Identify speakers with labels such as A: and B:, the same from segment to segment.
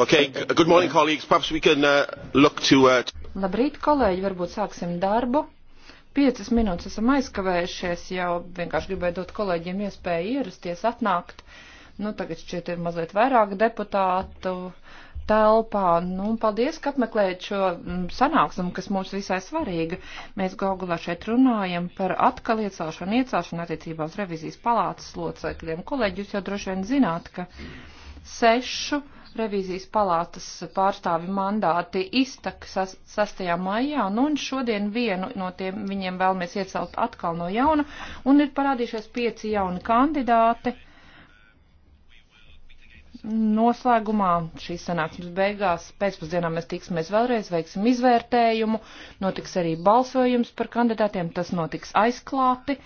A: Okay, good morning, colleagues. Perhaps we can uh, look to. Uh...
B: Labrīt, kolēģi, varbūt sāksim darbu. Piecas minūtes esam aizkavējušies, jau vienkārši gribēju dot kolēģiem iespēju ierasties, atnākt. Nu, tagad šķiet ir mazliet vairāk deputātu telpā. Nu, paldies, ka apmeklējat šo mm, sanāksmu, kas mums visai svarīga. Mēs gaugulā šeit runājam par atkal iecelšanu, iecelšanu attiecībā uz revizijas palātas locekļiem. Kolēģi, jūs jau droši vien zināt, ka sešu revīzijas palātas pārstāvi mandāti iztak 6. maijā, nu un šodien vienu no tiem viņiem vēlamies iecelt atkal no jauna, un ir parādījušies pieci jauni kandidāti. Noslēgumā šīs sanāksmes beigās pēcpusdienā mēs tiksimies vēlreiz, veiksim izvērtējumu, notiks arī balsojums par kandidātiem, tas notiks aizklāti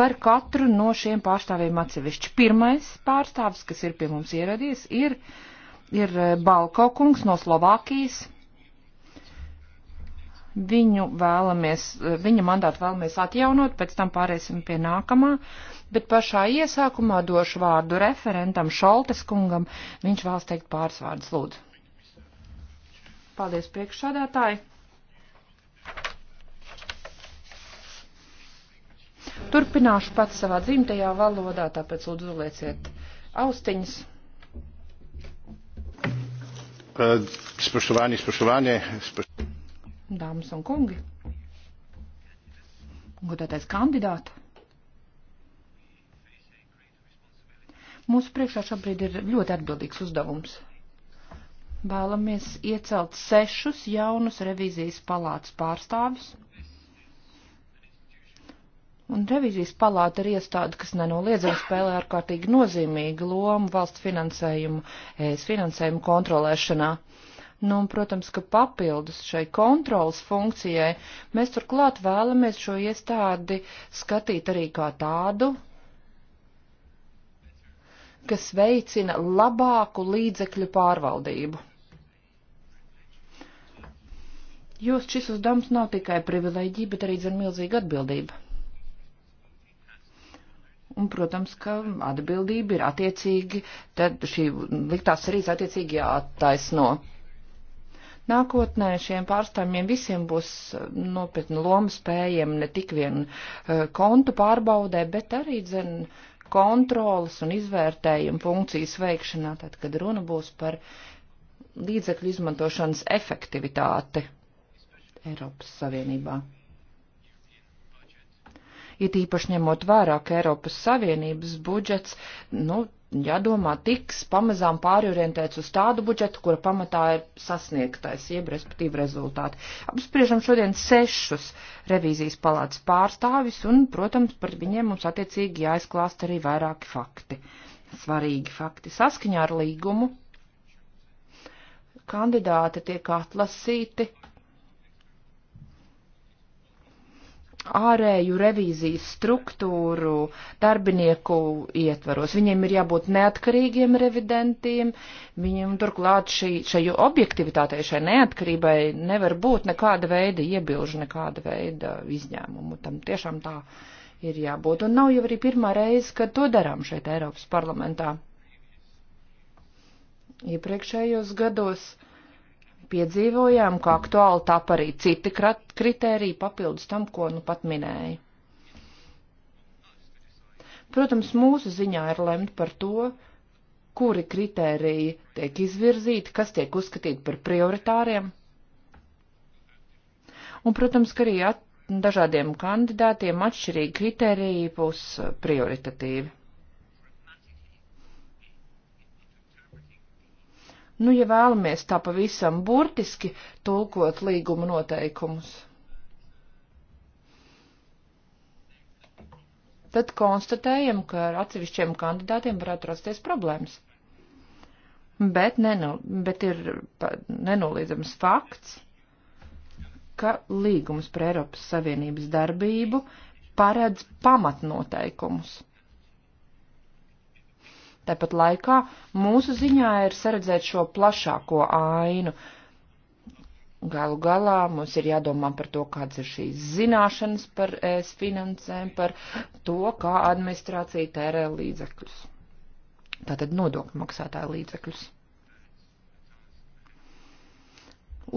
B: par katru no šiem pārstāvjiem atsevišķi. Pirmais pārstāvs, kas ir pie mums ieradies, ir uh, ir eh, Balko kungs no Slovākijas. Viņu vēlamies, eh, viņa mandātu vēlamies atjaunot, pēc tam pāriesim pie nākamā, bet pašā iesākumā došu vārdu referentam Šoltes kungam. Viņš vēlas teikt pāris vārdus, lūdzu. Paldies priekšsādātāji. Turpināšu pats savā dzimtajā valodā, tāpēc lūdzu lieciet austiņas.
A: Eh, spoštovani, spoštovane. Spoš...
B: Dāmas un kungi, godātais kandidāti. Mūsu priekšā šobrīd ir ļoti atbildīgs uzdevums. Vēlamies iecelt sešus jaunus revīzijas palātas pārstāvis Un revizijas palāta ir iestāde, kas nenoliedzami spēlē ārkārtīgi nozīmīgu lomu valsts finansējumu, ēs finansējumu kontrolēšanā. Nu, un, protams, ka papildus šai kontrolas funkcijai mēs turklāt vēlamies šo iestādi skatīt arī kā tādu, kas veicina labāku līdzekļu pārvaldību. Jo šis uzdevums nav tikai privileģija, bet arī zem milzīga atbildība. Un, protams, ka atbildība ir attiecīgi, tad šī liktās arī attiecīgi jāattaisno. Nākotnē šiem pārstāvjiem visiem būs nopietna loma spējiem ne tik vien eh, kontu pārbaudē, bet arī dzen kontrolas un izvērtējuma funkcijas veikšanā, tad, kad runa būs par līdzekļu izmantošanas efektivitāti Eiropas Savienībā it īpaši ņemot vērā, ka Eiropas Savienības budžets, nu, jādomā, tiks pamazām pārorientēts uz tādu budžetu, kura pamatā ir sasniegtais, jeb respektīvi rezultāti. Apspriežam šodien sešus revīzijas palātas pārstāvis un, protams, par viņiem mums attiecīgi jāizklāst arī vairāki fakti. Svarīgi fakti. Saskaņā ar līgumu kandidāti tiek atlasīti ārēju revīzijas struktūru darbinieku ietvaros. Viņiem ir jābūt neatkarīgiem revidentiem, viņiem turklāt šī, šai objektivitātei, šai neatkarībai nevar būt nekāda veida iebilžu, nekāda veida izņēmumu. Tam tiešām tā ir jābūt. Un nav jau arī pirmā reize, kad to darām šeit Eiropas parlamentā. Iepriekšējos gados piedzīvojām, ka aktuāli tap arī citi kritēriji papildus tam, ko nu pat minēju. Protams, mūsu ziņā ir lemt par to, kuri kritēriji tiek izvirzīti, kas tiek uzskatīti par prioritāriem. Un, protams, ka arī at, dažādiem kandidātiem atšķirīgi kritēriji būs prioritatīvi. Nu, ja vēlamies tā pavisam burtiski tulkot līguma noteikumus. Tad konstatējam, ka ar atsevišķiem kandidātiem varētu rasties problēmas. Bet, nenu, bet ir nenoliedzams fakts, ka līgums par Eiropas Savienības darbību paredz pamatnoteikumus Tāpat laikā mūsu ziņā ir saredzēt šo plašāko ainu. Galu galā mums ir jādomā par to, kādas ir šīs zināšanas par ES finansēm, par to, kā administrācija tērē līdzekļus. Tātad nodokļu maksātāju līdzekļus.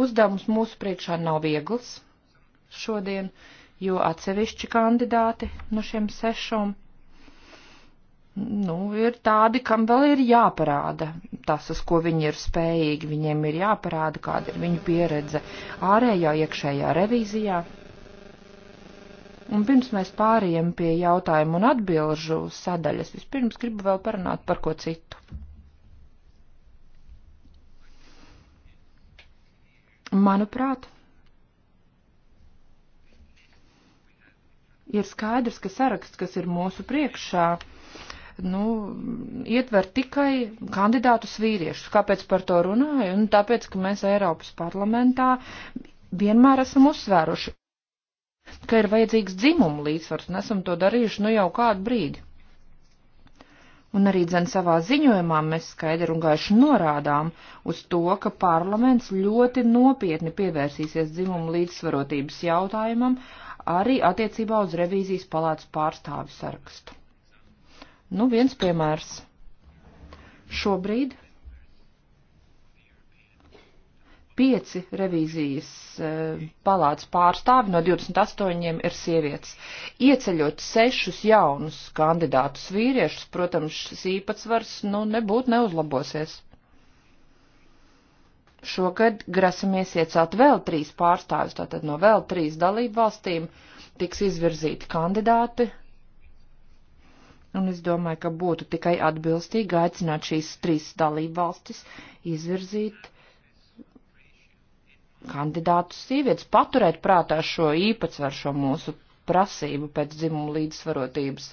B: Uzdevums mūsu priekšā nav viegls šodien, jo atsevišķi kandidāti no šiem sešiem nu, ir tādi, kam vēl ir jāparāda tas, uz ko viņi ir spējīgi. Viņiem ir jāparāda, kāda ir viņu pieredze ārējā, iekšējā revīzijā. Un pirms mēs pārējiem pie jautājumu un atbilžu sadaļas, vispirms gribu vēl parunāt par ko citu. Manuprāt, ir skaidrs, ka saraksts, kas ir mūsu priekšā, uh, nu, ietver tikai kandidātus vīriešus. Kāpēc par to runāju? Nu, tāpēc, ka mēs Eiropas parlamentā vienmēr esam uzsvēruši, ka ir vajadzīgs dzimumu līdzsvars, un esam to darījuši nu jau kādu brīdi. Un arī dzen savā ziņojumā mēs skaidri un gaiši norādām uz to, ka parlaments ļoti nopietni pievērsīsies dzimumu līdzsvarotības jautājumam arī attiecībā uz revīzijas palātas pārstāvi sarakstu. Nu, viens piemērs. Šobrīd pieci revīzijas e, palātas pārstāvi no 28 ir sievietes. Ieceļot sešus jaunus kandidātus vīriešus, protams, šis īpatsvars nu, nebūtu neuzlabosies. Šogad grasamies iecelt vēl trīs pārstāvjus, tātad no vēl trīs dalību valstīm tiks izvirzīti kandidāti, un es domāju, ka būtu tikai atbilstīgi aicināt šīs trīs dalību valstis izvirzīt kandidātus sievietes, paturēt prātā šo īpatsvaru, šo mūsu prasību pēc dzimumu līdzsvarotības.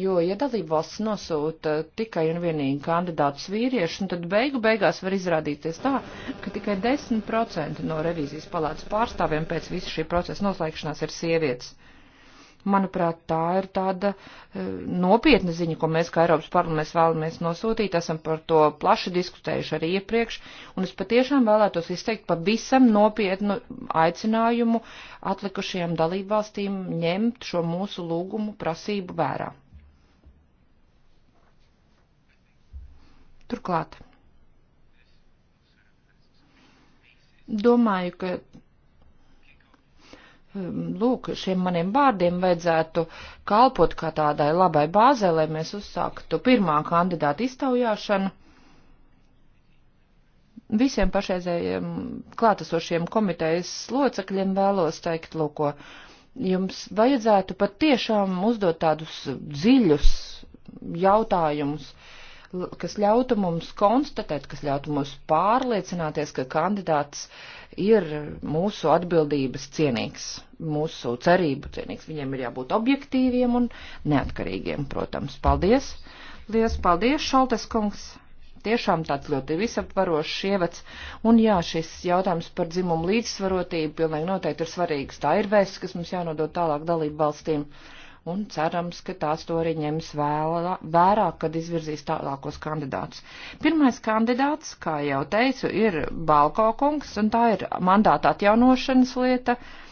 B: Jo, ja dalību valsts nosūta tikai un vienīgi kandidātus vīriešu, nu tad beigu beigās var izrādīties tā, ka tikai 10% no revīzijas palātas pārstāvjiem pēc visu šī procesa noslēgšanās ir sievietes. Manuprāt, tā ir tāda e, nopietna ziņa, ko mēs kā Eiropas parlaments vēlamies nosūtīt. Esam par to plaši diskutējuši arī iepriekš, un es patiešām vēlētos izteikt pavisam nopietnu aicinājumu atlikušajām dalībvalstīm ņemt šo mūsu lūgumu prasību vērā. Turklāt. Domāju, ka Um, lūk, šiem maniem vārdiem vajadzētu kalpot kā tādai labai bāzē, lai mēs uzsāktu pirmā kandidāta iztaujāšanu visiem pašreizējiem klātesošiem komitejas locekļiem vēlos teikt, lūko, jums vajadzētu pat tiešām uzdot tādus dziļus jautājumus, kas ļautu mums konstatēt, kas ļautu mums pārliecināties, ka kandidāts ir mūsu atbildības cienīgs, mūsu cerību cienīgs. Viņiem ir jābūt objektīviem un neatkarīgiem, protams. Paldies! Lies paldies, Šaltes kungs! Tiešām tāds ļoti visapvarošs ievads, un jā, šis jautājums par dzimumu līdzsvarotību pilnīgi noteikti ir svarīgs. Tā ir vēsts, kas mums jānodod tālāk dalību valstīm un cerams, ka tās to arī ņems vēla, vērā, kad izvirzīs tālākos kandidātus. Pirmais kandidāts, kā jau teicu, ir Balko kungs, un tā ir mandāta atjaunošanas lieta. Uh,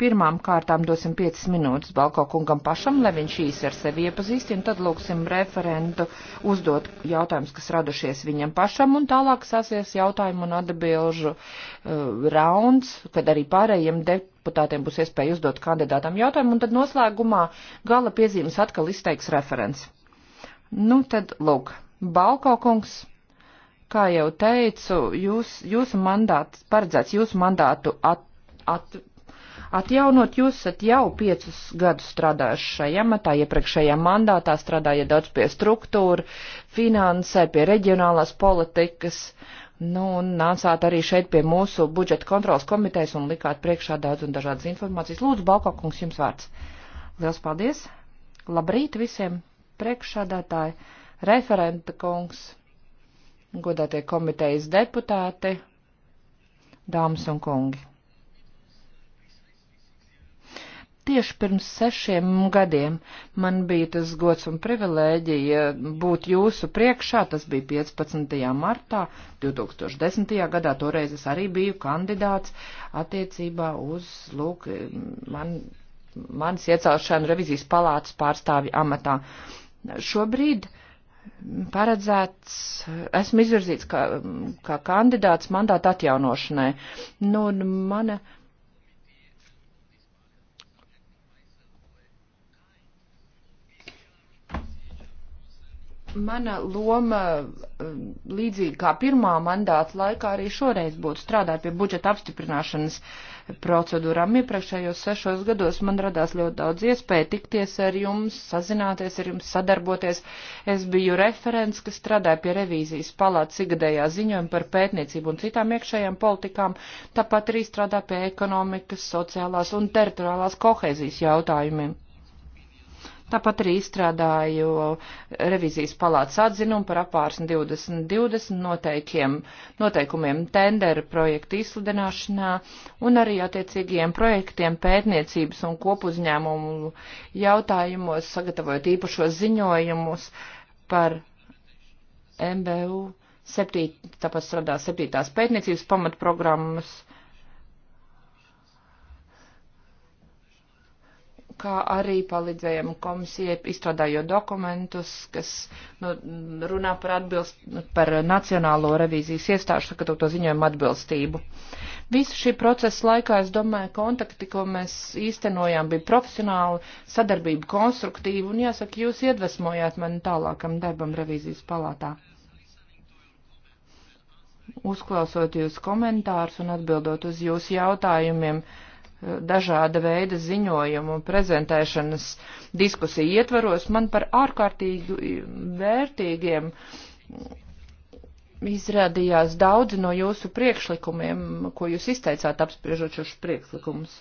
B: pirmām kārtām dosim 5 minūtes Balko kungam pašam, lai viņš īsi ar sevi iepazīstina, tad lūksim referentu uzdot jautājumus, kas radušies viņam pašam, un tālāk sāsies jautājumu un atbilžu uh, rauns, kad arī pārējiem deputātiem deputātiem būs iespēja uzdot kandidātam jautājumu, un tad noslēgumā gala piezīmes atkal izteiks referents. Nu, tad, lūk, Balko kungs, kā jau teicu, jūs, jūsu mandāts, paredzēts jūsu mandātu at, at, atjaunot. Jūs esat jau piecus gadus strādājuši šajā matā, iepriekšējā mandātā strādājat daudz pie struktūra, finansē, pie reģionālās politikas. Nu, un nācāt arī šeit pie mūsu budžeta kontrolas komitejas un likāt priekšā daudz un dažādas informācijas. Lūdzu, Balkokungs, jums vārds. Liels paldies! Labrīt visiem! Priekšādātāji, referenta kungs, godātie komitejas deputāti, dāmas un kungi! Tieši pirms sešiem gadiem man bija tas gods un privilēģija būt jūsu priekšā, tas bija 15. martā 2010. gadā, toreiz es arī biju kandidāts attiecībā uz, lūk, man, manis iecelšanu revizijas palātas pārstāvi amatā. Šobrīd paredzēts, esmu izvirzīts kā, kā kandidāts mandāta atjaunošanai. Nu, mana Mana loma, eh, līdzīgi kā pirmā mandāta laikā, arī šoreiz būtu strādāt pie budžeta apstiprināšanas procedūrām. Iepriekšējos sešos gados man radās ļoti daudz iespēju tikties ar jums, sazināties ar jums, sadarboties. Es biju referents, kas strādāja pie revīzijas palātas igadējā ziņojuma par pētniecību un citām iekšējām politikām, tāpat arī strādā pie ekonomikas, sociālās un teritoriālās kohēzijas jautājumiem. Tāpat arī izstrādāju revizijas palātas atzinumu par apārsni 2020 noteikiem, noteikumiem tenderu projektu izsludināšanā un arī attiecīgiem projektiem pētniecības un kopuzņēmumu jautājumos, sagatavojot īpašos ziņojumus par MBU. Septīt, tāpēc strādā septītās pētniecības pamatprogrammas. Uh, kā arī palīdzējām komisijai izstrādājot dokumentus, kas nu, runā par, atbilst, par Nacionālo revīzijas iestāžu sagatavoto ziņojumu atbilstību. Visu šī procesa laikā, es domāju, kontakti, ko mēs īstenojām, bija profesionāli, sadarbība konstruktīva, un jāsaka, jūs iedvesmojāt mani tālākam darbam revīzijas palātā. Uzklausot jūsu komentārus un atbildot uz jūsu jautājumiem, uh, dažāda veida ziņojumu un prezentēšanas diskusiju ietvaros man par ārkārtīgi vērtīgiem izrādījās daudzi no jūsu priekšlikumiem, ko jūs izteicāt apspriežot šos priekšlikumus.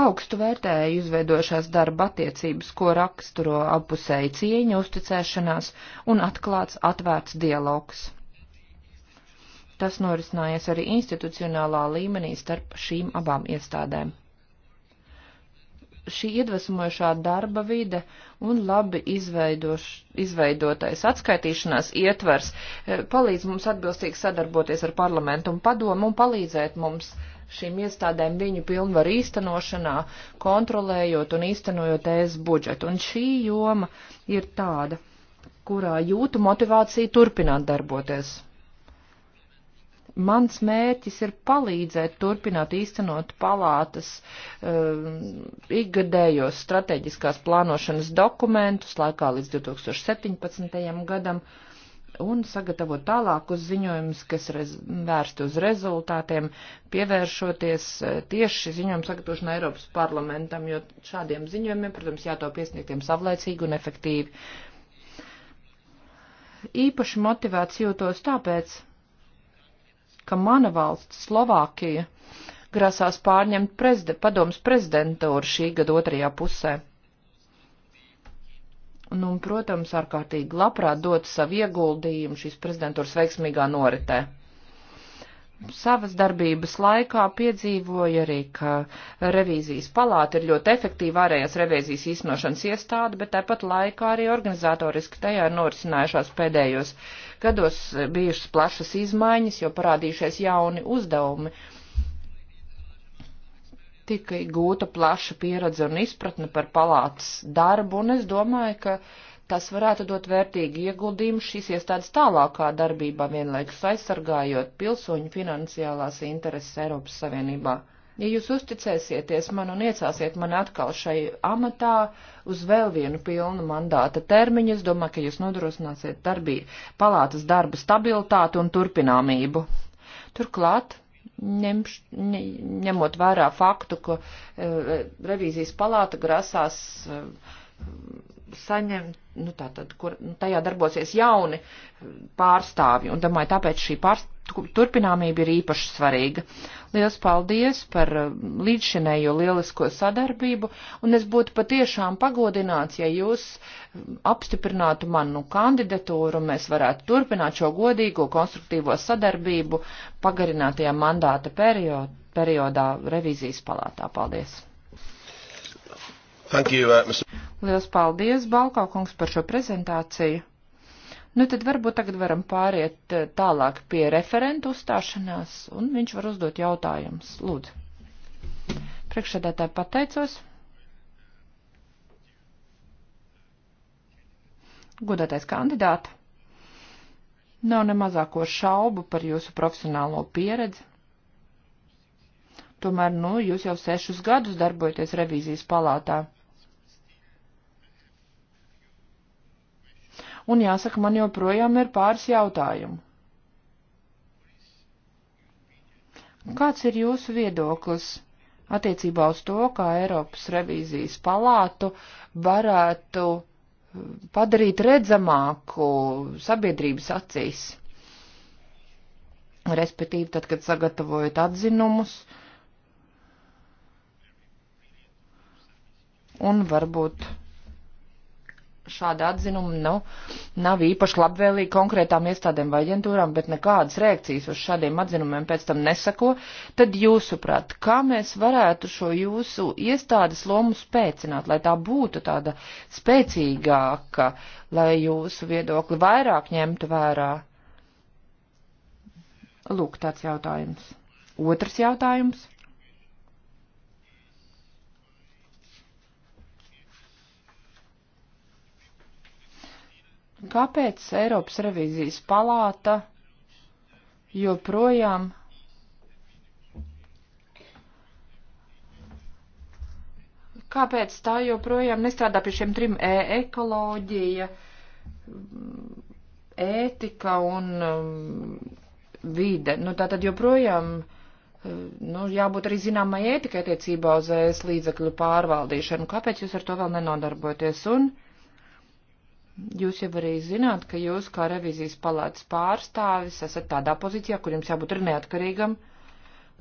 B: Augstu vērtēju izveidošās darba attiecības, ko raksturo apusēja cieņa, uzticēšanās un atklāts atvērts dialogs tas norisinājies arī institucionālā līmenī starp šīm abām iestādēm. Šī iedvesmojošā darba vide un labi izveidoš, izveidotais atskaitīšanās ietvers eh, palīdz mums atbilstīgi sadarboties ar parlamentu un padomu un palīdzēt mums šīm iestādēm viņu pilnvaru īstenošanā, kontrolējot un īstenojot ES budžetu. Un šī joma ir tāda, kurā jūtu motivāciju turpināt darboties. Mans mērķis ir palīdzēt turpināt īstenot palātas uh, ikgadējos strateģiskās plānošanas dokumentus laikā līdz 2017. gadam un sagatavot tālākus ziņojumus, kas rez, vērsti uz rezultātiem, pievēršoties eh, tieši ziņojumu sagatavošanai Eiropas parlamentam, jo šādiem ziņojumiem, protams, jātop iesniegtiem savlaicīgi un efektīvi. Īpaši motivēts jūtos tāpēc, ka mana valsts, Slovākija, grasās pārņemt prezide, padomus prezidentūru šī gada otrajā pusē. Un, nu, un, protams, ārkārtīgi labprāt dot savu ieguldījumu šīs prezidentūras veiksmīgā noritē savas darbības laikā piedzīvoja arī, ka revīzijas palāta ir ļoti efektīva ārējās revīzijas īstenošanas iestāde, bet tāpat laikā arī organizatoriski tajā norisinājušās pēdējos uh, gados bijušas plašas izmaiņas, jo parādījušies jauni uzdevumi. Tika gūta plaša pieredze un izpratne par palātas darbu, un es domāju, ka tas varētu dot vērtīgu ieguldījumu šīs iestādes tālākā darbībā, vienlaikus aizsargājot pilsoņu finansiālās intereses Eiropas Savienībā. Ja jūs uzticēsieties man un iecāsiet man atkal šai amatā uz vēl vienu pilnu mandāta termiņu, es domāju, ka jūs nodrošināsiet darbī palātas darba stabilitāti un turpināmību. Turklāt, ņemš, ne, ņemot vērā faktu, ka e, revīzijas palāta grasās e, saņemt nu, tātad, kur nu, tajā darbosies jauni eh, pārstāvji. Un domāju, tāpēc šī pārst turpināmība ir īpaši svarīga. Liels paldies par eh, līdzšinējo lielisko sadarbību, un es būtu patiešām pagodināts, ja jūs eh, apstiprinātu manu kandidatūru, mēs varētu turpināt šo godīgo konstruktīvo sadarbību pagarinātajā mandāta periodā, periodā revīzijas palātā. Paldies!
A: You, uh,
B: Lielas paldies, Balkā kungs, par šo prezentāciju. Nu tad varbūt tagad varam pāriet uh, tālāk pie referentu uzstāšanās, un viņš var uzdot jautājumus. Lūdzu. Priekšsēdētāji pateicos. Godātais kandidāti, nav ne mazāko šaubu par jūsu profesionālo pieredzi. Tomēr, nu, jūs jau sešus gadus darbojaties revīzijas palātā. un jāsaka, man joprojām ir pāris jautājumu. Kāds ir jūsu viedoklis attiecībā uz to, kā Eiropas revīzijas palātu varētu uh, padarīt redzamāku sabiedrības acīs? Respektīvi, tad, kad sagatavojat atzinumus, un varbūt šāda atzinuma nu, nav īpaši labvēlīga konkrētām iestādēm vai aģentūrām, bet nekādas reakcijas uz šādiem atzinumiem pēc tam nesako, tad jūsuprāt, kā mēs varētu šo jūsu iestādes lomu spēcināt, lai tā būtu tāda spēcīgāka, lai jūsu viedokli vairāk ņemtu vērā? Lūk, tāds jautājums. Otrs jautājums. Kāpēc Eiropas revīzijas palāta joprojām Kāpēc tā joprojām nestrādā pie šiem trim e - ekoloģija, ētika un um, vide? Nu, tā tad joprojām uh, nu, jābūt arī zināmai ētikai attiecībā uz ēs e līdzakļu pārvaldīšanu. Kāpēc jūs ar to vēl nenodarboties? Un, uh, Jūs jau arī zināt, ka jūs kā revizijas palātas pārstāvis esat tādā pozīcijā, kur jums jābūt ir neatkarīgam,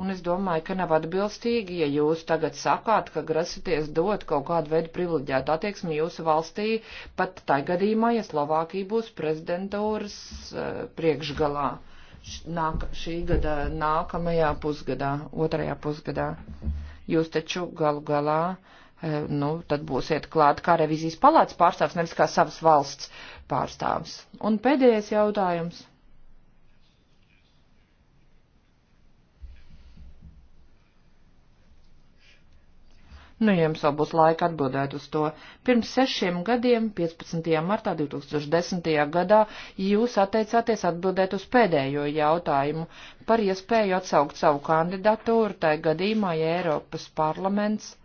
B: un es domāju, ka nav atbilstīgi, ja jūs tagad sakāt, ka grasaties dot kaut kādu veidu privileģētu attieksmi jūsu valstī, pat tā gadījumā, ja Slovākija būs prezidentūras uh, priekšgalā nāk, šī gada nākamajā pusgadā, otrajā pusgadā. Jūs taču galu galā. Uh, Eh, nu, tad būsiet klāt kā revizijas palātas pārstāvs, nevis kā savas valsts pārstāvs. Un pēdējais jautājums. Nu, jums vēl būs laika atbildēt uz to. Pirms sešiem gadiem, 15. martā 2010. gadā, jūs atteicāties atbildēt uz pēdējo jautājumu par iespēju atsaukt savu kandidatūru, tai gadījumā, ja Eiropas parlaments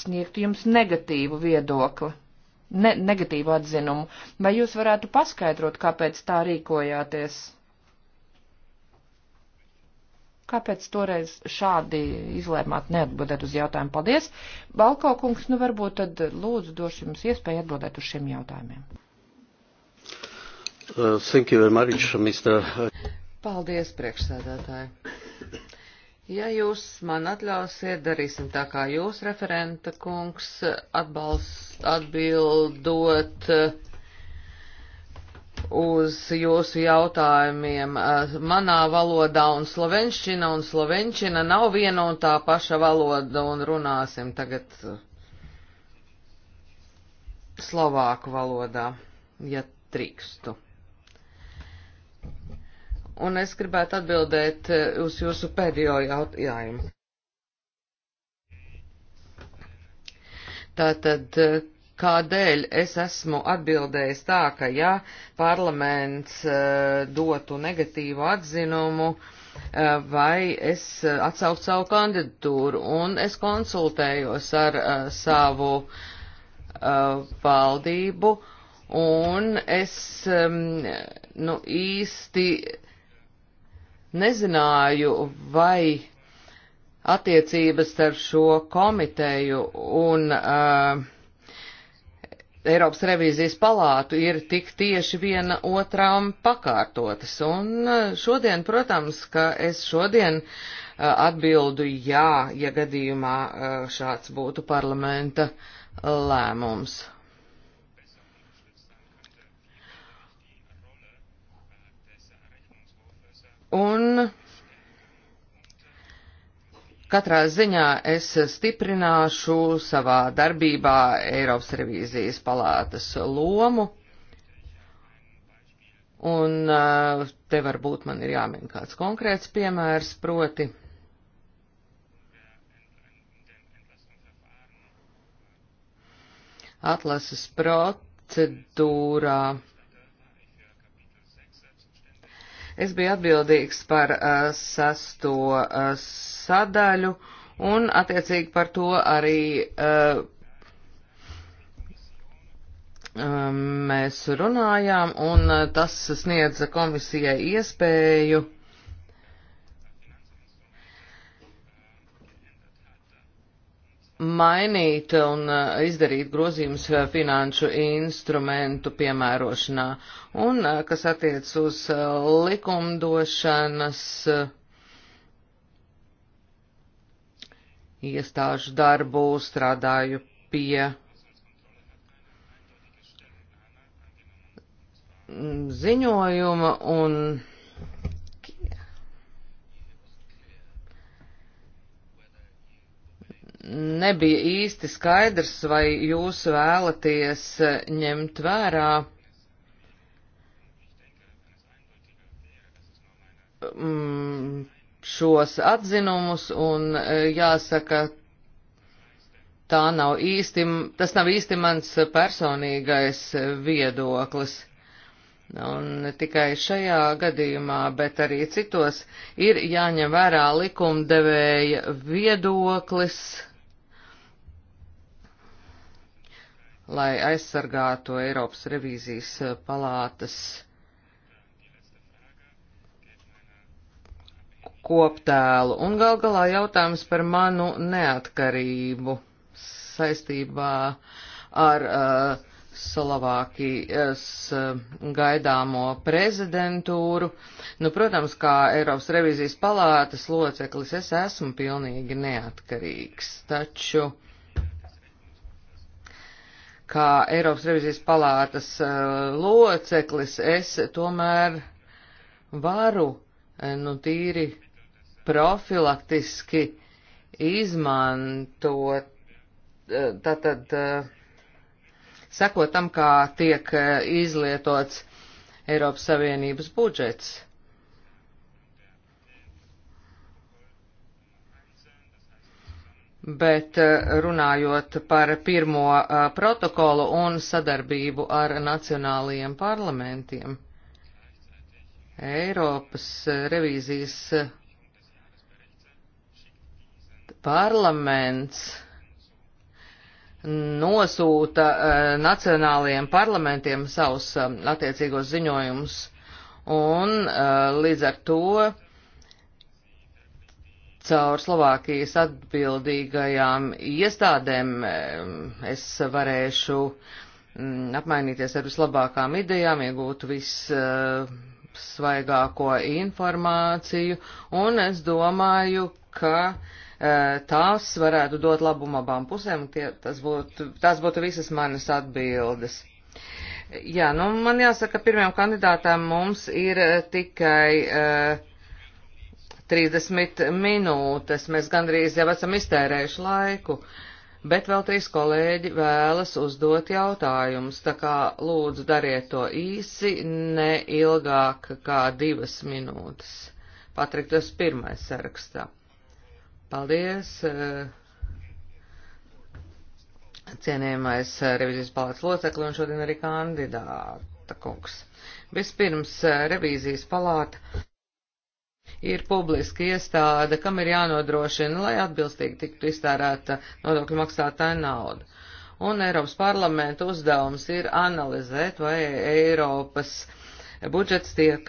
B: sniegtu jums negatīvu viedokli, ne, negatīvu atzinumu. Vai jūs varētu paskaidrot, kāpēc tā rīkojāties? Kāpēc toreiz šādi izlēmāt neatbildēt uz jautājumu? Paldies! Balko kungs, nu varbūt tad lūdzu došu jums iespēju atbildēt uz šiem jautājumiem.
A: Uh, thank you very much, Mr.
C: Paldies, priekšsēdētāji. Ja jūs man atļausiet, darīsim tā kā jūs, referenta kungs, atbalst, atbildot uh, uz jūsu jautājumiem. Uh, manā valodā un slovenšķina un slovenšķina nav viena un tā paša valoda un runāsim tagad uh, slovāku valodā, ja trīkstu un es gribētu atbildēt eh, uz jūsu pēdējo jautājumu. Tātad, eh, kādēļ es esmu atbildējis tā, ka ja parlaments eh, dotu negatīvu atzinumu, vai es atsaucu savu kandidatūru, un es konsultējos ar savu valdību, un es mm, nu, īsti nezināju, vai attiecības starp šo komiteju un uh, Eiropas revīzijas palātu ir tik tieši viena otrām pakārtotas. Un uh, šodien, protams, ka es šodien uh, atbildu jā, ja gadījumā uh, šāds būtu parlamenta lēmums. Un katrā ziņā es stiprināšu savā darbībā Eiropas revīzijas palātas lomu. Un uh, te varbūt man ir jāmin kāds konkrēts piemērs, proti. Atlases procedūrā Es biju atbildīgs par uh, sesto uh, sadaļu un attiecīgi par to arī uh, um, mēs runājām un uh, tas sniedza komisijai iespēju mainīt un eh, izdarīt grozījumus eh, finanšu instrumentu piemērošanā. Un eh, kas attiec uz likumdošanas iestāžu darbu, strādāju pie mm, ziņojuma un nebija īsti skaidrs, vai jūs vēlaties eh, ņemt vērā mm, šos atzinumus, un eh, jāsaka, tā nav īsti, tas nav īsti mans personīgais viedoklis. Un tikai šajā gadījumā, bet arī citos, ir jāņem vērā likumdevēja viedoklis lai aizsargātu Eiropas revīzijas eh, palātas koptēlu. Un gal galā jautājums par manu neatkarību saistībā ar uh, Slovākijas uh, gaidāmo prezidentūru. Nu, protams, kā Eiropas revīzijas palātas loceklis, es esmu pilnīgi neatkarīgs, taču uh, kā Eiropas revizijas palātas e, loceklis, es tomēr varu, e, nu, tīri profilaktiski izmantot, e, tātad sekot tam, kā tiek izlietots Eiropas Savienības budžets. bet eh, runājot par pirmo eh, protokolu un sadarbību ar nacionālajiem parlamentiem, Eiropas eh, revīzijas parlaments nosūta nacionālajiem parlamentiem savus attiecīgos ziņojumus, un līdz ar to caur Slovākijas atbildīgajām iestādēm es varēšu mm, apmainīties ar vislabākām idejām, iegūt vissvaigāko eh, informāciju, un es domāju, ka eh, tās varētu dot labumu abām pusēm, tie, tas būtu, tās būtu visas manas atbildes. Jā, nu man jāsaka, pirmajam kandidātam mums ir eh, tikai uh, 30 minūtes. Mēs gandrīz jau esam iztērējuši laiku, bet vēl trīs kolēģi vēlas uzdot jautājumus, tā kā lūdzu dariet to īsi, ne ilgāk kā divas minūtes. Patrik, tas pirmais sarakstā. Paldies. Eh, cienījamais eh, revizijas palātas locekli un šodien arī kandidāta kungs. Vispirms eh, revīzijas palāta ir publiska iestāde, kam ir jānodrošina, lai atbilstīgi tiktu iztērēta nodokļu maksātāja nauda. Un Eiropas parlamenta uzdevums ir analizēt, vai Eiropas budžets tiek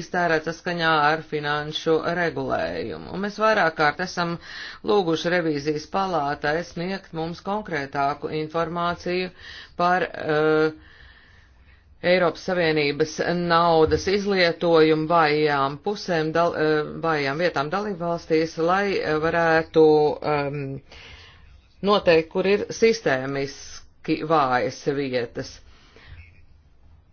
C: iztērēts saskaņā ar finanšu regulējumu. Un mēs vairāk kārt esam lūguši revīzijas palātai sniegt mums konkrētāku informāciju par uh, Eiropas Savienības naudas izlietojumu vājām pusēm, dal, eh, vājām vietām dalībvalstīs, lai eh, varētu um, noteikt, kur ir sistēmiski vājas vietas.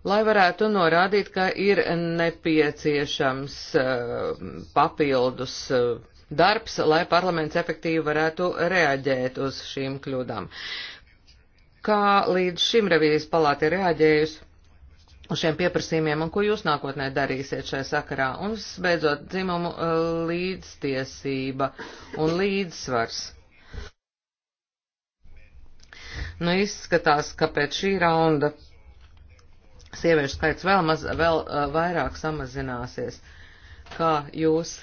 C: Lai varētu norādīt, ka ir nepieciešams uh, papildus uh, darbs, lai parlaments efektīvi varētu reaģēt uz šīm kļūdām. Kā līdz šim revīzijas palāta ir reaģējusi? uz šiem pieprasījumiem un ko jūs nākotnē darīsiet šajā sakarā. Un visbeidzot, dzimumu eh, līdztiesība un līdzsvars. Nu, izskatās, ka pēc šī raunda sieviešu skaits vēl, maz, vēl uh, vairāk samazināsies. Kā jūs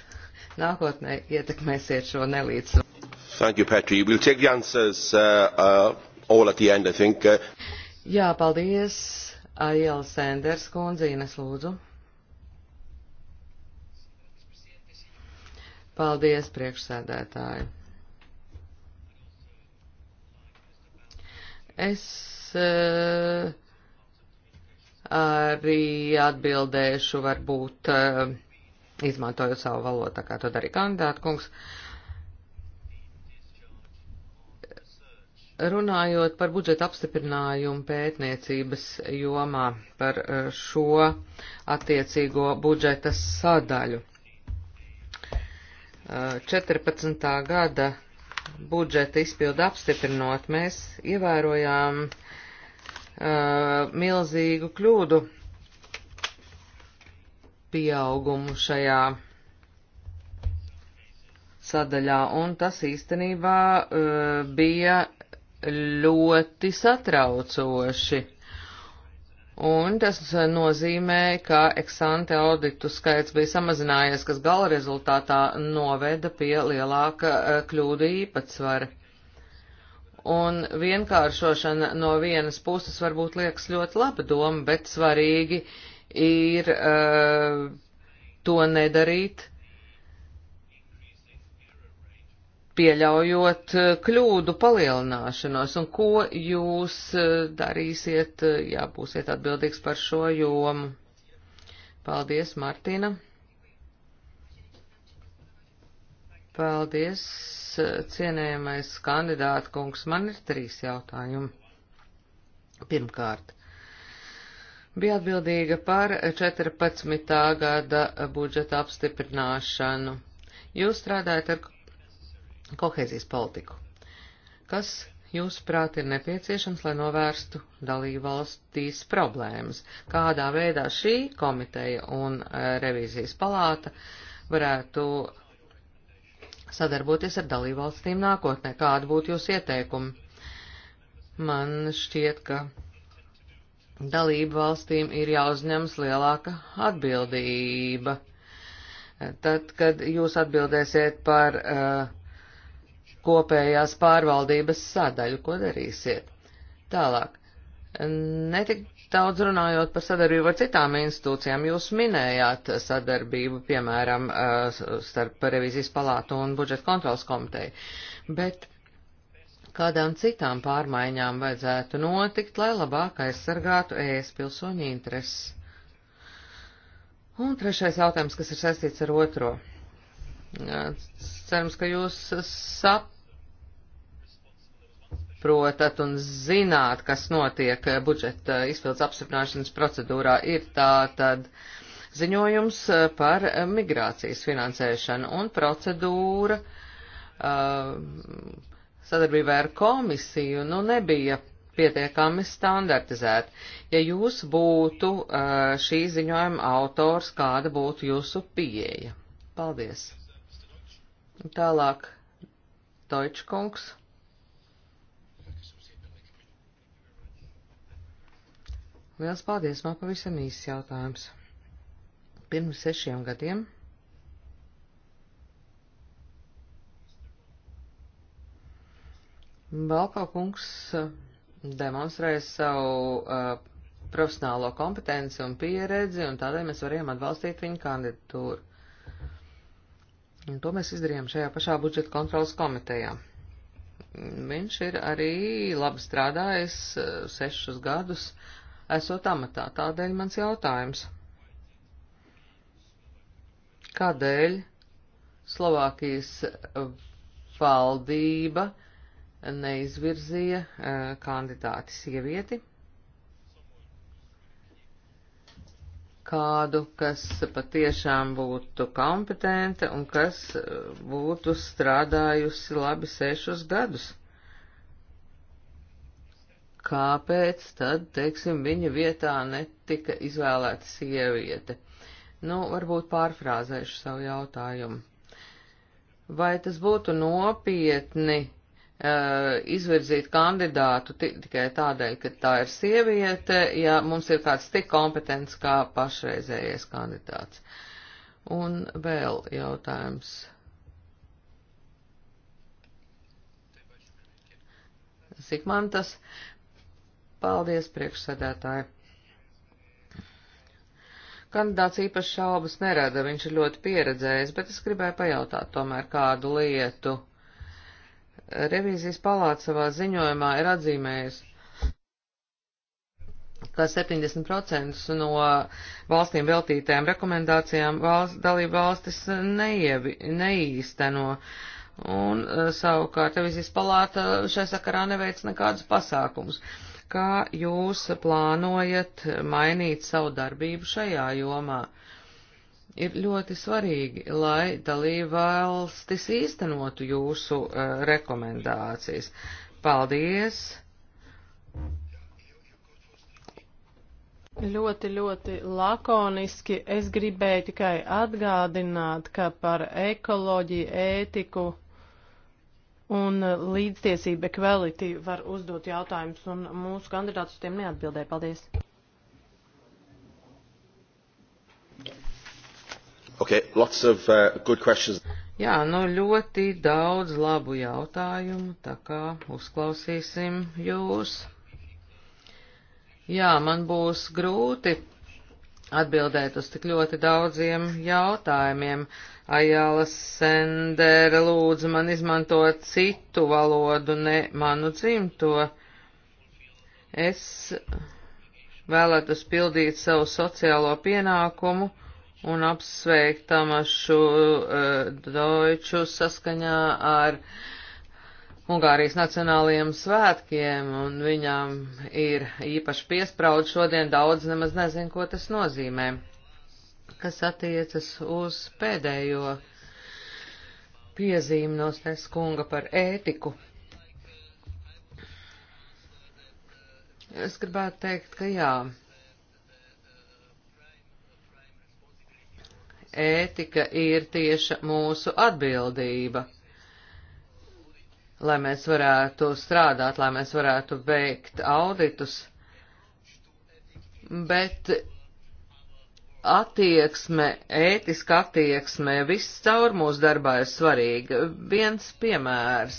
C: nākotnē ietekmēsiet šo nelīdzsvaru?
B: Thank you, Petri. We'll take the answers uh, uh, all at the end, I think. Uh...
C: Jā, paldies Aiela Sanders kundze, Ines Lūdzu. Paldies, priekšsēdētāji. Es uh, arī atbildēšu, varbūt, uh, izmantojot savu valodu, tā kā to darīja kandidāta kungs. Uh, Runājot par budžeta apstiprinājumu pētniecības jomā, par e, šo attiecīgo budžeta sadaļu. 14. E, gada budžeta izpildu apstiprinot, mēs ievērojām uh, milzīgu kļūdu pieaugumu šajā sadaļā, un tas īstenībā uh, bija ļoti satraucoši. Un tas nozīmē, ka eksante auditu skaits bija samazinājies, kas gala rezultātā noveda pie lielāka eh, kļūdu īpatsvara. Un vienkāršošana no vienas puses varbūt liekas ļoti laba doma, bet svarīgi ir uh, to nedarīt pieļaujot eh, kļūdu palielināšanos, un ko jūs eh, darīsiet, eh, ja būsiet atbildīgs par šo jomu? Paldies, Martina. Paldies, cienējamais kandidāta kungs. Man ir trīs jautājumi. Pirmkārt, bija atbildīga par 14. gada budžeta apstiprināšanu. Jūs strādājat ar kohēzijas politiku. Kas, jūsuprāt, ir nepieciešams, lai novērstu dalību valstīs problēmas? Kādā veidā šī komiteja un e, revīzijas palāta varētu sadarboties ar dalību valstīm nākotnē? Kāda būtu jūsu ieteikumi? Man šķiet, ka dalību valstīm ir jāuzņemas lielāka atbildība. Tad, kad jūs atbildēsiet par uh, kopējās pārvaldības sadaļu. Ko darīsiet? Tālāk. Netik daudz runājot par sadarbību ar citām institūcijām, jūs minējāt sadarbību, piemēram, eh, starp revizijas palātu un budžeta kontrolas komiteju, bet kādām citām pārmaiņām vajadzētu notikt, lai labāk aizsargātu ES pilsoņu intereses? Un trešais jautājums, kas ir saistīts ar otro. Eh, cerams, ka jūs sap saprotat un zināt, kas notiek eh, budžeta eh, izpildes apstiprināšanas procedūrā, ir tā tad ziņojums eh, par migrācijas finansēšanu un procedūra uh, sadarbībā ar komisiju, nu nebija pietiekami standartizēta. Ja jūs būtu uh, šī ziņojuma autors, kāda būtu jūsu pieeja? Paldies! Tālāk, Deutschkungs. Liels paldies, man pavisam īsts jautājums. Pirms sešiem gadiem Balkā kungs uh, demonstrēja savu uh, profesionālo kompetenci un pieredzi, un tādēļ mēs varējām atbalstīt viņa kandidatūru. Un to mēs izdarījām šajā pašā budžeta kontrolas komitejā. Viņš ir arī labi strādājis uh, sešus gadus esot amatā. Tādēļ mans jautājums. Kādēļ Slovākijas valdība neizvirzīja eh, kandidāti sievieti? kādu, kas patiešām būtu kompetente un kas eh, būtu strādājusi labi sešus gadus kāpēc tad, teiksim, viņa vietā netika izvēlēta sieviete? Nu, varbūt pārfrāzēšu savu jautājumu. Vai tas būtu nopietni uh, izvirzīt kandidātu tikai tādēļ, ka tā ir sieviete, ja mums ir kāds tik kompetents kā pašreizējais kandidāts? Un vēl jautājums. Sikmantas. Uh, Paldies, priekšsēdētāji. Kandidāts īpaši šaubas nerada, viņš ir ļoti pieredzējis, bet es gribēju pajautāt tomēr kādu lietu. Revīzijas palāca savā ziņojumā ir atzīmējusi, ka 70% no valstīm veltītajām rekomendācijām valsts, dalību valstis neievi, neīsteno. Un eh, savukārt revizijas palāta šai sakarā neveic nekādus pasākumus. Uh, kā jūs plānojat mainīt savu darbību šajā jomā. Ir ļoti svarīgi, lai dalībvalstis īstenotu jūsu uh, rekomendācijas. Paldies!
A: Ļoti, ļoti lakoniski es gribēju tikai atgādināt, ka par ekoloģiju, ētiku un eh, līdztiesība equality var uzdot jautājumus, un mūsu kandidāts uz tiem neatbildēja. Paldies! Okay, lots of uh, good questions. Jā, nu ļoti
C: daudz labu jautājumu, tā kā uzklausīsim jūs. Jā, man būs grūti atbildēt uz tik ļoti daudziem jautājumiem. Ajāla Sendera lūdza man izmantot citu valodu, ne manu dzimto. Es vēlētos pildīt savu sociālo pienākumu un apsveikt Tamašu uh, eh, Doiču saskaņā ar uh, Ungārijas nacionālajiem svētkiem, un viņām ir īpaši piespraud šodien daudz nemaz nezin, ko tas nozīmē. Kas attiecas uz pēdējo piezīmi no Snes kunga par ētiku. Es gribētu teikt, ka jā. Ētika ir tieša mūsu atbildība lai mēs varētu strādāt, lai mēs varētu veikt auditus, bet attieksme, ētiska attieksme, viss caur mūsu darbā ir svarīga. Viens piemērs,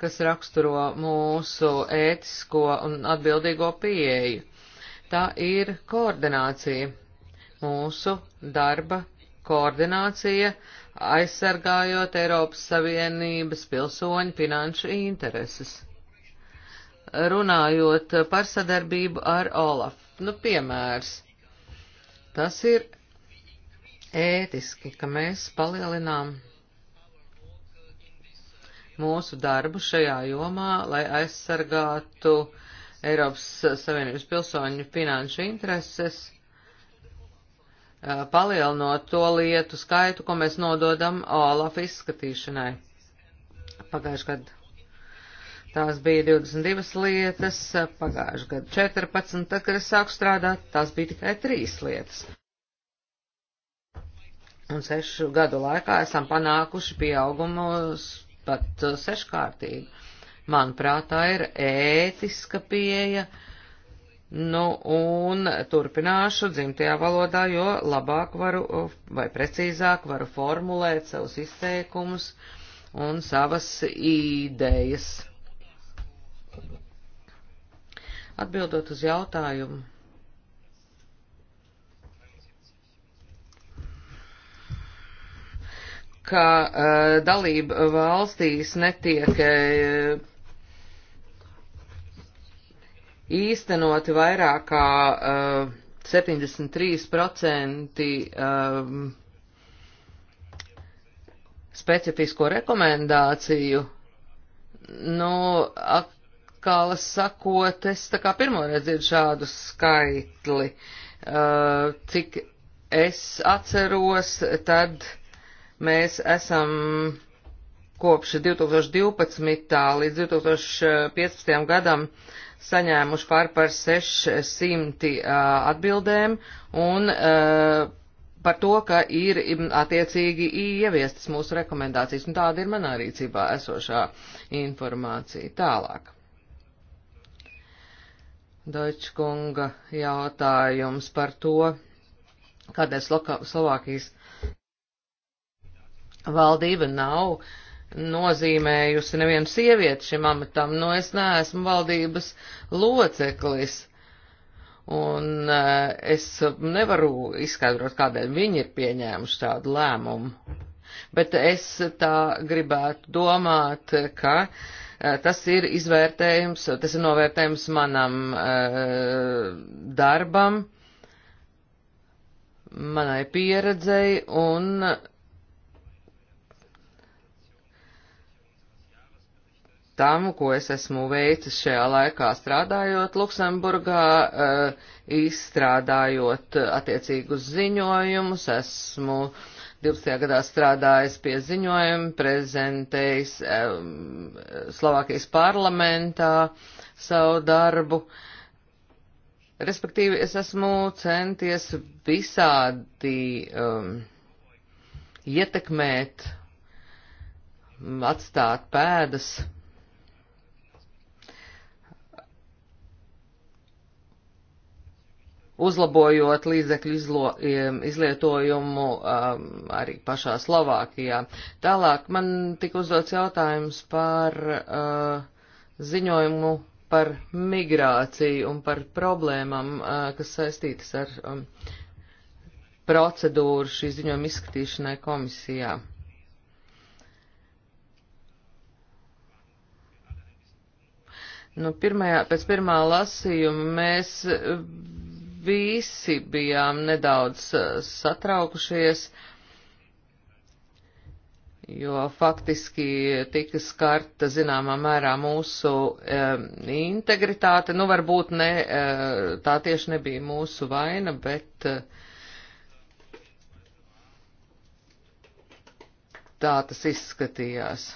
C: kas raksturo mūsu ētisko un atbildīgo pieeju, tā ir koordinācija, mūsu darba koordinācija aizsargājot Eiropas Savienības pilsoņu finanšu intereses. Runājot par sadarbību ar Olaf, nu piemērs, tas ir ētiski, ka mēs palielinām mūsu darbu šajā jomā, lai aizsargātu Eiropas Savienības pilsoņu finanšu intereses Uh, palielinot to lietu skaitu, ko mēs nododam Olaf izskatīšanai. Pagājuši gadu tās bija 22 lietas, uh, pagājuši gadu 14, tad, kad es sāku strādāt, tās bija tikai 3 lietas. Un sešu gadu laikā esam panākuši pieaugumus pat uh, seškārtīgi. Manuprāt, tā ir ētiska pieeja. Uh, Nu, un turpināšu dzimtajā valodā, jo labāk varu, vai precīzāk varu formulēt savus izteikumus un savas idejas. Atbildot uz jautājumu. ka uh, dalība valstīs netiek uh, īstenoti vairāk kā uh, 73% um, specifisko rekomendāciju, nu, atkal sakot, es tā kā pirmo redzu šādu skaitli. Uh, cik es atceros, tad mēs esam kopš 2012. līdz 2015. gadam saņēmuši pār par 600 atbildēm un par to, ka ir attiecīgi ieviestas mūsu rekomendācijas, un tāda ir manā rīcībā esošā informācija. Tālāk. Deutschkunga jautājums par to, kādēļ Slovākijas valdība nav uh, nozīmējusi nevienu sievieti šim amatam, no nu, es neesmu valdības loceklis. Un uh, es nevaru izskaidrot, kādēļ viņi ir pieņēmuši tādu lēmumu. Bet es tā gribētu domāt, ka uh, tas ir izvērtējums, tas ir novērtējums manam uh, darbam, manai pieredzei un uh, tam, ko es esmu veicis šajā laikā strādājot Luksemburgā, eh, izstrādājot eh, attiecīgus ziņojumus, esmu 12. gadā strādājis pie ziņojuma, prezentējis eh, Slovākijas parlamentā savu darbu. Respektīvi, es esmu centies visādi um, ietekmēt, atstāt pēdas uzlabojot līdzekļu izlo, izlietojumu um, arī pašā Slovākijā. Tālāk man tika uzdots jautājums par uh, ziņojumu par migrāciju un par problēmām, uh, kas saistītas ar um, procedūru šī ziņojuma izskatīšanai komisijā. Nu, pirmajā, pēc pirmā lasījuma mēs eh, visi bijām nedaudz eh, satraukušies, jo faktiski tika skarta zināmā mērā mūsu e, integritāte. Nu, varbūt ne, e, tā tieši nebija mūsu vaina, bet e, tā tas izskatījās.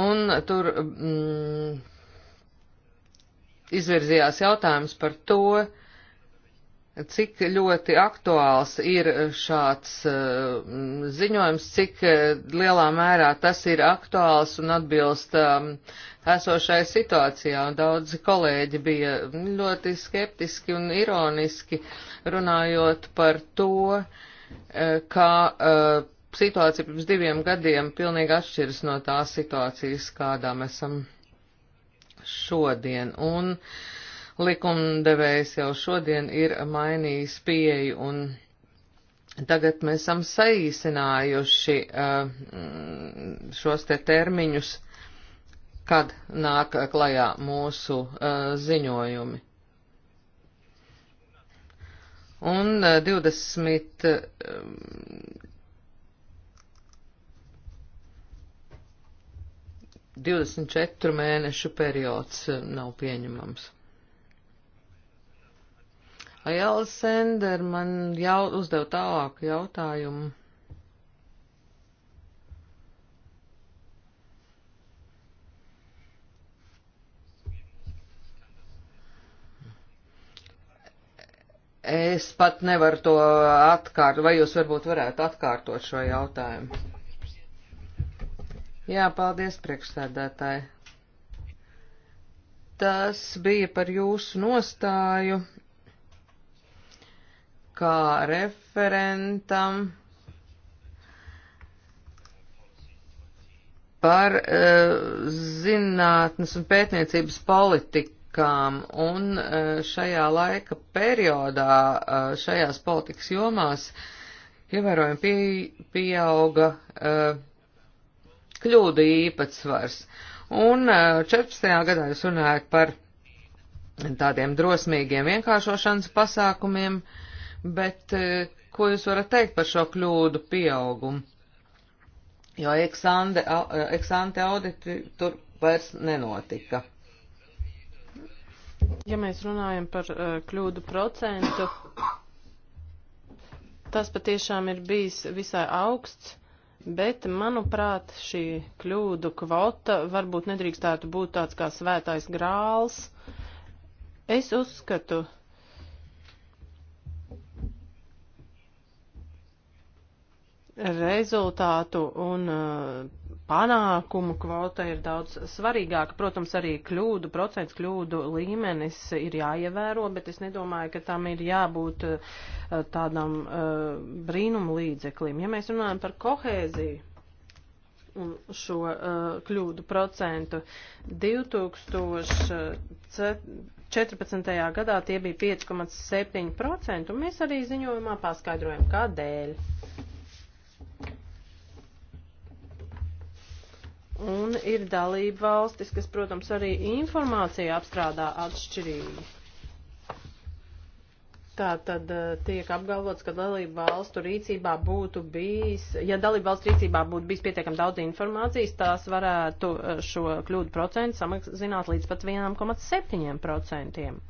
C: Un tur mm, izvirzījās jautājums par to, cik ļoti aktuāls ir šāds mm, ziņojums, cik lielā mērā tas ir aktuāls un atbilst mm, esošai situācijā. Un daudzi kolēģi bija ļoti skeptiski un ironiski runājot par to, eh, kā situācija pirms diviem gadiem pilnīgi atšķiras no tās situācijas, kādā mēs esam šodien. Un likumdevējs jau šodien ir mainījis pieeju un tagad mēs esam saīsinājuši uh, šos te termiņus, kad nāk klajā mūsu uh, ziņojumi. Un uh, 20. 24 mēnešu periods eh, nav pieņemams. Ajala Sender man jau uzdev tālāku jautājumu. Es pat nevaru to atkārtot, vai jūs varbūt varētu atkārtot šo jautājumu? Jā, paldies priekšsēdētāji. Tas bija par jūsu nostāju kā referentam par uh, zinātnes un pētniecības politikām, un uh, šajā laika periodā, uh, šajās politikas jomās, ievērojami pie, pieauga uh, kļūdu īpatsvars. Un 14. gadā jūs runājat par tādiem drosmīgiem vienkāršošanas pasākumiem, bet ko jūs varat teikt par šo kļūdu pieaugumu? Jo eksante, eksante auditi tur vairs nenotika.
A: Ja mēs runājam par uh, kļūdu procentu, tas patiešām ir bijis visai augsts. Bet, manuprāt, šī kļūdu kvota varbūt nedrīkstētu būt tāds kā svētais grāls. Es uzskatu, rezultātu un panākumu kvota ir daudz svarīgāka. Protams, arī kļūdu, procents kļūdu līmenis ir jāievēro, bet es nedomāju, ka tam ir jābūt eh, tādam uh, brīnumu līdzeklim. Ja mēs runājam par kohēziju un šo uh, kļūdu procentu, 2014. gadā tie bija 5,7%, un mēs arī ziņojumā paskaidrojam, kādēļ. Un ir dalība valstis, kas, protams, arī informāciju apstrādā atšķirīgi. Tā tad eh, tiek apgalvots, ka dalība valstu rīcībā būtu bijis, ja dalība valstu rīcībā būtu bijis pietiekami daudz informācijas, tās varētu eh, šo kļūdu procentu samazināt līdz pat 1,7%.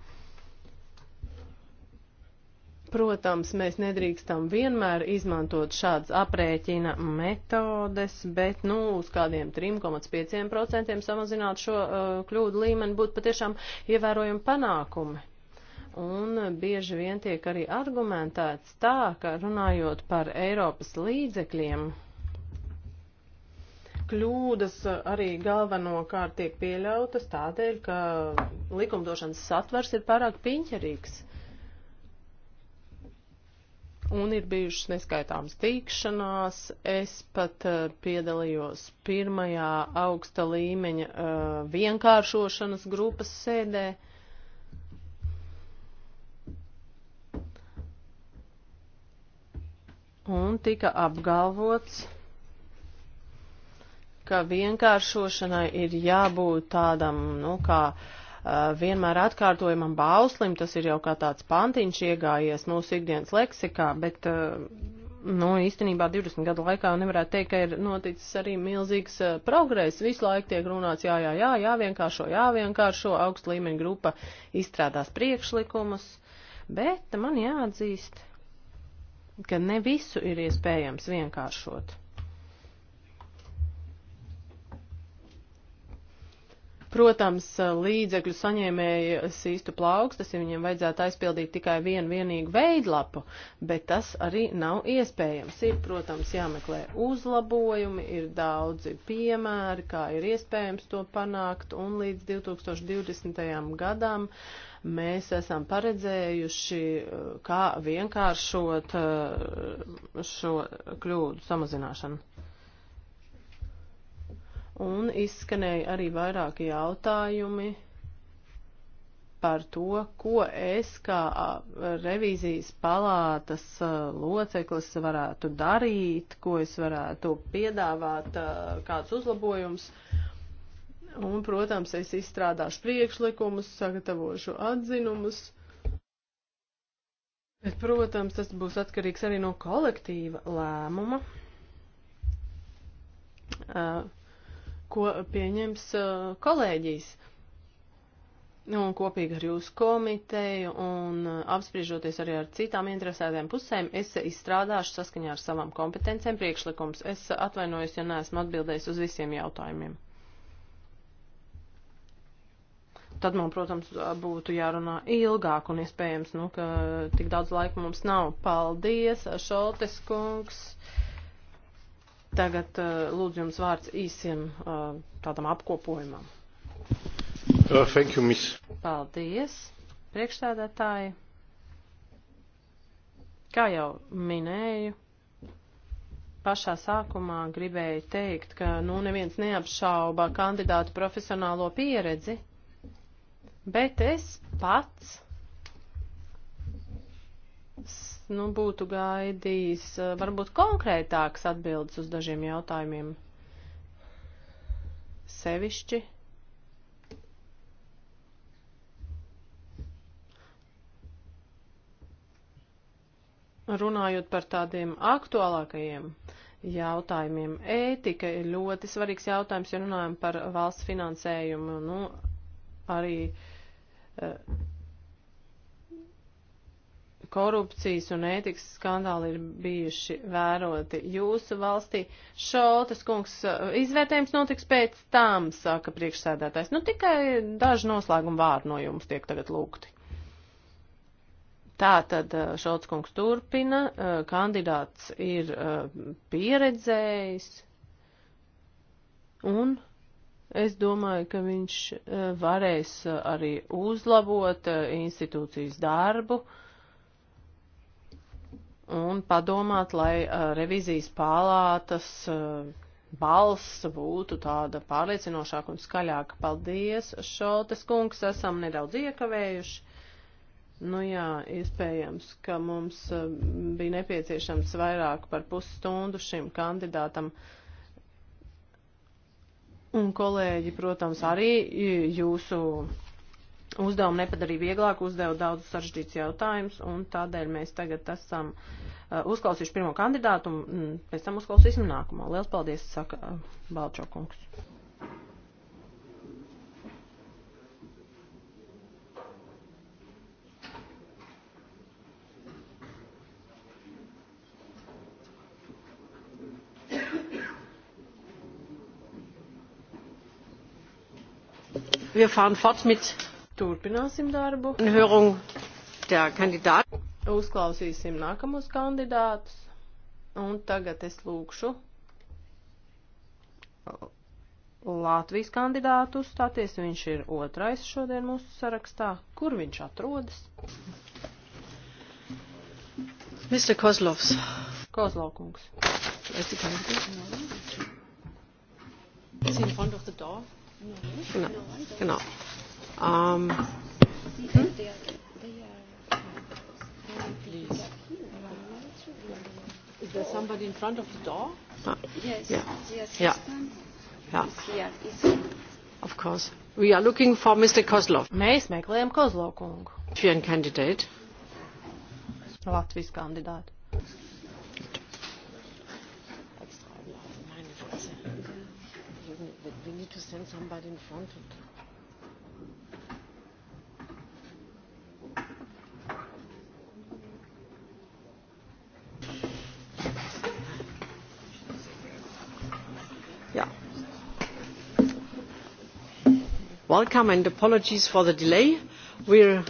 A: Protams, mēs nedrīkstam vienmēr izmantot šādas aprēķina metodes, bet, nu, uz kādiem 3,5% samazināt šo uh, kļūdu līmeni būtu patiešām ievērojami panākumi. Un bieži vien tiek arī argumentēts tā, ka runājot par Eiropas līdzekļiem, kļūdas arī galvenokārt tiek pieļautas tādēļ, ka likumdošanas satvers ir pārāk piņķerīgs un ir bijušas neskaitāmas tikšanās. Es pat uh, piedalījos pirmajā augsta līmeņa uh, vienkāršošanas grupas sēdē. Un tika apgalvots, ka vienkāršošanai ir jābūt tādam, nu, kā uh, Eh, vienmēr atkārtojamam bauslim, tas ir jau kā tāds pantiņš iegājies mūsu ikdienas leksikā, bet, eh, nu, īstenībā 20 gadu laikā nevarētu teikt, ka ir noticis arī milzīgs eh, progress. Visu laiku tiek runāts, jā, jā, jā, jāvienkāršo, jāvienkāršo, augst līmeņa grupa izstrādās priekšlikumus, bet man jāatzīst, ka ne visu ir iespējams vienkāršot. Protams, līdzekļu saņēmēji sīstu plaukstas, ja viņiem vajadzētu aizpildīt tikai vienu vienīgu veidlapu, bet tas arī nav iespējams. Ir, protams, jāmeklē uzlabojumi, ir daudzi piemēri, kā ir iespējams to panākt, un līdz 2020. gadam mēs esam paredzējuši, kā vienkāršot eh, šo kļūdu samazināšanu un izskanēja arī vairāki jautājumi par to, ko es kā revīzijas palātas loceklis varētu darīt, ko es varētu piedāvāt, kāds uzlabojums. Un, protams, es izstrādāšu priekšlikumus, sagatavošu atzinumus. Bet, protams, tas būs atkarīgs arī no kolektīva lēmuma. Uh, ko pieņems uh, kolēģijas. Un kopīgi ar jūsu komiteju un uh, apspriežoties arī ar citām interesētām pusēm, es izstrādāšu saskaņā ar savām kompetencēm priekšlikums. Es atvainojos, ja neesmu atbildējis uz visiem jautājumiem. Tad man, protams, būtu jārunā ilgāk un iespējams, nu, ka tik daudz laika mums nav. Paldies, Šoltes kungs! Tagad uh, lūdzu jums vārds īsiem uh, tādam apkopojumam. Uh, thank you, miss. Paldies, priekšstādātāji. Kā jau minēju, pašā sākumā gribēju teikt, ka nu neviens neapšauba kandidātu profesionālo pieredzi, bet es pats nu, būtu gaidījis eh, varbūt konkrētāks atbildes uz dažiem jautājumiem. Sevišķi. Runājot par tādiem aktuālākajiem jautājumiem, ētika ir ļoti svarīgs jautājums, ja runājam par valsts finansējumu. Nu, arī uh, korupcijas un ētikas skandāli ir bijuši vēroti jūsu valstī. Šoltas kungs, eh, izvērtējums notiks pēc tam, saka priekšsēdētājs. Nu, tikai daži noslēguma vārdi no jums tiek tagad lūgti. Tātad eh, Šoltas kungs turpina, eh, kandidāts ir pieredzējis un. Es domāju, ka viņš varēs arī uzlabot institūcijas darbu, uh, un padomāt, lai uh, revizijas palātas uh, balss būtu tāda pārliecinošāka un skaļāka. Paldies, Šoltes kungs, esam nedaudz iekavējuši. Nu jā, iespējams, ka mums uh, bija nepieciešams vairāk par pusstundu šim kandidātam. Un kolēģi, protams, arī jūsu uzdevumu nepadarīja vieglāk, uzdeva daudz sarežģīts jautājums, un tādēļ mēs tagad esam uh, uzklausījuši pirmo kandidātu, un mm, pēc tam uzklausīsim nākamo. Liels paldies, saka uh, Balčo kungs. Wir fahren fort mit Turpināsim darbu. Uzklausīsim nākamos kandidātus. Un tagad es lūkšu Latvijas kandidātu uzstāties. Viņš ir otrais šodien mūsu sarakstā. Kur viņš atrodas? Mr. Kozlovs. Kozlovkungs. Is the candidate? Is he in front of the door? No. Genau. No, Um, hmm? Please. Is there somebody in front of the door? Uh, yes. Yeah. Yeah. yeah. Is here. Is here. Of course. We are looking for Mr. Kozlov. Mēs meklējam Kozlov kungu. Vienu kandidātu. Latvijas kandidātu. We need to send somebody in front of the Welcome and apologies for the delay. We're...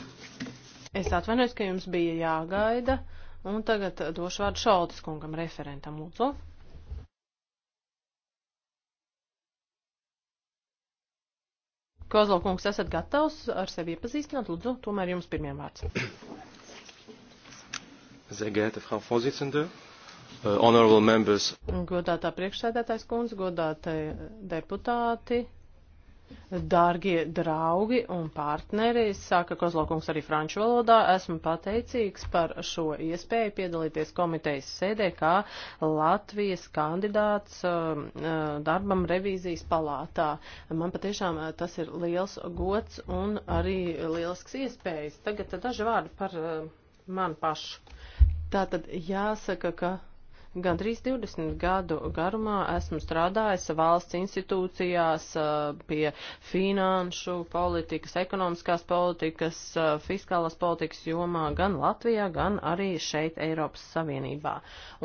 A: Es atvainojos, ka jums bija jāgaida, un tagad došu vārdu Šaltas kungam, referentam lūdzu. Kozlovkungs, esat gatavs ar sevi iepazīstināt? Lūdzu, tomēr jums pirmiem vārds. Sehr geehrte Frau Vorsitzende, uh, honorable members. Godātā priekšsēdētājs kundze, godātie deputāti, Dārgie draugi un partneri, saka Kozlokungs arī franču valodā, esmu pateicīgs par šo iespēju piedalīties komitejas sēdē kā Latvijas kandidāts um, uh, darbam revīzijas palātā. Man patiešām uh, tas ir liels gods un arī lielisks iespējas. Tagad daži vārdi par uh, mani pašu. Tātad jāsaka, ka Gandrīz 20 gadu garumā esmu strādājis valsts institūcijās pie finanšu politikas, ekonomiskās politikas, fiskālās politikas jomā gan Latvijā, gan arī šeit Eiropas Savienībā.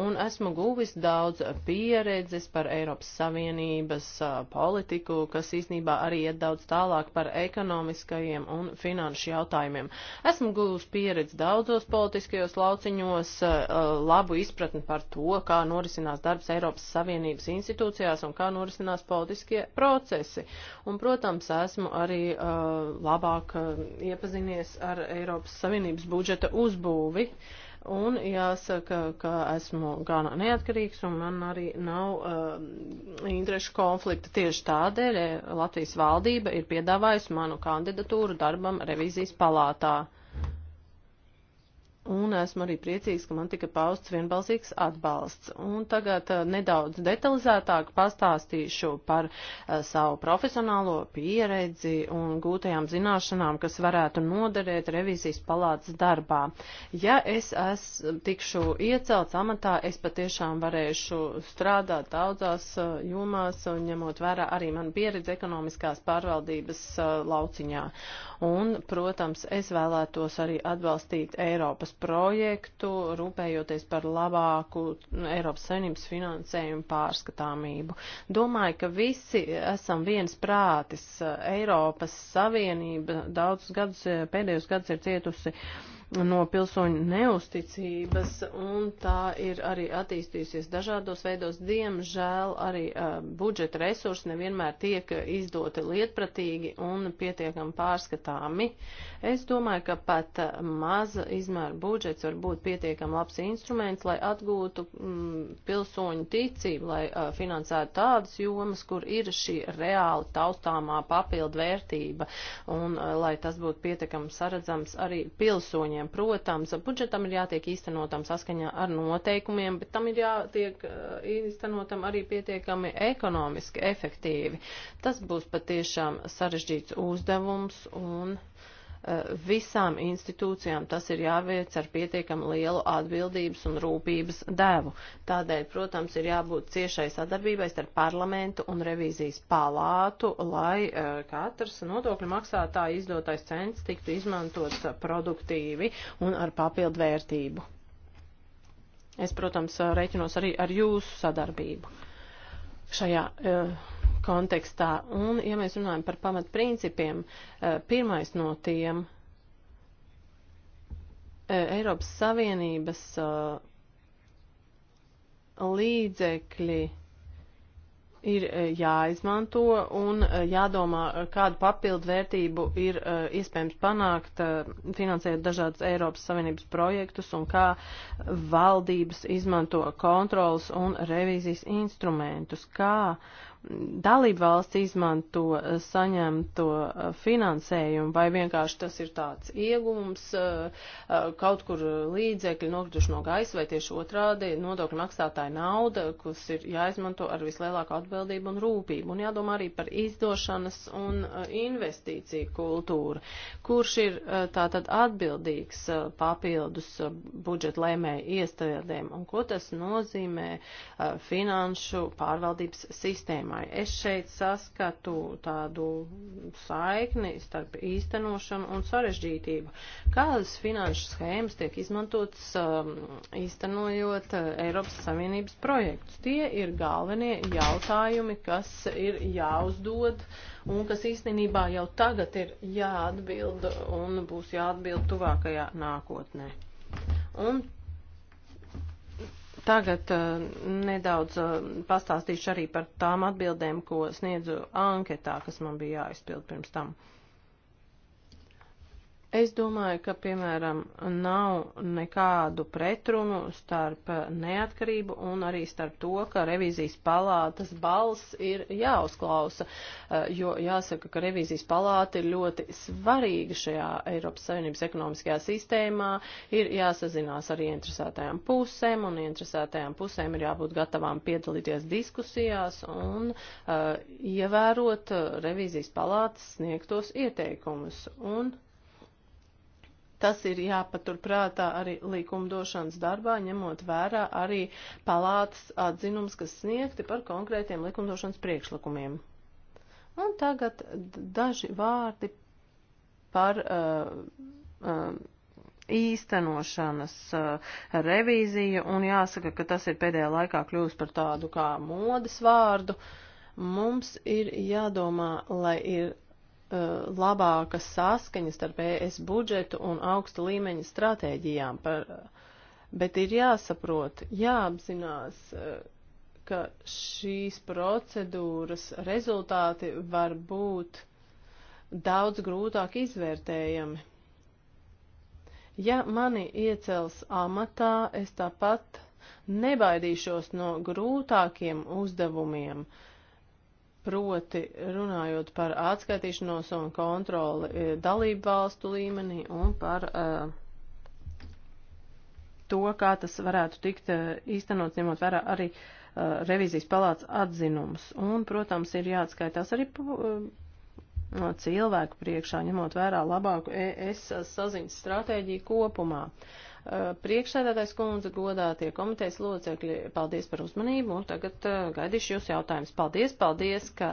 A: Un esmu guvis daudz pieredzes par Eiropas Savienības politiku, kas īsnībā arī iet daudz tālāk par ekonomiskajiem un finanšu jautājumiem. Esmu guvis pieredzi daudzos politiskajos lauciņos, labu izpratni par to, kā norisinās darbs Eiropas Savienības institūcijās un kā norisinās politiskie procesi. Un, protams, esmu arī uh, labāk uh, iepazinies ar Eiropas Savienības budžeta uzbūvi. Un jāsaka, ka esmu gan neatkarīgs, un man arī nav uh, interešu konflikta. Tieši tādēļ eh, Latvijas valdība ir piedāvājusi manu kandidatūru darbam revizijas palātā. Uh, un esmu arī priecīgs, ka man tika pausts vienbalsīgs atbalsts. Un tagad uh, nedaudz detalizētāk pastāstīšu par uh, savu profesionālo pieredzi un gūtajām zināšanām, kas varētu noderēt revīzijas palātas darbā. Ja es es tikšu iecelts amatā, es patiešām varēšu strādāt daudzās uh, jomās un ņemot vērā arī man pieredze ekonomiskās pārvaldības lauciņā. Un, protams, es vēlētos arī atbalstīt Eiropas projektu, rūpējoties par labāku Eiropas Savienības finansējumu pārskatāmību. Domāju, ka visi esam viens prātis. Eiropas Savienība daudzus gadus, eh, pēdējos gadus ir cietusi no pilsoņu neusticības, un tā ir arī attīstījusies dažādos veidos. Diemžēl arī uh, budžeta resursi nevienmēr tiek izdoti lietpratīgi un pietiekami pārskatāmi. Es domāju, ka pat maza izmēra budžets var būt pietiekami labs instruments, lai atgūtu mm, pilsoņu ticību, lai uh, finansētu tādas jomas, kur ir šī reāli taustāmā papildu vērtība, un uh, lai tas būtu pietiekami saredzams arī pilsoņiem pilsoņiem. Protams, budžetam ir jātiek īstenotam saskaņā ar noteikumiem, bet tam ir jātiek eh, īstenotam arī pietiekami ekonomiski efektīvi. Tas būs patiešām sarežģīts uzdevums un Eh, visām institūcijām tas ir jāveic ar pietiekami lielu atbildības un rūpības devu. Tādēļ, protams, ir jābūt ciešai sadarbībai starp parlamentu un revīzijas palātu, lai eh, katrs nodokļu maksātāja izdotais cents tiktu izmantots produktīvi un ar papildu vērtību. Es, protams, eh, reiķinos arī ar jūsu sadarbību šajā uh, kontekstā. Un, ja mēs runājam par pamatprincipiem, eh, pirmais no tiem eh, Eiropas Savienības eh, līdzekļi ir jāizmanto un jādomā, kādu papildu vērtību ir iespējams panākt, finansējot dažādas Eiropas Savienības projektus un kā valdības izmanto kontrolas un revīzijas instrumentus, kā dalība valsts izmanto eh, saņemto eh, finansējumu, vai vienkārši tas ir tāds iegums, eh, kaut kur līdzekļi nokrituši no gaisa, vai tieši otrādi nodokļu maksātāja nauda, kas ir jāizmanto ar vislielāku atbildību un rūpību, un jādomā arī par izdošanas un investīciju kultūru, kurš ir tātad atbildīgs papildus budžeta lēmēju iestādēm, un ko tas nozīmē finanšu pārvaldības sistēmā reformai. Es šeit saskatu tādu saikni starp īstenošanu un sarežģītību. Kādas finanšu schēmas tiek izmantotas um, īstenojot uh, Eiropas Savienības projektus? Tie ir galvenie jautājumi, kas ir jāuzdod un kas īstenībā jau tagad ir jāatbild un būs jāatbild tuvākajā nākotnē. Un Tagad uh, nedaudz uh, pastāstīšu arī par tām atbildēm, ko sniedzu anketā, kas man bija jāizpild pirms tam. Uh, Es domāju, ka, piemēram, nav nekādu pretrunu starp neatkarību un arī starp to, ka revīzijas palātas balss ir jāuzklausa, eh, jo jāsaka, ka revīzijas palāta ir ļoti svarīga šajā Eiropas Savienības ekonomiskajā sistēmā, ir jāsazinās ar ieinteresētajām pusēm, un ieinteresētajām pusēm ir jābūt gatavām piedalīties diskusijās un uh, ievērot revīzijas palātas sniegtos ieteikumus. Un Tas ir jāpaturprātā arī likumdošanas darbā, ņemot vērā arī palātas atzinums, kas sniegti par konkrētiem likumdošanas priekšlikumiem. Un tagad daži vārdi par uh, uh, īstenošanas uh, revīziju, un jāsaka, ka tas ir pēdējā laikā kļūst par tādu kā modes vārdu. Mums ir jādomā, lai ir Uh, labākas saskaņas starp ES budžetu un augsta līmeņa stratēģijām. Par, uh, bet ir jāsaprot, jāapzinās, uh, ka šīs procedūras rezultāti var būt daudz grūtāk izvērtējami. Ja mani iecels amatā, es tāpat nebaidīšos no grūtākiem uzdevumiem, uh, Proti runājot par atskaitīšanos un kontroli eh, dalību valstu līmenī un par uh, to, kā tas varētu tikt eh, īstenots, ņemot vērā arī uh, revizijas palāts atzinums. Un, protams, ir jāatskaitās arī uh, cilvēku priekšā, ņemot vērā labāku ES saziņas stratēģiju kopumā. Uh, Eh, priekšsēdētājs kundze, godātie komitejas locekļi, paldies par uzmanību un tagad eh, gaidīšu jūs jautājumus. Paldies, paldies, ka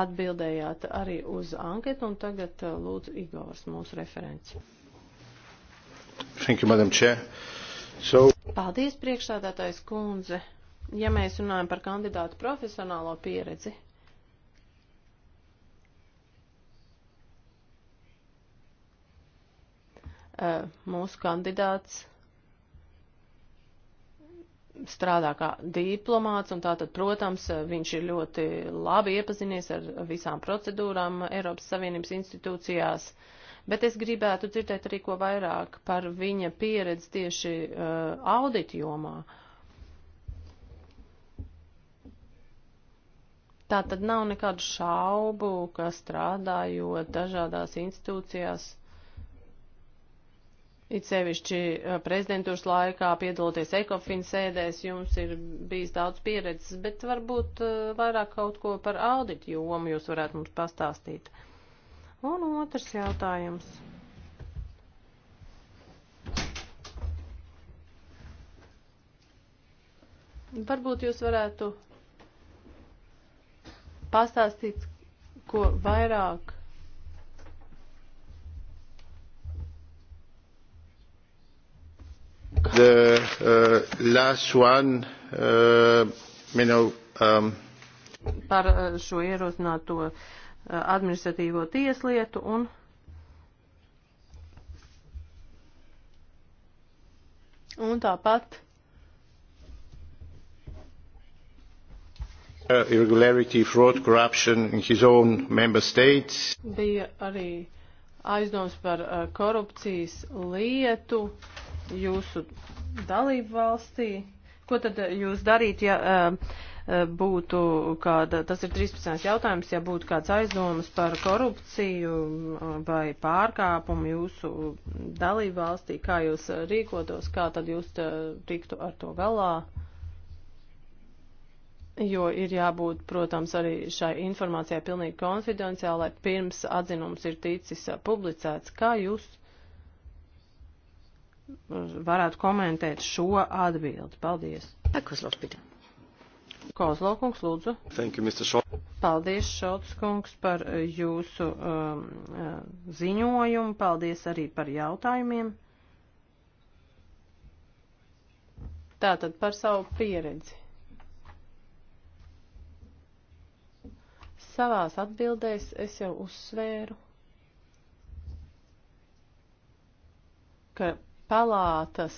A: atbildējāt arī uz anketu un tagad eh, lūdzu Igors mūsu referents. Thank you, Madam Chair. So... Paldies, priekšsēdētājs kundze. Ja mēs runājam par kandidātu profesionālo pieredzi, Eh, mūsu kandidāts strādā kā diplomāts, un tātad, protams, eh, viņš ir ļoti labi iepazinies ar visām procedūrām Eiropas Savienības institūcijās, bet es gribētu dzirdēt arī ko vairāk par viņa pieredzi tieši uh, audit jomā. Tā tad nav nekādu šaubu, ka strādājot dažādās institūcijās, uh, It sevišķi eh, prezidentūras laikā piedaloties ekofin sēdēs, jums ir bijis daudz pieredzes, bet varbūt eh, vairāk kaut ko par auditu jomu jūs varētu mums pastāstīt. Un otrs jautājums. Varbūt jūs varētu pastāstīt ko vairāk the uh, last one, uh, you know, um, par uh, šo ierosināto uh, administratīvo tieslietu un un tāpat uh, irregularity, fraud, corruption in his own member states. Bija arī aizdoms par korupcijas lietu. Uh, jūsu dalību valstī. Ko tad jūs darītu, ja eh, eh, būtu kāda, tas ir 13. jautājums, ja būtu kāds aizdomas par korupciju eh, vai pārkāpumu jūsu dalību valstī, kā jūs rīkotos, kā tad jūs tiktu ar to galā? jo ir jābūt, protams, arī šai informācijai pilnīgi konfidenciālai, pirms atzinums ir ticis publicēts. Kā jūs varētu komentēt šo atbildi. Paldies. Kozlovpita. Kozlovkungs, lūdzu. Thank you, Mr. Šol. Paldies, Šolts kungs, par jūsu um, uh, ziņojumu. Paldies arī par jautājumiem. Tātad par savu pieredzi. Savās atbildēs es jau uzsvēru, ka palātas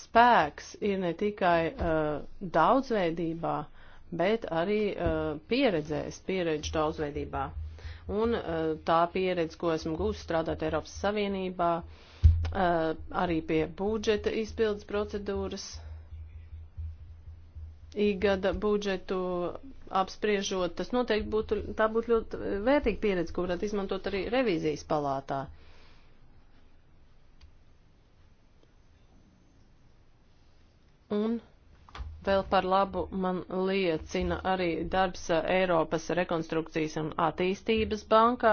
A: spēks ir ne tikai uh, daudzveidībā, bet arī uh, pieredzēs, pieredžu daudzveidībā. Un uh, tā pieredze, ko esmu gūst strādāt Eiropas Savienībā, uh, arī pie budžeta izpildes procedūras, īgada budžetu apspriežot, tas noteikti būtu, tā būtu ļoti vērtīga pieredze, ko varētu izmantot arī revīzijas palātā. Uh, Un vēl par labu man liecina arī darbs Eiropas rekonstrukcijas un attīstības bankā.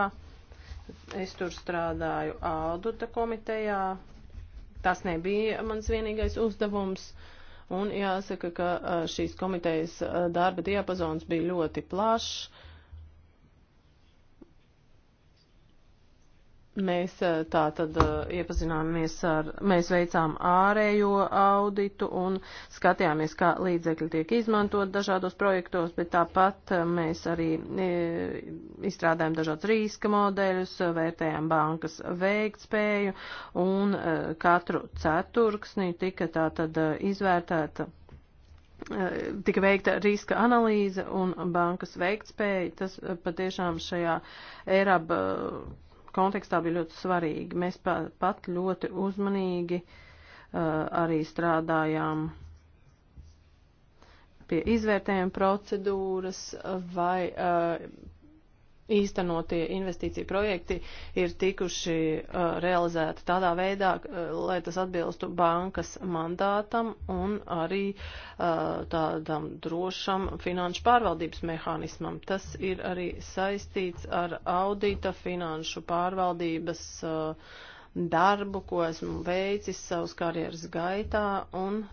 A: Es tur strādāju āduta komitejā. Tas nebija mans vienīgais uzdevums. Un jāsaka, ka šīs komitejas darba diapazons bija ļoti plašs Mēs eh, tā tad eh, iepazināmies ar, mēs veicām ārējo auditu un skatījāmies, kā līdzekļi tiek izmantot dažādos projektos, bet tāpat eh, mēs arī izstrādājam dažādas rīska modeļus, vērtējam bankas veiktspēju un katru ceturksni tika tā tad izvērtēta tika veikta riska analīze un bankas veiktspēja. Tas patiešām šajā ERAB kontekstā bija ļoti svarīgi. Mēs pat ļoti uzmanīgi uh, arī strādājām pie izvērtējuma procedūras, vai uh, īstenotie investīcija projekti ir tikuši uh, realizēti tādā veidā, uh, lai tas atbilstu bankas mandātam un arī uh, tādam drošam finanšu pārvaldības mehānismam. Tas ir arī saistīts ar audita finanšu pārvaldības uh, darbu, ko esmu veicis savas karjeras gaitā un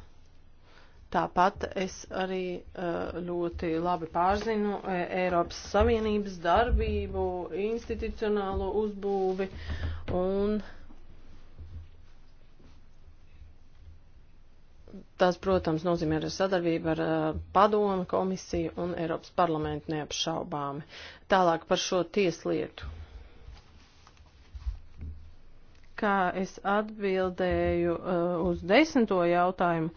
A: Tāpat es arī e, ļoti labi pārzinu e, Eiropas Savienības darbību, institucionālo uzbūvi un tas, protams, nozīmē arī sadarbību ar e, padomu, komisiju un Eiropas parlamentu neapšaubāmi. Tālāk par šo tieslietu. Kā es atbildēju uz desmito jautājumu?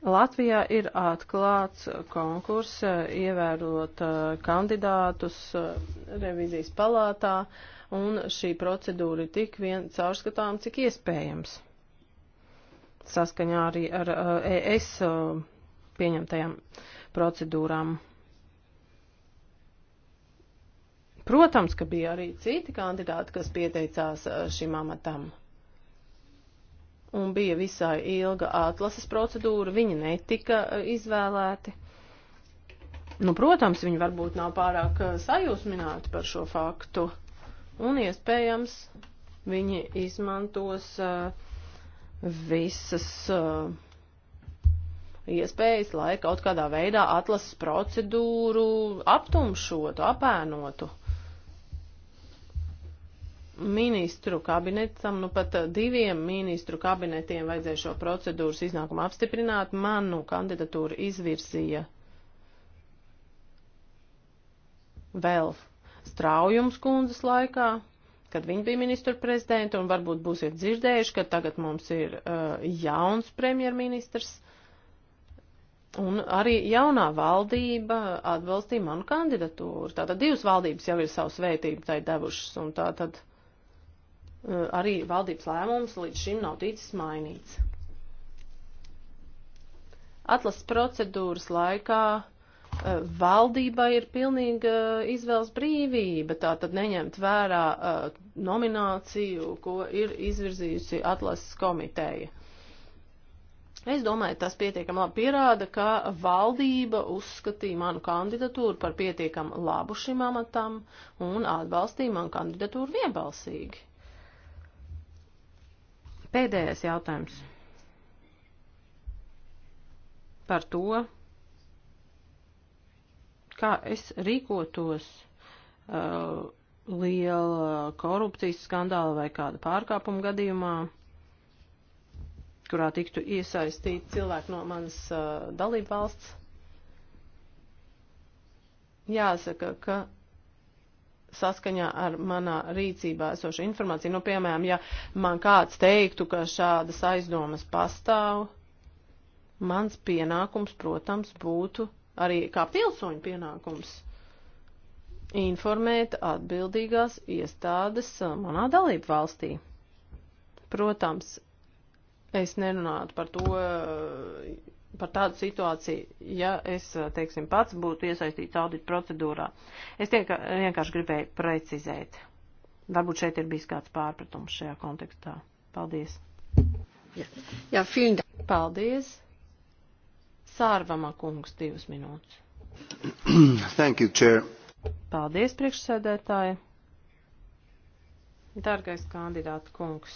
A: Latvijā ir atklāts konkurs ievērot uh, kandidātus uh, revizijas palātā, un šī procedūra ir tik vien caurskatām, cik iespējams. Saskaņā arī ar uh, ES pieņemtajām procedūrām. Protams, ka bija arī citi kandidāti, kas pieteicās šim amatam un bija visai ilga atlases procedūra, viņi netika eh, izvēlēti. Nu, protams, viņi varbūt nav pārāk eh, sajūsmināti par šo faktu, un iespējams viņi izmantos uh, visas uh, iespējas, lai kaut kādā veidā atlases procedūru aptumšotu, apēnotu ministru kabinetam, nu pat eh, diviem ministru kabinetiem vajadzēja šo procedūras iznākumu apstiprināt. Manu kandidatūru izvirzīja vēl straujums kundzes laikā, kad viņi bija ministru prezidenti, un varbūt būsiet dzirdējuši, ka tagad mums ir uh, jauns premjerministrs. Un arī jaunā valdība atbalstīja manu kandidatūru. Tātad divas valdības jau ir savu svētību tai devušas, un tātad. tad Eh, arī valdības lēmums līdz šim nav ticis mainīts. Atlases procedūras laikā eh, valdībai ir pilnīga eh, izvēles brīvība, tā tad neņemt vērā nomināciju, ko ir izvirzījusi atlases komiteja. Es domāju, tas pietiekami labi pierāda, ka valdība uzskatīja manu kandidatūru par pietiekami labu šim amatam un atbalstīja manu kandidatūru vienbalsīgi. Pēdējais jautājums par to, kā es rīkotos uh, liela korupcijas skandāla vai kāda pārkāpuma gadījumā, kurā tiktu iesaistīti cilvēki no manas uh, dalībvalsts. Jāsaka, ka saskaņā ar manā rīcībā esošu informāciju. Nu, piemēram, ja man kāds teiktu, ka šādas aizdomas pastāv, mans pienākums, protams, būtu arī kā pilsoņu pienākums informēt atbildīgās iestādes manā dalību valstī. Protams, es nerunātu par to par tādu situāciju, ja es, eh, teiksim, pats būtu iesaistīts audit procedūrā. Es tiek, vienkārši gribēju precizēt. Varbūt šeit ir bijis kāds pārpratums šajā kontekstā. Paldies. Jā, jā film. Paldies. Sārvama kungs divas minūtes. Thank you, chair. Paldies, priekšsēdētāji. Dargais kandidāta kungs.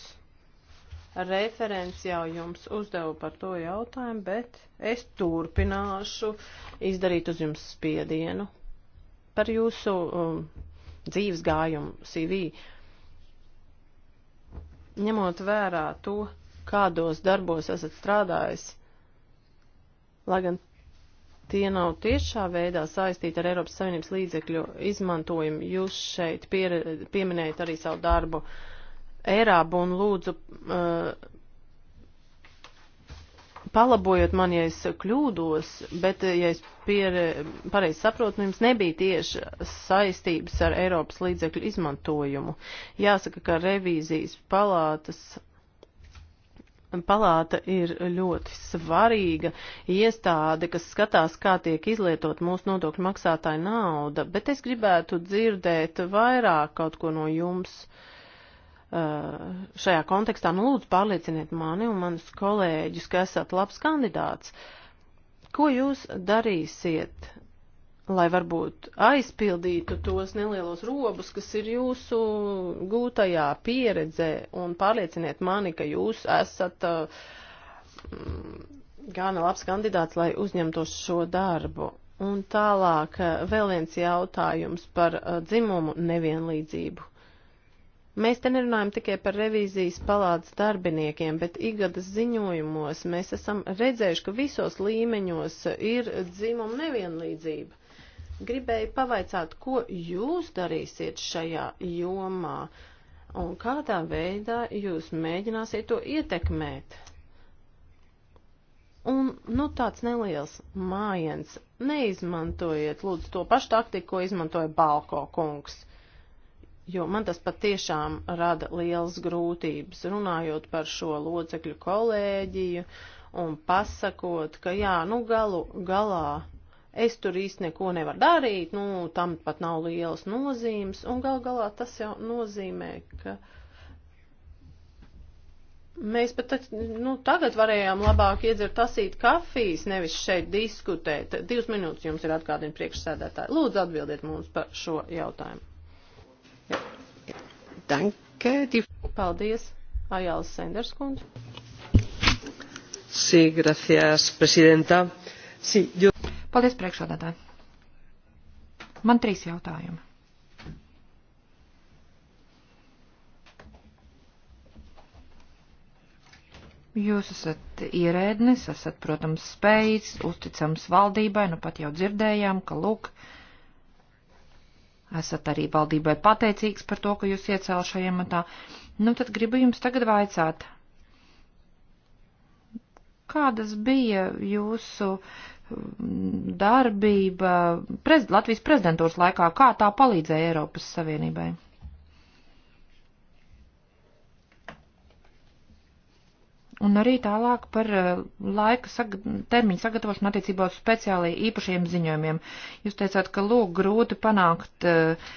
A: Referents jau jums uzdeva par to jautājumu, bet es turpināšu izdarīt uz jums spiedienu par jūsu um, dzīves gājumu CV. Ņemot vērā to, kādos darbos esat strādājis, lai gan tie nav tiešā veidā saistīti ar Eiropas Savienības līdzekļu izmantojumu, jūs šeit pie, pieminējat arī savu darbu uh, Eirābu un lūdzu uh, palabojiet man, ja es kļūdos, bet, uh, ja es pareizi saprotu, nu, jums nebija tieši saistības ar Eiropas līdzekļu izmantojumu. Jāsaka, ka revīzijas palātas. Palāta ir ļoti svarīga iestāde, kas skatās, kā tiek izlietot mūsu nodokļu maksātāja nauda, bet es gribētu dzirdēt vairāk kaut ko no jums. Uh, Uh, šajā kontekstā, nu lūdzu pārlieciniet mani un manus kolēģus, ka esat labs kandidāts. Ko jūs darīsiet, lai varbūt aizpildītu tos nelielos robus, kas ir jūsu gūtajā pieredzē un pārlieciniet mani, ka jūs esat uh, gana labs kandidāts, lai uzņemtos šo darbu. Un tālāk uh, vēl viens jautājums par dzimumu nevienlīdzību. Mēs te nerunājam tikai par revīzijas palādes darbiniekiem, bet igadas ziņojumos mēs esam redzējuši, ka visos līmeņos ir dzimuma nevienlīdzība. Gribēju pavaicāt, ko jūs darīsiet šajā jomā un kādā veidā jūs mēģināsiet to ietekmēt. Un, nu, tāds neliels mājiens. Neizmantojiet, lūdzu, to pašu taktiku, ko izmantoja Balko kungs jo man tas patiešām rada lielas grūtības runājot par šo locekļu kolēģiju un pasakot, ka jā, nu galu galā es tur īsti neko nevaru darīt, nu tam pat nav lielas nozīmes, un gal galā tas jau nozīmē, ka mēs pat nu, tagad varējām labāk iedzert tasīt kafijas, nevis šeit diskutēt. Divas minūtes jums ir atgādina priekšsēdētāji. Lūdzu atbildiet mums par šo jautājumu.
C: Danke.
A: Die... Paldies, Ajāls Senders kundze.
C: Sí, gracias, presidenta. Sí, yo...
B: Paldies, priekšsādātāji. Man trīs jautājumi. Jūs esat ierēdnis, esat, protams, spējīgs, uzticams valdībai, nu pat jau dzirdējām, ka, lūk, uh, esat arī valdībai pateicīgs par to, ka jūs iecēl šajā matā. Nu, tad gribu jums tagad vaicāt, kādas bija jūsu mm, darbība prez, Latvijas prezidentūras laikā, kā tā palīdzēja Eiropas Savienībai? Un arī tālāk par eh, laika saga termiņu sagatavošanu attiecībā uz speciālai īpašiem ziņojumiem. Jūs teicāt, ka lūk grūti panākt uh,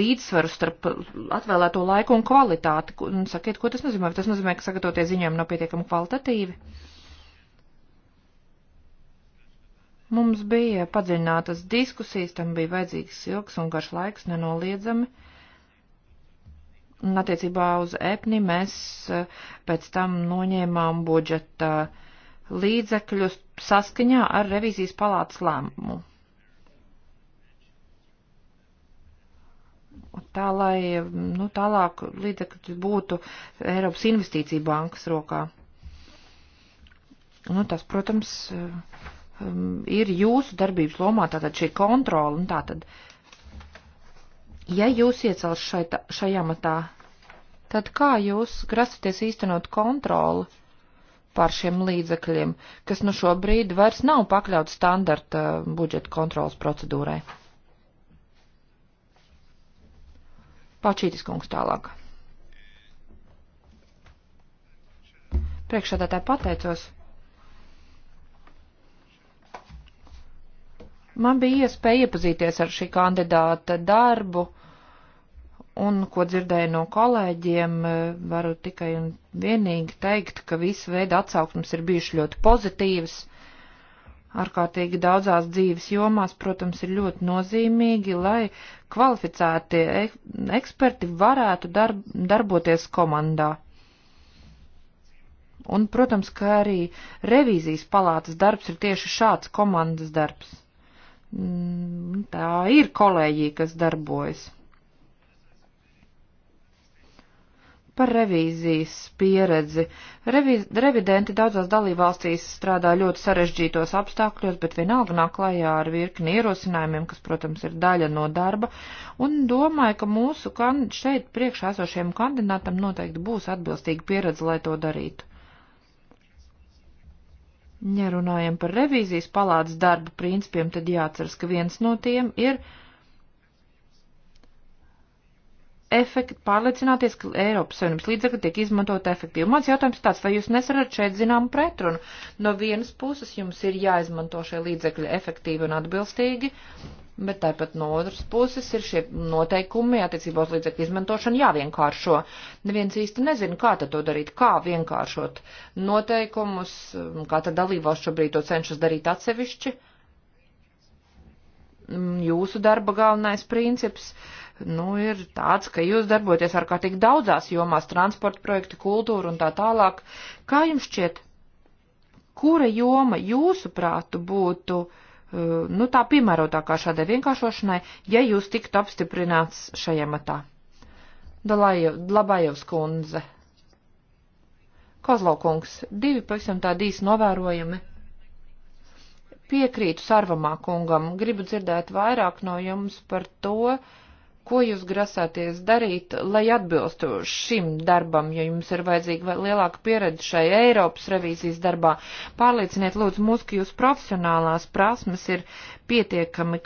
B: līdzsvaru starp atvēlēto laiku un kvalitāti. Un sakiet, ko tas nozīmē? Vai tas nozīmē, ka sagatavotie ziņojumi nav pietiekami kvalitatīvi? Mums bija padziļinātas diskusijas, tam bija vajadzīgs ilgs un garš laiks nenoliedzami. Uh, Un attiecībā uz EPNI mēs eh, pēc tam noņēmām budžeta līdzekļus saskaņā ar revīzijas palātas lēmumu. Tā lai nu, tālāk līdzekļi būtu Eiropas investīcija bankas rokā. Nu, tas, protams, eh, um, ir jūsu darbības lomā, tātad šī kontrola, un tātad uh, Ja jūs iecels šai, šajā matā, tad kā jūs grasaties īstenot kontroli pār šiem līdzekļiem, kas nu šobrīd vairs nav pakļauts standarta eh, budžeta kontrolas procedūrai? Pačītis kungs tālāk. Priekšādātāji pateicos. Man bija iespēja iepazīties ar šī kandidāta darbu Un, ko dzirdēju no kolēģiem, eh, varu tikai un vienīgi teikt, ka visu veidu atsauksmes ir bijušas ļoti pozitīvas. Ārkārtīgi daudzās dzīves jomās, protams, ir ļoti nozīmīgi, lai kvalificētie eksperti varētu darb darboties komandā. Un, protams, ka arī revīzijas palātas darbs ir tieši šāds komandas darbs. Mm, tā ir kolēģija, kas darbojas. par revīzijas pieredzi. Reviz, revidenti daudzās dalībvalstīs strādā ļoti sarežģītos apstākļos, bet vienalga nāk klajā ar virkni ierosinājumiem, kas, protams, ir daļa no darba, un domāju, ka mūsu kan, šeit priekšā esošiem kandidātam noteikti būs atbilstīga pieredze, lai to darītu. Ja runājam par revīzijas palādes darba principiem, tad jāatceras, ka viens no tiem ir efekt, pārliecināties, ka Eiropas Savienības līdzekļi tiek izmantot efektīvi. Mans jautājums ir tāds, vai jūs nesarat šeit zinām pretrunu? No vienas puses jums ir jāizmanto šie līdzekļi efektīvi un atbilstīgi, bet tāpat no otras puses ir šie noteikumi attiecībā uz līdzekļu izmantošanu jāvienkāršo. Neviens īsti nezina, kā tad to darīt, kā vienkāršot noteikumus, kā tad dalībvalsts šobrīd to cenšas darīt atsevišķi. Mm, jūsu darba galvenais princips. Uh, nu, ir tāds, ka jūs darboties ar kā tik daudzās jomās - transporta projekti, kultūra un tā tālāk. Kā jums šķiet, kura joma jūsuprātu būtu, eh, nu, tā piemērotākā šādai vienkāršošanai, ja jūs tiktu apstiprināts šajā matā? Labājevs kundze. Kozlaukungs, divi pavisam tādi īsi novērojumi piekrītu Sarvamā kungam, gribu dzirdēt vairāk no jums par to, ko jūs grasāties darīt, lai atbilstu šim darbam, jo jums ir vajadzīga lielāka pieredze šai Eiropas revīzijas darbā. Pārlieciniet, lūdzu, mūs, ka jūs profesionālās prasmes ir pietiekami,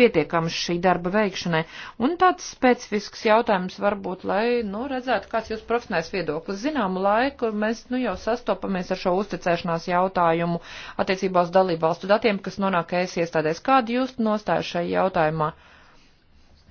B: pietiekami šī darba veikšanai. Un tāds specifisks jautājums varbūt, lai, nu, redzētu, kāds jūs profesionāls viedoklis. Zināmu laiku mēs, nu, jau sastopamies ar šo uzticēšanās jautājumu attiecībā uz dalībvalstu datiem, kas nonāk ES iestādēs. Kāda jūs nostāja šai jautājumā?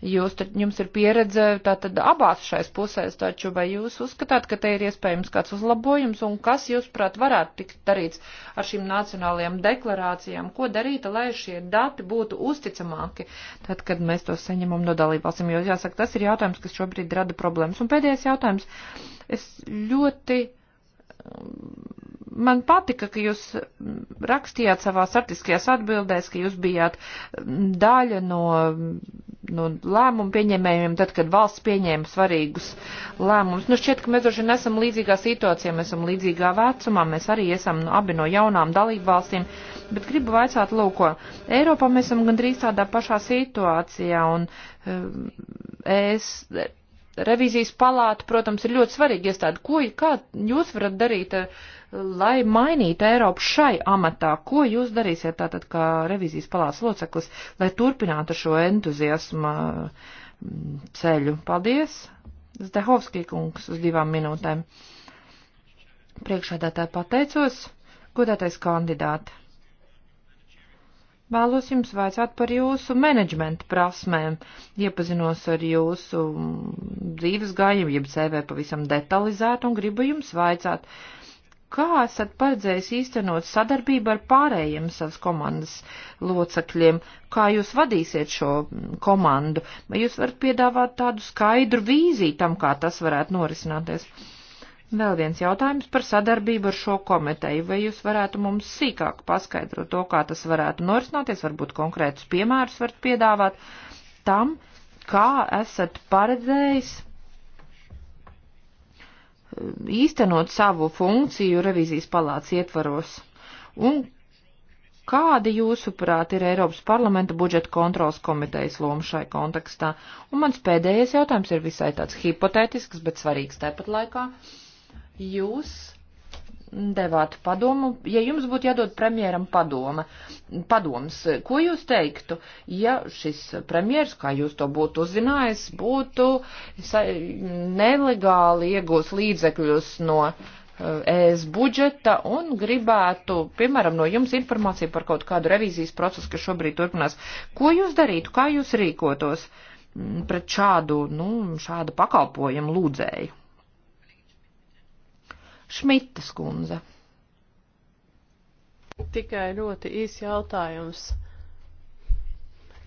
B: Jūs, tad, jums ir pieredze tātad abās šais pusēs, taču vai jūs uzskatāt, ka te ir iespējams kāds uzlabojums un kas, jūs prāt, varētu tikt darīts ar šīm nacionālajām deklarācijām? Ko darīt, lai šie dati būtu uzticamāki, tad, kad mēs to saņemam no dalībvalstīm? Jo, jāsaka, tas ir jautājums, kas šobrīd rada problēmas. Un pēdējais jautājums. Es ļoti man patika, ka jūs rakstījāt savās artiskajās atbildēs, ka jūs bijāt daļa no, no lēmumu pieņēmējiem, tad, kad valsts pieņēma svarīgus lēmumus. Nu, šķiet, ka mēs droši vien esam līdzīgā situācijā, mēs esam līdzīgā vecumā, mēs arī esam nu, abi no jaunām dalību valstīm, bet gribu vaicāt, lūko, Eiropā mēs esam gandrīz tādā pašā situācijā, un eh, es revīzijas palāta, protams, ir ļoti svarīga iestāde. Ko kā jūs varat darīt eh, lai mainītu Eiropu šai amatā. Ko jūs darīsiet tātad kā revizijas palāca loceklis, lai turpinātu šo entuziasma mm, ceļu? Paldies! Zdehovskij kungs uz divām minūtēm. Priekšādātāji pateicos, godātais kandidāti. Vēlos jums vaicāt par jūsu menedžmenta prasmēm. Iepazinos ar jūsu mm, dzīves gājumu, jeb CV pavisam detalizēt, un gribu jums vaicāt, uh, kā esat paredzējis īstenot sadarbību ar pārējiem savas komandas locekļiem, kā jūs vadīsiet šo komandu, vai jūs varat piedāvāt tādu skaidru vīziju tam, kā tas varētu norisināties. Vēl viens jautājums par sadarbību ar šo komiteju. Vai jūs varētu mums sīkāk paskaidrot to, kā tas varētu norisināties, varbūt konkrētus piemērus varat piedāvāt tam, kā esat paredzējis īstenot savu funkciju revīzijas palāca ietvaros? Un kāda, jūsuprāt, ir Eiropas parlamenta budžeta kontrolas komitejas loma šai kontekstā? Un mans pēdējais jautājums ir visai tāds hipotētisks, bet svarīgs tāpat laikā. Jūs devātu padomu, ja jums būtu jādod premjeram padoma, padoms, ko jūs teiktu, ja šis premjers, kā jūs to būtu uzzinājis, būtu nelegāli iegūs līdzekļus no ES eh, budžeta un gribētu, piemēram, no jums informāciju par kaut kādu revīzijas procesu, kas šobrīd turpinās. Ko jūs darītu, kā jūs rīkotos mm, pret šādu, nu, šādu pakalpojumu lūdzēju? Šmitas kundze.
A: Tikai ļoti īsi jautājums.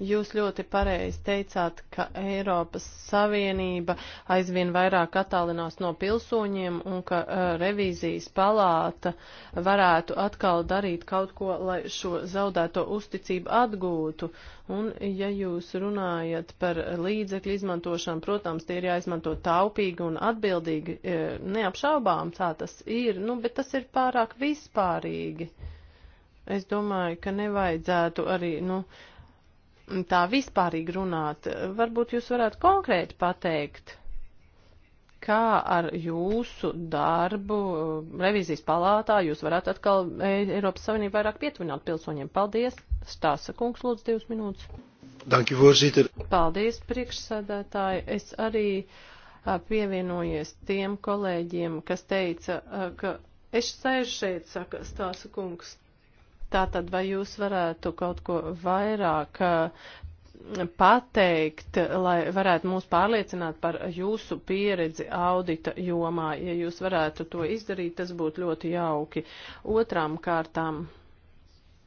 A: Jūs ļoti pareizi teicāt, ka Eiropas Savienība aizvien vairāk attālinās no pilsoņiem un ka uh, revīzijas palāta varētu atkal darīt kaut ko, lai šo zaudēto uzticību atgūtu. Un, ja jūs runājat par līdzekļu izmantošanu, protams, tie ir jāizmanto taupīgi un atbildīgi, uh, neapšaubām tā tas ir, nu, bet tas ir pārāk vispārīgi. Es domāju, ka nevajadzētu arī, nu, uh, tā vispārīgi runāt. Varbūt jūs varētu konkrēti pateikt, kā ar jūsu darbu eh, revizijas palātā jūs varētu atkal eh, Eiropas Savienību vairāk pietuvināt pilsoņiem. Paldies! Stāsta kungs, lūdzu, divas minūtes.
C: Danki, voorzitter.
A: Paldies, priekšsēdētāji. Es arī eh, pievienojies tiem kolēģiem, kas teica, ka es sēžu šeit, saka Stāsta kungs. Tātad, vai jūs varētu kaut ko vairāk eh, pateikt, lai varētu mūs pārliecināt par jūsu pieredzi audita jomā? Ja jūs varētu to izdarīt, tas būtu ļoti jauki. Otrām kārtām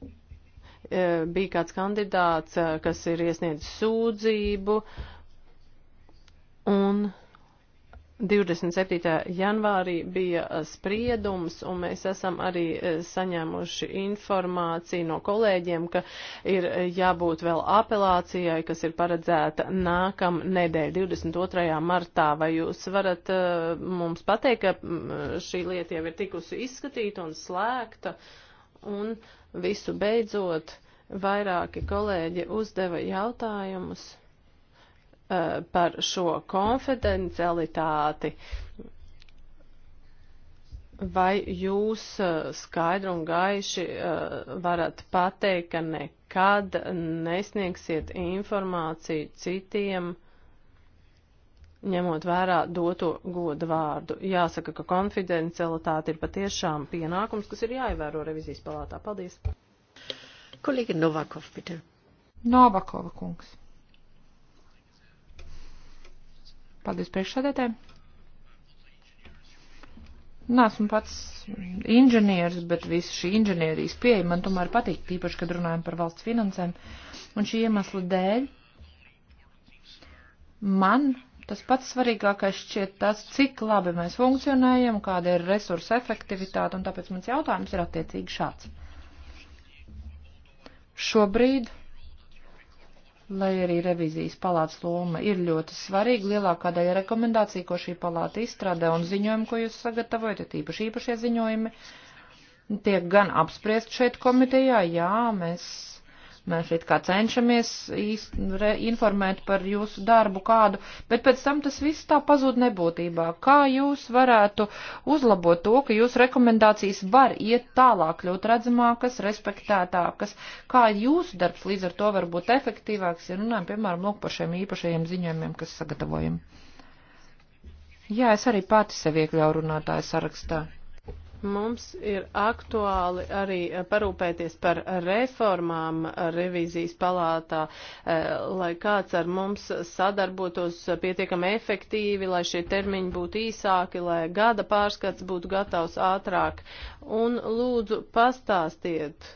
A: eh, bija kāds kandidāts, eh, kas ir iesniedzis sūdzību un. 27. janvārī bija spriedums, un mēs esam arī saņēmuši informāciju no kolēģiem, ka ir jābūt vēl apelācijai, kas ir paredzēta nākam nedēļ, 22. martā. Vai jūs varat mums pateikt, ka šī lieta jau ir tikusi izskatīta un slēgta, un visu beidzot vairāki kolēģi uzdeva jautājumus? Eh, par šo konfidencialitāti. Vai jūs eh, skaidri un gaiši eh, varat pateikt, ka nekad nesniegsiet informāciju citiem, ņemot vērā doto godu vārdu? Jāsaka, ka konfidencialitāte ir patiešām pienākums, kas ir jāievēro revizijas palātā. Paldies! Kolēģi Novakov, bitte.
B: Novakova kungs. Paldies priekšsādētājiem. Nāsmu pats inženieris, bet visa šī inženierijas pieeja man tomēr patīk, tīpaši, kad runājam par valsts finansēm. Un šī iemesla dēļ man Tas pats svarīgākais šķiet tas, cik labi mēs funkcionējam, kāda ir resursa efektivitāte, un tāpēc mans jautājums ir attiecīgi šāds. Šobrīd lai arī revizijas palātas loma ir ļoti svarīga. Lielākā daļa rekomendāciju, ko šī palāta izstrādā un ziņojumi, ko jūs sagatavojat, ir tīpaši īpašie ziņojumi, tiek gan apspriest šeit komitejā, jā, mēs Mēs it kā cenšamies informēt par jūsu darbu kādu, bet pēc tam tas viss tā pazūd nebūtībā. Kā jūs varētu uzlabot to, ka jūsu rekomendācijas var iet tālāk, kļūt redzamākas, respektētākas? Kā jūsu darbs līdz ar to var būt efektīvāks, ja runājam, piemēram, lūk par šiem īpašajiem ziņojumiem, kas sagatavojam? Jā, es arī pati sevi iekļauju runātāju sarakstā.
A: Mums ir aktuāli arī eh, parūpēties par reformām revīzijas palātā, eh, lai kāds ar mums sadarbotos pietiekami efektīvi, lai šie termiņi būtu īsāki, lai gada pārskats būtu gatavs ātrāk. Un lūdzu pastāstiet,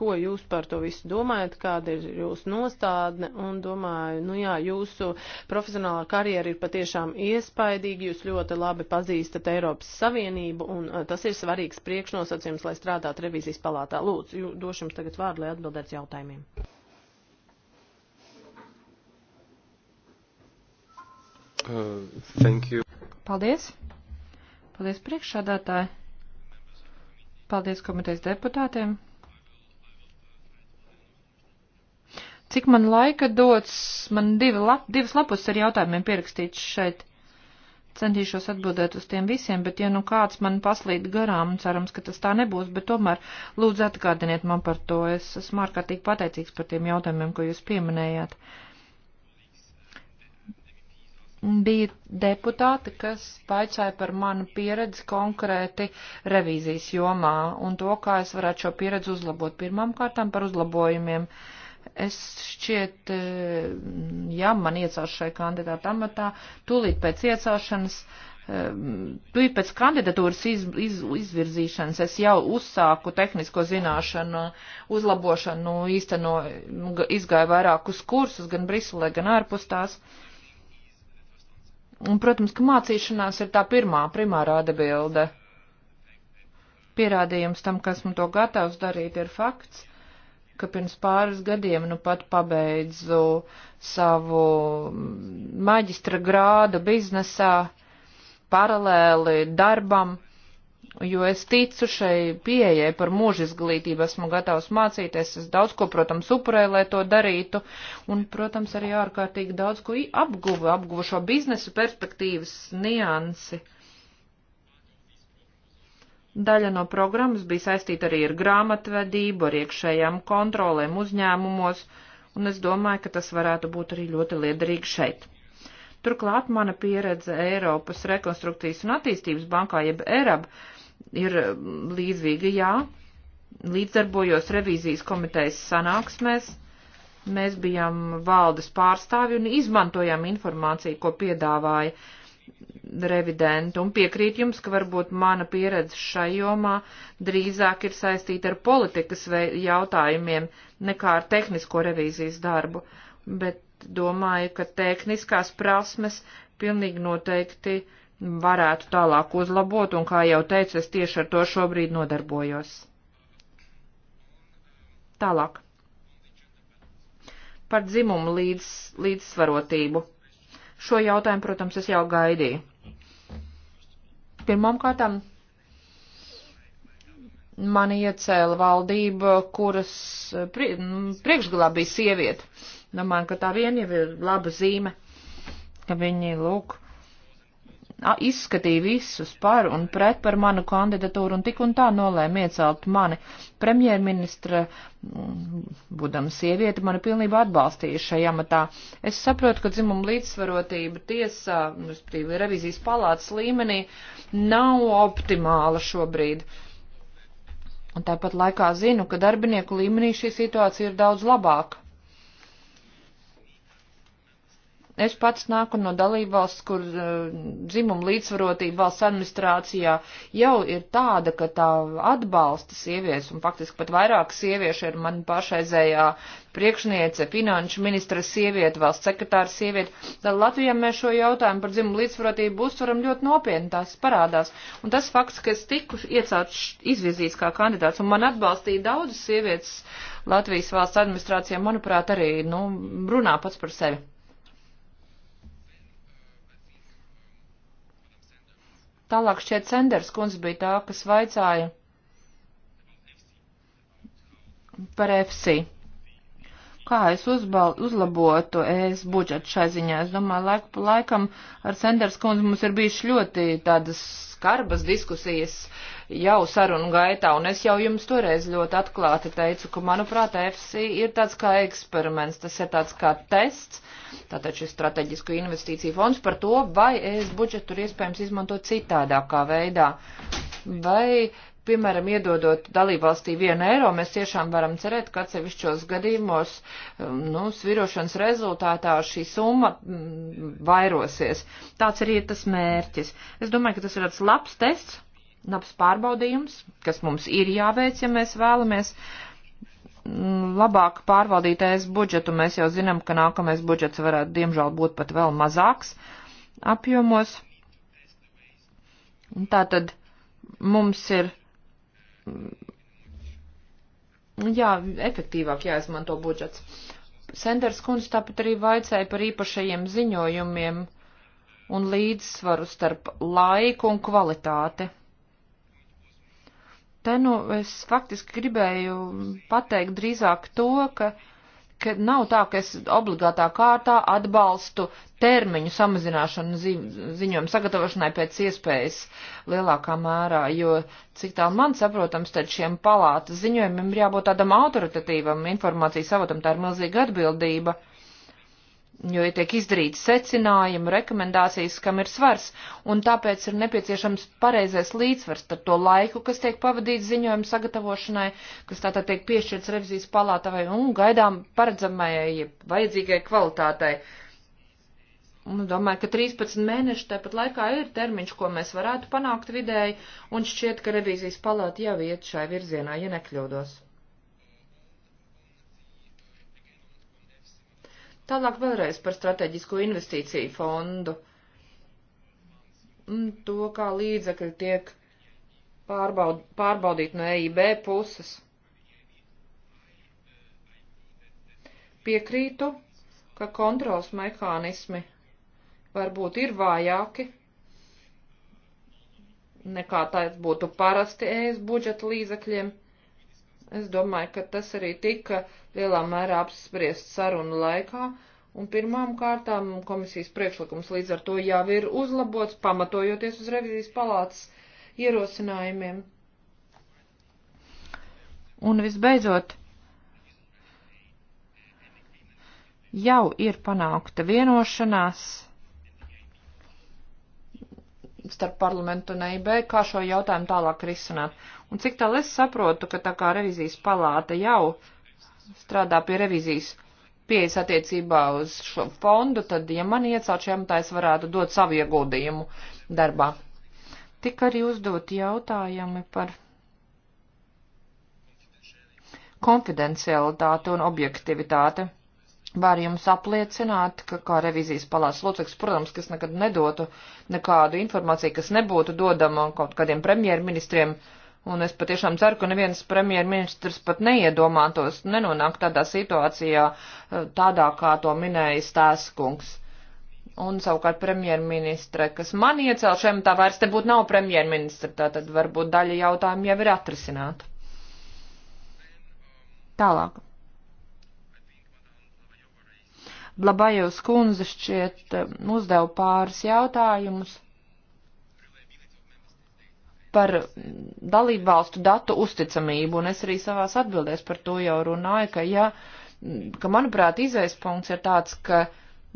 A: ko jūs par to visu domājat, kāda ir jūsu nostādne, un domāju, nu jā, jūsu profesionālā karjera ir patiešām iespaidīga, jūs ļoti labi pazīstat Eiropas Savienību, un eh, tas ir svarīgs priekšnosacījums, lai strādātu revīzijas palātā. Lūdzu, došu jums tagad vārdu, lai atbildētu jautājumiem. Uh, thank you.
B: Paldies. Paldies priekšsādātāji. Paldies komitejas deputātiem. Cik man laika dots? Man divi lap, divas lapus ar jautājumiem pierakstīts šeit. Centīšos atbildēt uz tiem visiem, bet ja nu kāds man paslīd garām, cerams, ka tas tā nebūs, bet tomēr lūdzu atgādiniet man par to. Es esmu ārkārtīgi pateicīgs par tiem jautājumiem, ko jūs pieminējāt. Bija deputāti, kas paicāja par manu pieredzi konkrēti revīzijas jomā un to, kā es varētu šo pieredzi uzlabot. Pirmām kārtām par uzlabojumiem. Uh, es šķiet, e, ja man iecās šai kandidāta amatā, tūlīt pēc iecāšanas, e, tūlīt pēc kandidatūras iz, iz, izvirzīšanas es jau uzsāku tehnisko zināšanu uzlabošanu, nu, īsteno, izgāju vairākus kursus gan Briselē, gan ārpus tās. Un, protams, ka mācīšanās ir tā pirmā, primārā debilde. Pierādījums tam, ka esmu to gatavs darīt, ir fakts, ka pirms pāris gadiem nu pat pabeidzu savu maģistra grādu biznesā paralēli darbam, jo es ticu šai pieejai par mūža izglītību, esmu gatavs mācīties, es daudz ko, protams, upurēju, lai to darītu, un, protams, arī ārkārtīgi daudz ko apguvu, apguvu šo biznesu perspektīvas niansi. Uh, Daļa no programmas bija saistīta arī ar grāmatvedību, ar iekšējām kontrolēm uzņēmumos, un es domāju, ka tas varētu būt arī ļoti liederīgi šeit. Turklāt mana pieredze Eiropas rekonstrukcijas un attīstības bankā, jeb ERAB, ir līdzīga, jā, līdzdarbojos revīzijas komitejas sanāksmēs, mēs bijām valdes pārstāvi un izmantojām informāciju, ko piedāvāja revidentu un piekrīt jums, ka varbūt mana pieredze šai jomā drīzāk ir saistīta ar politikas jautājumiem nekā ar tehnisko revīzijas darbu, bet domāju, ka tehniskās prasmes pilnīgi noteikti varētu tālāk uzlabot, un kā jau teicu, es tieši ar to šobrīd nodarbojos. Tālāk. Par dzimumu līdz, līdzsvarotību. Šo jautājumu, protams, es jau gaidīju. Pirmām kārtām mani iecēla valdība, kuras eh, prie, priekšgalā bija sieviete. Domāju, ka tā vien jau ir laba zīme, ka viņi, lūk, uh, izskatīja visus par un pret par manu kandidatūru un tik un tā nolēma iecelt mani. Premjerministra, mm, būdama sieviete, mani pilnībā atbalstīja šajā amatā. Es saprotu, ka dzimuma līdzsvarotība tiesā, respektīvi revizijas palātas līmenī, nav optimāla šobrīd. Un tāpat laikā zinu, ka darbinieku līmenī šī situācija ir daudz labāka. Es pats nāku no dalībvalsts, kur uh, eh, dzimuma līdzvarotība valsts administrācijā jau ir tāda, ka tā atbalsta sievietes, un faktiski pat vairāk sieviešu ir man pašreizējā priekšniece, finanšu ministra sieviete, valsts sekretāra sieviete. Tad Latvijā mēs šo jautājumu par dzimumu līdzvarotību uztveram ļoti nopietni, tās parādās. Un tas fakts, ka es tiku iecāts izvirzīts kā kandidāts, un man atbalstīja daudzas sievietes Latvijas valsts administrācijā, manuprāt, arī nu, runā pats par sevi. Tālāk šķiet Senders kundze bija tā, kas vaicāja par FC. Kā es uzbal, uzlabotu ES budžetu šai ziņā? Es domāju, laiku pa laikam ar Senders kundzi mums ir bijuši ļoti tādas skarbas diskusijas uh, jau sarunu gaitā, un es jau jums toreiz ļoti atklāti teicu, ka, manuprāt, FC ir tāds kā eksperiments, tas ir tāds kā tests, tātad šis strateģisko investīciju fonds par to, vai es budžetu ir iespējams izmantot citādākā veidā, vai piemēram, iedodot dalībvalstī vienu eiro, mēs tiešām varam cerēt, ka atsevišķos gadījumos, um, nu, svirošanas rezultātā šī summa mm, vairosies. Tāds arī ir tas mērķis. Es domāju, ka tas ir tāds labs tests, nabas pārbaudījums, kas mums ir jāveic, ja mēs vēlamies mm, labāk pārvaldīt ES budžetu. Mēs jau zinām, ka nākamais budžets varētu, diemžēl, būt pat vēl mazāks apjomos. Tātad mums ir mm, jā, efektīvāk jāizmanto budžets. Senders kundze tāpat arī vaicāja par īpašajiem ziņojumiem un līdzsvaru starp laiku un kvalitāti. Te nu es faktiski gribēju pateikt drīzāk to, ka, ka nav tā, ka es obligātā kārtā atbalstu termiņu samazināšanu zi ziņojumu sagatavošanai pēc iespējas lielākā mērā, jo cik tālu man saprotams, tad šiem palātas ziņojumiem ir jābūt tādam autoritatīvam informācijas avotam, tā ir milzīga atbildība jo ja tiek izdarīti secinājumi, rekomendācijas, kam ir svars, un tāpēc ir nepieciešams pareizais līdzsvars ar to laiku, kas tiek pavadīts ziņojumu sagatavošanai, kas tātad tiek piešķirts revizijas palātavai un gaidām paredzamajai vajadzīgai kvalitātei. Un domāju, ka 13 mēneši tāpat laikā ir termiņš, ko mēs varētu panākt vidēji, un šķiet, ka revīzijas palāta jau iet šai virzienā, ja nekļūdos. Tālāk vēlreiz par strateģisko investīciju fondu un to, kā līdzekļi tiek pārbaud, pārbaudīti no EIB puses. Piekrītu, ka kontrols mehānismi varbūt ir vājāki nekā tā būtu parasti ES budžeta līdzekļiem. Es domāju, ka tas arī tika lielā mērā apspriest sarunu laikā, un pirmām kārtām komisijas priekšlikums līdz ar to jau ir uzlabots, pamatojoties uz revizijas palātas ierosinājumiem. Un visbeidzot, jau ir panākta vienošanās starp parlamentu un EIB, kā šo jautājumu tālāk risināt. Un cik tālu es saprotu, ka tā kā revizijas palāta jau strādā pie revizijas pieejas attiecībā uz šo fondu, tad, ja man iecelt šiem, tā es varētu dot savu ieguldījumu darbā. Tik arī uzdot jautājumi par konfidencialitāti un objektivitāti. Var jums apliecināt, ka kā revizijas palāca loceklis, protams, kas nekad nedotu nekādu informāciju, kas nebūtu dodama kaut kādiem premjerministriem, un es patiešām ceru, ka neviens premjerministrs pat neiedomātos, nenonāk tādā situācijā, eh, tādā kā to minēja Stāskungs. Un savukārt premjerministre, kas man iecēl šiem, tā vairs te būtu nav premjerministra, tā tad varbūt daļa jautājumu jau ir atrisināta. Tālāk. Labajos kundze šķiet eh, uzdeva pāris jautājumus par dalībvalstu datu uzticamību, un es arī savās atbildēs par to jau runāju, ka, ja, ka manuprāt, izaispunkts ir tāds, ka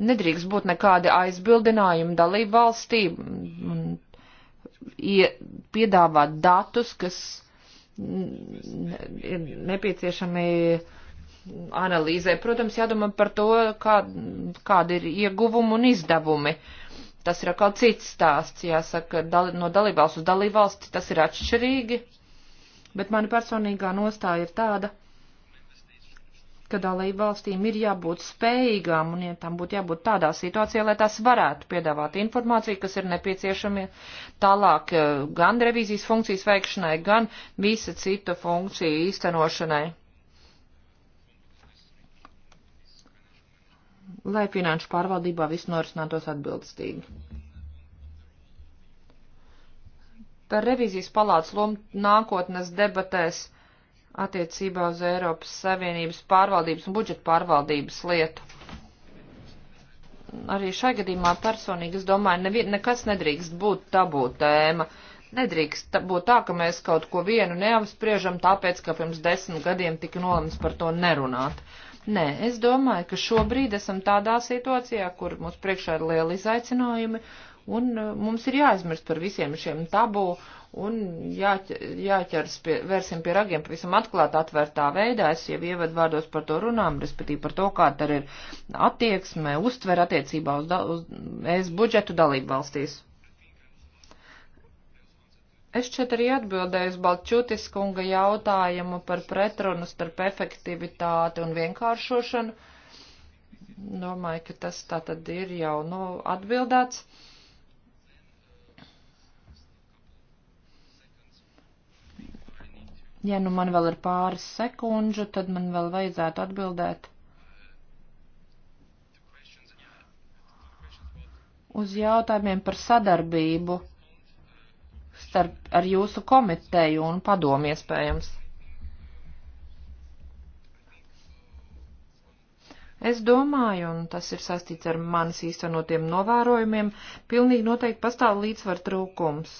B: nedrīkst būt nekādi aizbildinājumi dalībvalstī un ja piedāvāt datus, kas ir nepieciešami uh, analīzē. Protams, jādomā par to, kā, kāda ir ieguvumi un izdevumi. Tas ir atkal cits stāsts, jāsaka, dal, no dalībvalsts uz dalībvalsti tas ir atšķirīgi, bet mana personīgā nostāja ir tāda, ka dalībvalstīm ir jābūt spējīgām un ja tam būtu jābūt tādā situācijā, lai tās varētu piedāvāt informāciju, kas ir nepieciešami tālāk eh, gan revīzijas funkcijas veikšanai, gan visa cita funkcija īstenošanai lai finanšu pārvaldībā viss norisinātos atbilstīgi. Par revīzijas palātas lomu nākotnes debatēs attiecībā uz Eiropas Savienības pārvaldības un budžeta pārvaldības lietu. Arī šai gadījumā personīgi, es domāju, nevi, nekas nedrīkst būt tabū tēma. Nedrīkst būt tā, ka mēs kaut ko vienu neapspriežam, tāpēc, ka pirms desmit gadiem tika nolemts par to nerunāt. Uh, Nē, es domāju, ka šobrīd esam tādā situācijā, kur mums priekšā ir liela izaicinājumi, un uh, mums ir jāizmirst par visiem šiem tabū, un jāķers pie, vērsim pie ragiem pavisam atklāt atvērtā veidā. Es jau ievadu vārdos par to runām, respektīvi par to, kā tā ir attieksme, uztver attiecībā uz, da, uz es budžetu dalību valstīs. Es šeit arī atbildēju uz Balčūtis kunga jautājumu par pretrunu starp efektivitāti un vienkāršošanu. Domāju, ka tas tā tad ir jau nu, atbildēts. Ja nu man vēl ir pāris sekundžu, tad man vēl vajadzētu atbildēt. Uz jautājumiem par sadarbību starp ar jūsu komiteju un padomu iespējams. Es domāju, un tas ir sastīts ar manis īstenotiem novērojumiem, pilnīgi noteikti pastāv līdzsvar trūkums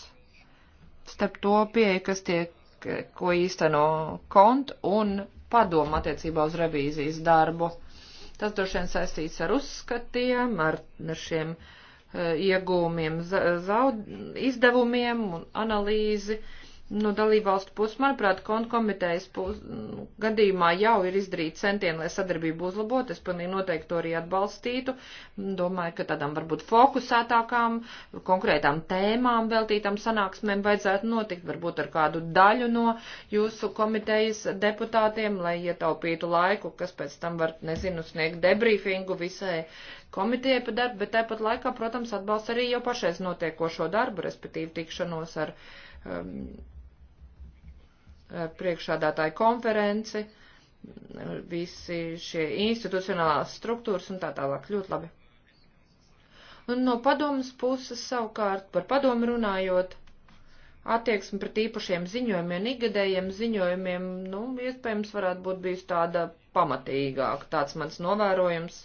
B: starp to pieeja, kas tiek, ko īsteno kont un padomu attiecībā uz revīzijas darbu. Tas droši vien saistīts ar uzskatiem, ar, ar šiem uh, iegūmiem, zaud, izdevumiem un analīzi. Uh, No nu, dalībvalstu puses, manuprāt, kontu komitejas pus, gadījumā jau ir izdarīta centieni, lai sadarbību uzlabot. Es pilnīgi noteikti to arī atbalstītu. Domāju, ka tādām varbūt fokusētākām, konkrētām tēmām veltītām sanāksmēm vajadzētu notikt, varbūt ar kādu daļu no jūsu komitejas deputātiem, lai ietaupītu laiku, kas pēc tam var, nezinu, sniegt debriefingu visai komiteja par darbu, bet tāpat laikā, protams, atbalsta arī jau pašais notiekošo darbu, respektīvi tikšanos ar um, Eh, priekšādātāju konferenci, visi šie institucionālās struktūras un tā tālāk. Ļoti labi. Un no padomas puses savukārt par padomu runājot, attieksme pret īpašiem ziņojumiem, igadējiem ziņojumiem, nu, iespējams, varētu būt bijusi tāda pamatīgāka, tāds mans novērojums.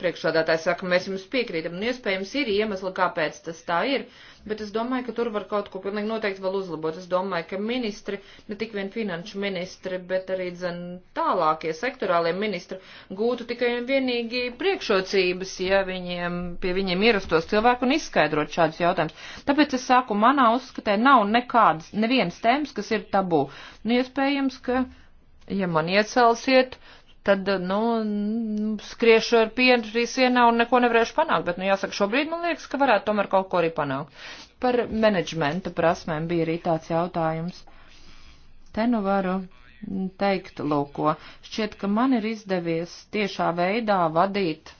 B: Priekšādātājs saka, mēs jums piekrītam, un iespējams ir iemesli, kāpēc tas tā ir, bet es domāju, ka tur var kaut ko pilnīgi noteikti vēl uzlabot. Es domāju, ka ministri, ne tik vien finanšu ministri, bet arī dzen tālākie sektorālie ministri gūtu tikai un vienīgi priekšrocības, ja viņiem, pie viņiem ierastos cilvēku un izskaidrot šādus jautājumus. Tāpēc es saku, manā uzskatē nav nekādas, nevienas tēmas, kas ir tabū. Nu, iespējams, ka, ja man iecelsiet, uh, tad, nu, skriešu ar pienu trīs vienā un neko nevarēšu panākt, bet, nu, jāsaka, šobrīd man liekas, ka varētu tomēr kaut ko arī panākt. Par menedžmenta prasmēm bija arī tāds jautājums. Te nu varu teikt, lūko, šķiet, ka man ir izdevies tiešā veidā vadīt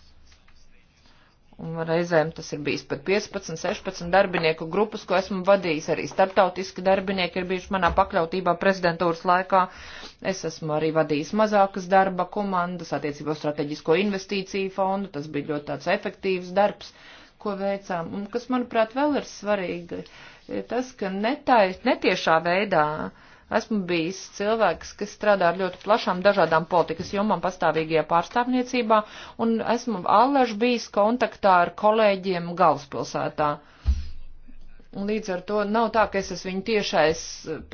B: Un reizēm tas ir bijis pat 15, 16 darbinieku grupas, ko esmu vadījis. Arī starptautiski darbinieki ir bijuši manā pakļautībā prezidentūras laikā. Es esmu arī vadījis mazākas darba komandas attiecībā strateģisko investīciju fondu. Tas bija ļoti tāds efektīvs darbs, ko veicām. Un kas, manuprāt, vēl ir svarīgi, ir tas, ka netai, netiešā veidā uh, Esmu bijis cilvēks, kas strādā ar ļoti plašām dažādām politikas jomām pastāvīgajā pārstāvniecībā, un esmu allaž bijis kontaktā ar kolēģiem galvaspilsētā. Līdz ar to nav tā, ka es esmu viņu tiešais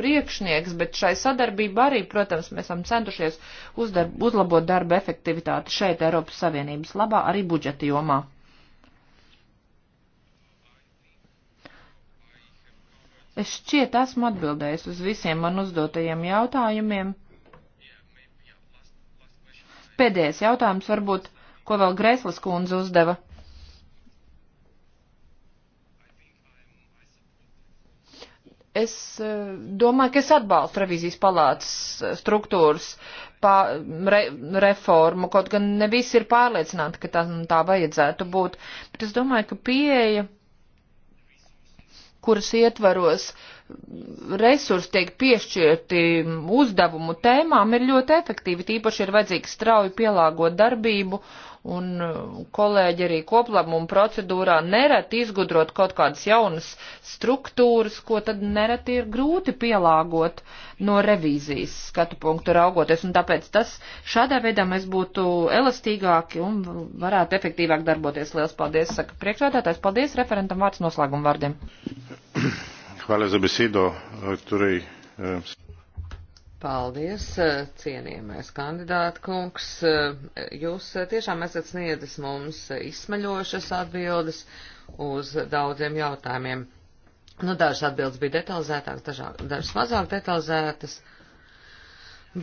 B: priekšnieks, bet šai sadarbībā arī, protams, mēs esam centušies uzdarb, uzlabot darba efektivitāti šeit Eiropas Savienības labā, arī budžeta jomā. Es šķiet esmu atbildējis uz visiem man uzdotajiem jautājumiem. Pēdējais jautājums varbūt, ko vēl Greslas kundze uzdeva. Es eh, domāju, ka es atbalstu revizijas palātas eh, struktūras pā, re, reformu, kaut gan ne visi ir pārliecināti, ka tā, tā vajadzētu būt. Bet es domāju, ka pieeja kuras ietvaros resursi tiek piešķirti uzdevumu tēmām, ir ļoti efektīvi. Tīpaši ir vajadzīgs strauji pielāgot darbību Un uh, kolēģi arī koplēmumu procedūrā nereti izgudrot kaut kādas jaunas struktūras, ko tad nereti ir grūti pielāgot no revīzijas skatu punktu raugoties. Un tāpēc tas šādā veidā mēs būtu elastīgāki un varētu efektīvāk darboties. Liels paldies, saka priekšādātājs. Paldies referentam vārds noslēguma vārdiem.
A: Hvala za besedo, torej eh,
C: Paldies, cienījamais kandidāta kungs. Jūs tiešām esat sniedzis mums izsmeļošas atbildes uz daudziem jautājumiem. Nu, dažas atbildes bija detalizētākas, dažas mazāk detalizētas,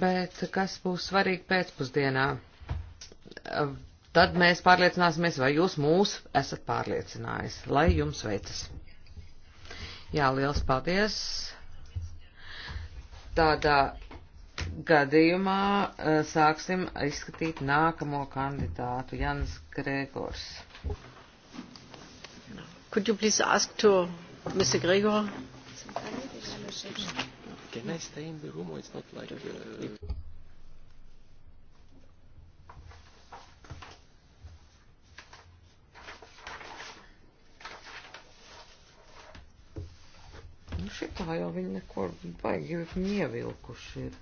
C: bet kas būs svarīgi pēcpusdienā? Tad mēs pārliecināsimies, vai jūs mūs esat pārliecinājis. Lai jums veicas! Jā, liels paldies! tādā gadījumā eh, sāksim izskatīt nākamo kandidātu, Jans Gregors.
A: Could you please ask to Mr. Gregor?
C: Can I stay in
A: the room or it's not like... Uh...
C: Nu šitā jau viņi neko baigi nevilkuši ir.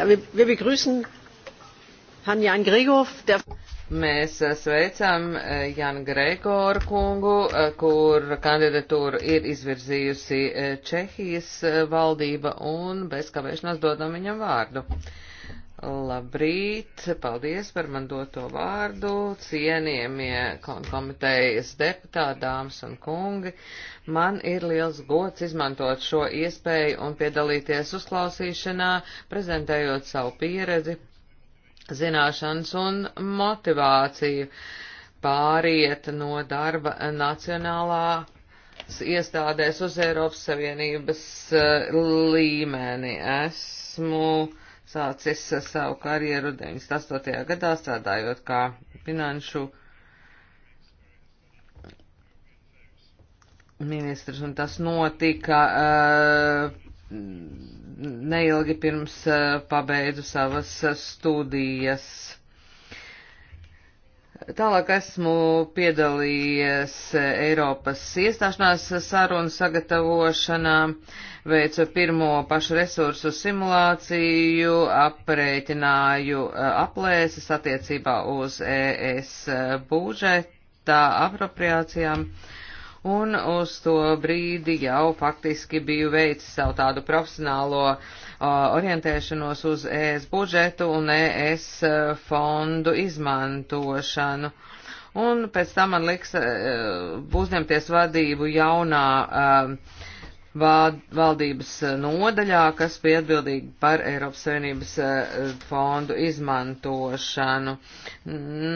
A: Ja, wir, wir begrüßen Herrn Jan Gregor, der
C: Mēs eh, sveicam eh, Janu Gregoru kungu, eh, kur kandidatūru ir izvirzījusi Čehijas valdība un bez kavēšanās dodam viņam vārdu. Labrīt, paldies par man doto vārdu, cienījamie komitejas deputāti, dāmas un kungi. Man ir liels gods izmantot šo iespēju un piedalīties uzklausīšanā, prezentējot savu pieredzi, zināšanas un motivāciju pāriet no darba nacionālā iestādēs uz Eiropas Savienības eh, līmeni. Esmu sācis eh, savu karjeru 98. gadā strādājot kā finanšu ministrs, un tas notika uh, neilgi pirms uh, eh, pabeidzu savas studijas. Tālāk esmu piedalījies Eiropas iestāšanās sarunu sagatavošanā. Uh, veicu pirmo pašu resursu simulāciju, aprēķināju e, aplēses attiecībā uz ES budžeta apropriācijām. Un uz to brīdi jau faktiski biju veicis savu tādu profesionālo uh, orientēšanos uz ES budžetu un ES fondu izmantošanu. Uh, un pēc tam man liks uh, uzņemties vadību jaunā uh, valdības eh, nodaļā, kas bija atbildīga par Eiropas Savienības eh, fondu izmantošanu.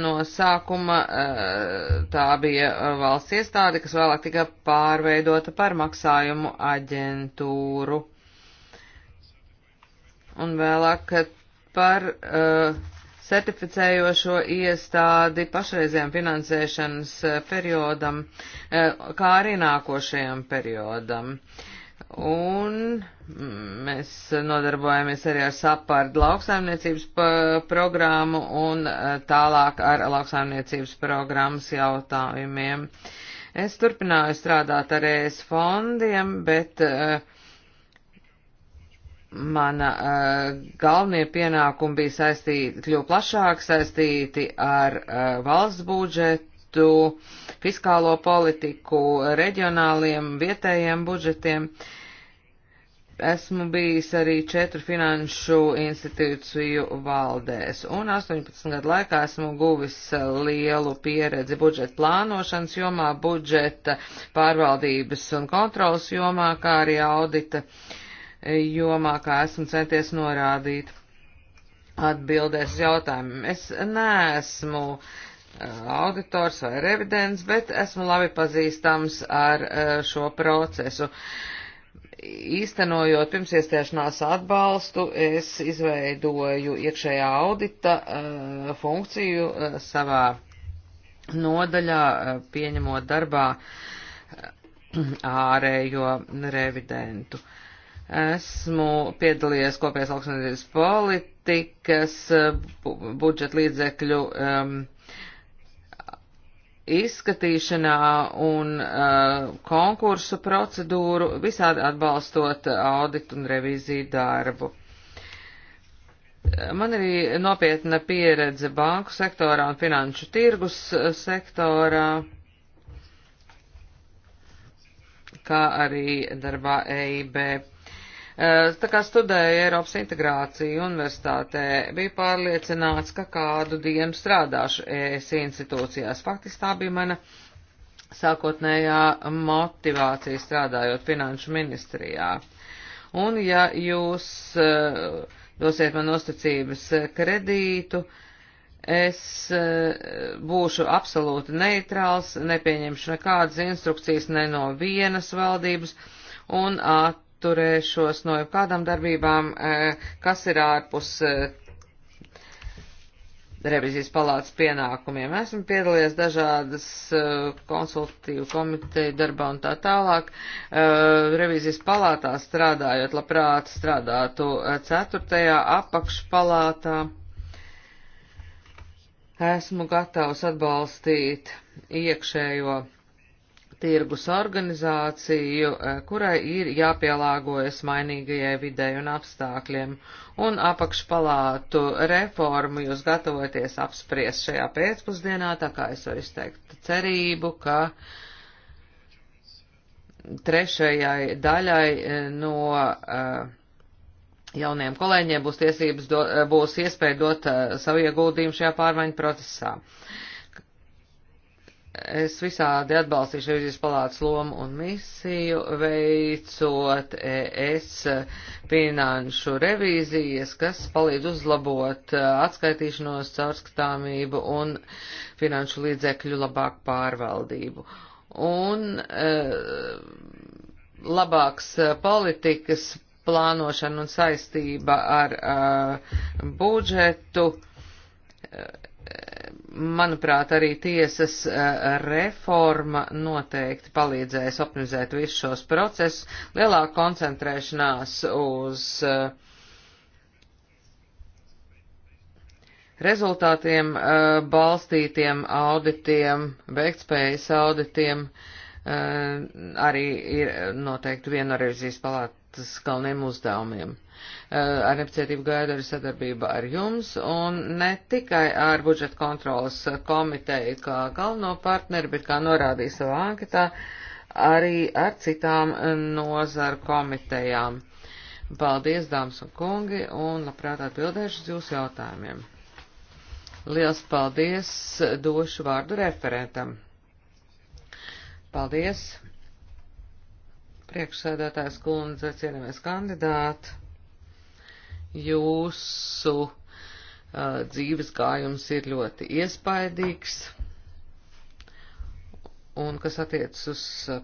C: No sākuma eh, tā bija valsts iestāde, kas vēlāk tika pārveidota par maksājumu aģentūru. Un vēlāk par uh, certificējošo iestādi pašreizējām finansēšanas e, periodam, e, kā arī nākošajam periodam. Un mm, mēs nodarbojamies arī ar sapārdu lauksaimniecības programmu un e, tālāk ar lauksaimniecības programmas jautājumiem. Es turpināju strādāt ar ES fondiem, bet uh, mana uh, galvenie pienākumi bija saistīti, kļuva plašāk saistīti ar uh, valsts budžetu, fiskālo politiku, reģionāliem, vietējiem budžetiem. Esmu bijis arī četru finanšu institūciju valdēs, un 18 gadu laikā esmu guvis eh, lielu pieredzi budžeta plānošanas jomā, budžeta pārvaldības un kontrolas jomā, kā arī audita uh, jomā, kā esmu centies norādīt atbildēs jautājumiem. Es neesmu eh, auditors vai revidents, bet esmu labi pazīstams ar eh, šo procesu. Īstenojot pirms iestāšanās atbalstu, es izveidoju iekšējā audita uh, funkciju uh, savā nodaļā, uh, pieņemot darbā ārējo revidentu. Uh, Esmu piedalījies kopējās lauksaimniecības politikas budžeta līdzekļu um, izskatīšanā un uh, konkursu procedūru, visādi atbalstot auditu un revīziju darbu. Man arī nopietna pieredze banku sektorā un finanšu tirgus uh, sektorā, kā arī darbā EIB Eh, tā kā studēju Eiropas integrāciju universitātē, biju pārliecināts, ka kādu dienu strādāšu ES institūcijās. Faktiski tā bija mana sākotnējā motivācija strādājot finanšu ministrijā. Un ja jūs eh, dosiet man uzticības kredītu, es eh, būšu absolūti neitrāls, nepieņemšu nekādas instrukcijas ne no vienas valdības un at atturēšos no jebkādām darbībām, e, kas ir ārpus e, revizijas palātas pienākumiem. Esmu piedalījies dažādas uh, konsultatīvu komiteju darbā un tā tālāk. Uh, revizijas palātā strādājot, labprāt strādātu uh, ceturtajā apakšpalātā. Esmu gatavs atbalstīt iekšējo tirgus organizāciju, e, kurai ir jāpielāgojas mainīgajai videi un apstākļiem, un apakšpalātu reformu jūs gatavoties apspriest šajā pēcpusdienā, tā kā es varu izteikt cerību, ka trešajai daļai e, no uh, jauniem kolēģiem būs, tiesības, do, būs iespēja dot uh, savu ieguldījumu šajā pārmaiņu procesā. Uh, Es visādi atbalstīšu revizijas palātas lomu un misiju, veicot es finanšu revīzijas, kas palīdz uzlabot atskaitīšanos, caurskatāmību un finanšu līdzekļu labāku pārvaldību. Un e, labāks politikas plānošana un saistība ar e, budžetu. E, manuprāt, arī tiesas eh, reforma noteikti palīdzēs optimizēt visus šos procesus, lielāka koncentrēšanās uz eh, rezultātiem eh, balstītiem auditiem, veiktspējas auditiem arī ir noteikti viena revizijas palāta ārkārtas galveniem uzdevumiem. Eh, ar nepacietību gaidu arī sadarbība ar jums un ne tikai ar budžeta kontrolas komiteju kā galveno partneri, bet kā norādīja savā anketā, arī ar citām nozaru komitejām. Paldies, dāmas un kungi, un labprāt atbildēšu uz jūsu jautājumiem. Liels paldies, došu vārdu referentam. Paldies! Priekšsēdētājs kundze, cienījamies kandidāti, jūsu uh, dzīves gājums ir ļoti iespaidīgs, un kas attiec uz uh,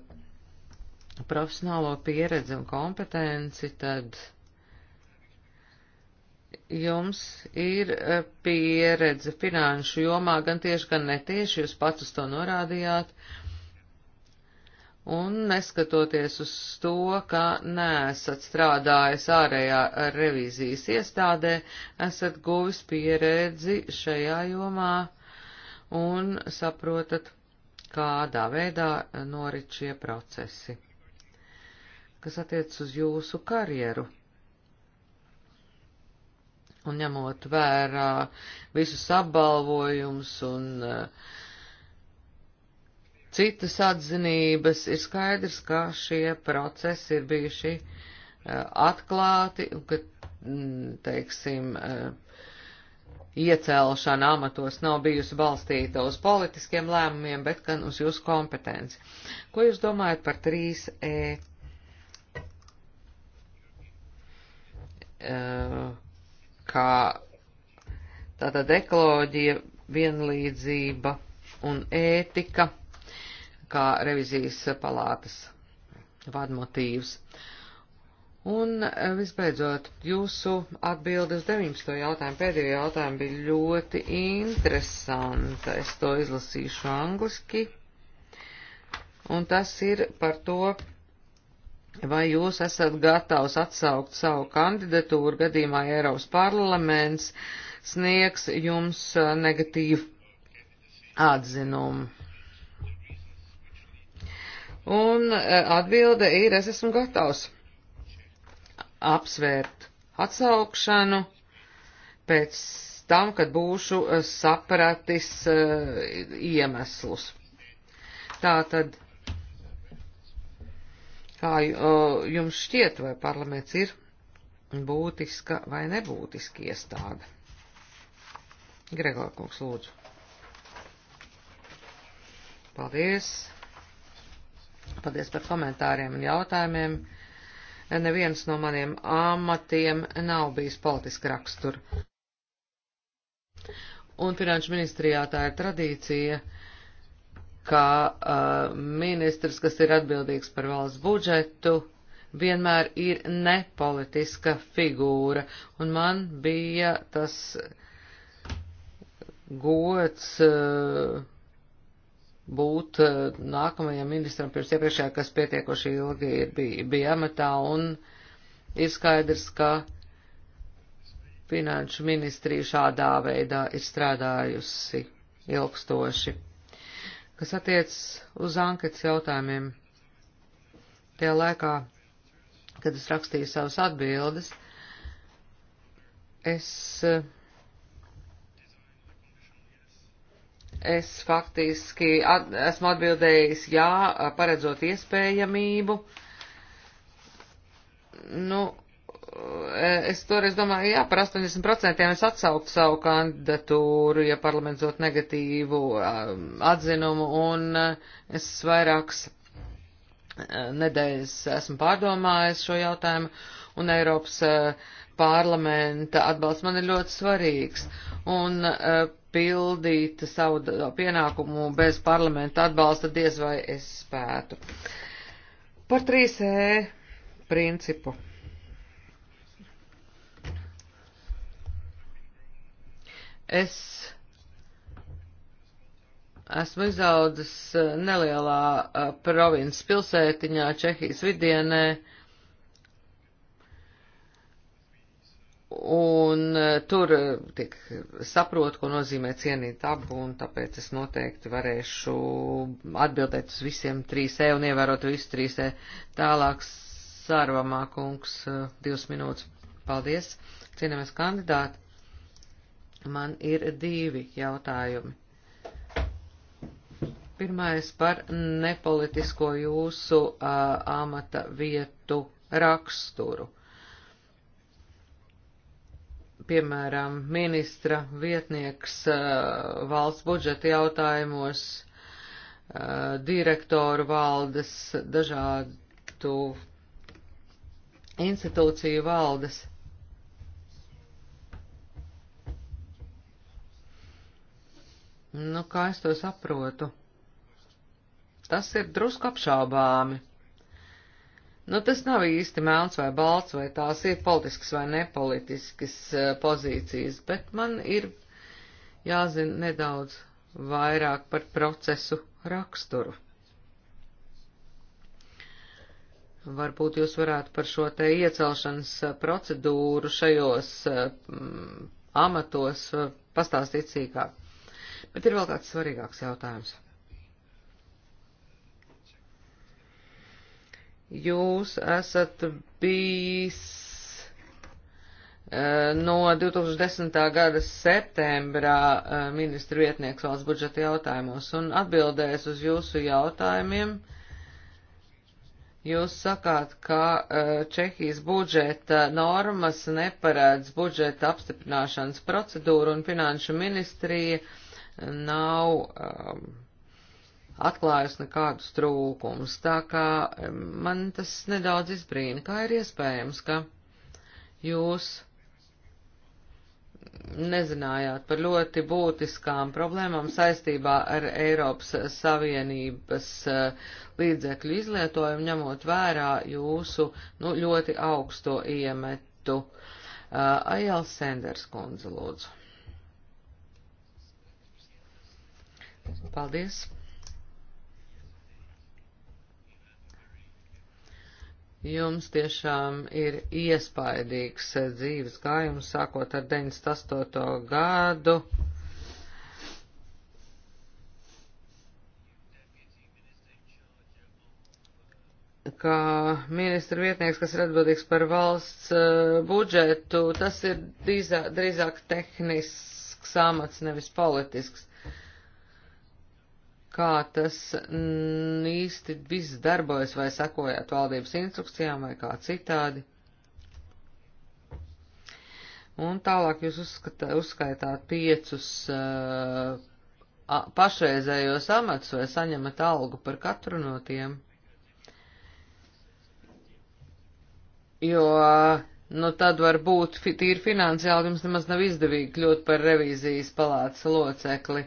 C: profesionālo pieredzi un kompetenci, tad jums ir uh, pieredze finanšu jomā gan tieši, gan netieši, jūs pats uz to norādījāt. Uh, Un neskatoties uz to, ka nesat strādājis ārējā revīzijas iestādē, esat guvis pieredzi šajā jomā un saprotat, kādā veidā norit šie procesi, kas attiec uz jūsu karjeru. Un ņemot vērā visus apbalvojumus un uh, citas atzinības, ir skaidrs, ka šie procesi ir bijuši eh, atklāti un ka, mm, teiksim, eh, iecelšana amatos nav bijusi balstīta uz politiskiem lēmumiem, bet gan uz jūsu kompetenci. Ko jūs domājat par 3E? Eh, kā tātad ekoloģija, vienlīdzība un ētika kā revizijas palātas vadmotīvs. Un e, visbeidzot, jūsu atbildes 19. jautājumu pēdējo jautājumu bija ļoti interesanta. Es to izlasīšu angliski. Un tas ir par to, vai jūs esat gatavs atsaukt savu kandidatūru gadījumā Eiropas parlaments sniegs jums e, negatīvu atzinumu. Un e, atbilde ir, es esmu gatavs apsvērt atsaukšanu pēc tam, kad būšu e, sapratis e, iemeslus. Tātad, kā jums šķiet, vai parlaments ir būtiska vai nebūtiska iestāde? Gregor kungs, lūdzu. Paldies. Paldies par komentāriem un jautājumiem. Neviens no maniem amatiem nav bijis politiska rakstura. Un finanšu ministrijā tā ir tradīcija, ka uh, ministrs, kas ir atbildīgs par valsts budžetu, vienmēr ir nepolitiska figūra, un man bija tas gods uh, būt eh, nākamajam ministram pirms iepriekšējā, kas pietiekoši ilgi ir, bija, bija amatā, un ir skaidrs, ka finanšu ministrija šādā veidā ir strādājusi ilgstoši. Kas attiec uz anketas jautājumiem, tajā laikā, kad es rakstīju savas atbildes, es uh, Es faktiski at, esmu atbildējis jā, paredzot iespējamību. Nu, es toreiz domāju, jā, par 80% es atsauktu savu kandidatūru, ja parlaments dot negatīvu um, atzinumu, un uh, es vairākas uh, nedēļas esmu pārdomājis šo jautājumu, un Eiropas uh, parlamenta atbalsts man ir ļoti svarīgs, un uh, pildīt savu pienākumu bez parlamenta atbalsta diez vai es spētu. Par 3E principu. Es esmu izaudzis eh, nelielā eh, provinces pilsētiņā Čehijas vidienē, uh, Un eh, tur eh, tik saprotu, ko nozīmē cienīt dabu, un tāpēc es noteikti varēšu atbildēt uz visiem 3E un ievērot visu 3E. Tālāk sārvamā kungs, eh, divas minūtes. Paldies, cienījamies kandidāti. Man ir divi jautājumi. Pirmais par nepolitisko jūsu uh, amata vietu raksturu piemēram, ministra vietnieks uh, valsts budžeta jautājumos, uh, direktoru valdes, dažādu institūciju valdes. Nu, kā es to saprotu? Tas ir drusku apšaubāmi. Nu, tas nav īsti melns vai balts, vai tās ir politiskas vai nepolitiskas eh, pozīcijas, bet man ir jāzina nedaudz vairāk par procesu raksturu. Varbūt jūs varētu par šo te iecelšanas eh, procedūru šajos eh, amatos pastāstīt sīkāk. Bet ir vēl tāds svarīgāks jautājums. jūs esat bijis eh, no 2010. gada septembrā eh, ministra vietnieks valsts budžeta jautājumos un atbildēs uz jūsu jautājumiem. Jūs sakāt, ka eh, Čehijas budžeta normas neparēdz budžeta apstiprināšanas procedūru un finanšu ministrija nav um, atklājus nekādus trūkumus, tā kā man tas nedaudz izbrīna, kā ir iespējams, ka jūs nezinājāt par ļoti būtiskām problēmām saistībā ar Eiropas Savienības eh, līdzekļu izlietojumu, ņemot vērā jūsu nu, ļoti augsto iemetu. Eh, Ajāls uh, Senders kundze, lūdzu. Paldies. Jums tiešām ir iespaidīgs eh, dzīves gājums, sākot ar 98. gadu. Kā ministra vietnieks, kas ir atbildīgs par valsts eh, budžetu, tas ir drīzāk, drīzāk tehnisks amats, nevis politisks kā tas mm, īsti viss darbojas, vai sakojāt valdības instrukcijām vai kā citādi. Un tālāk jūs uzskatā, uzskaitāt piecus uh, pašreizējos amats vai saņemat algu par katru no tiem. Jo, nu tad var būt tīri finansiāli jums nemaz nav izdevīgi kļūt par revīzijas palātas locekli.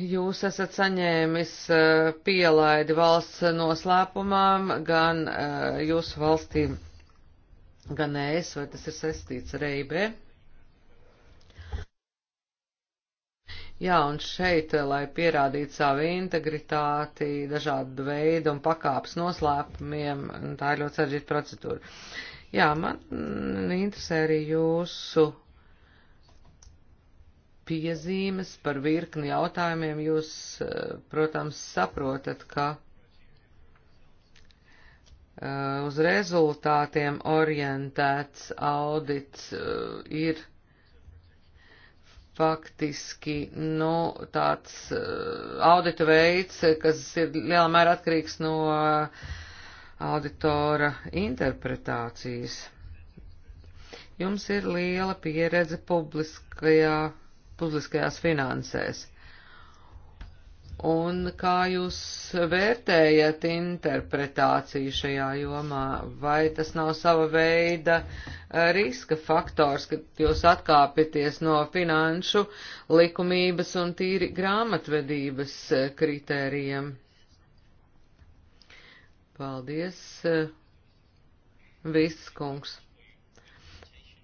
C: Jūs esat saņēmis uh, pielaidi valsts noslēpumam gan uh, jūsu valstī, gan es, vai tas ir saistīts ar EIB? Jā, un šeit, eh, lai pierādītu savu integritāti, dažādu veidu un pakāpes noslēpumiem, tā ir ļoti sarežģīta procedūra. Jā, man interesē arī jūsu piezīmes par virkni jautājumiem. Jūs, eh, protams, saprotat, ka eh, uz rezultātiem orientēts audits eh, ir faktiski nu, tāds audita veids, kas ir lielā mērā atkarīgs no auditora interpretācijas. Jums ir liela pieredze publiskajā publiskajās finansēs. Un kā jūs vērtējat interpretāciju šajā jomā? Vai tas nav sava veida eh, riska faktors, ka jūs atkāpjaties no finanšu likumības un tīri grāmatvedības eh, kritērijiem? Paldies, eh, Viss kungs.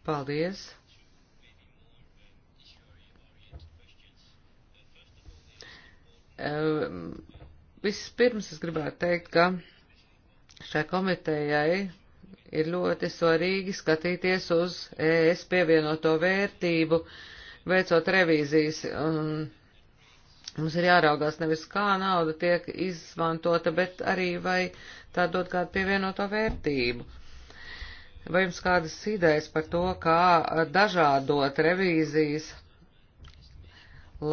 C: Paldies. Ehm, vispirms es gribētu teikt, ka šai komitejai ir ļoti svarīgi skatīties uz ES pievienoto vērtību, veicot revīzijas. Un mums ir jāraugās nevis kā nauda tiek izmantota, bet arī vai tā dod kādu pievienoto vērtību. Vai jums kādas idejas par to, kā dažādot revīzijas,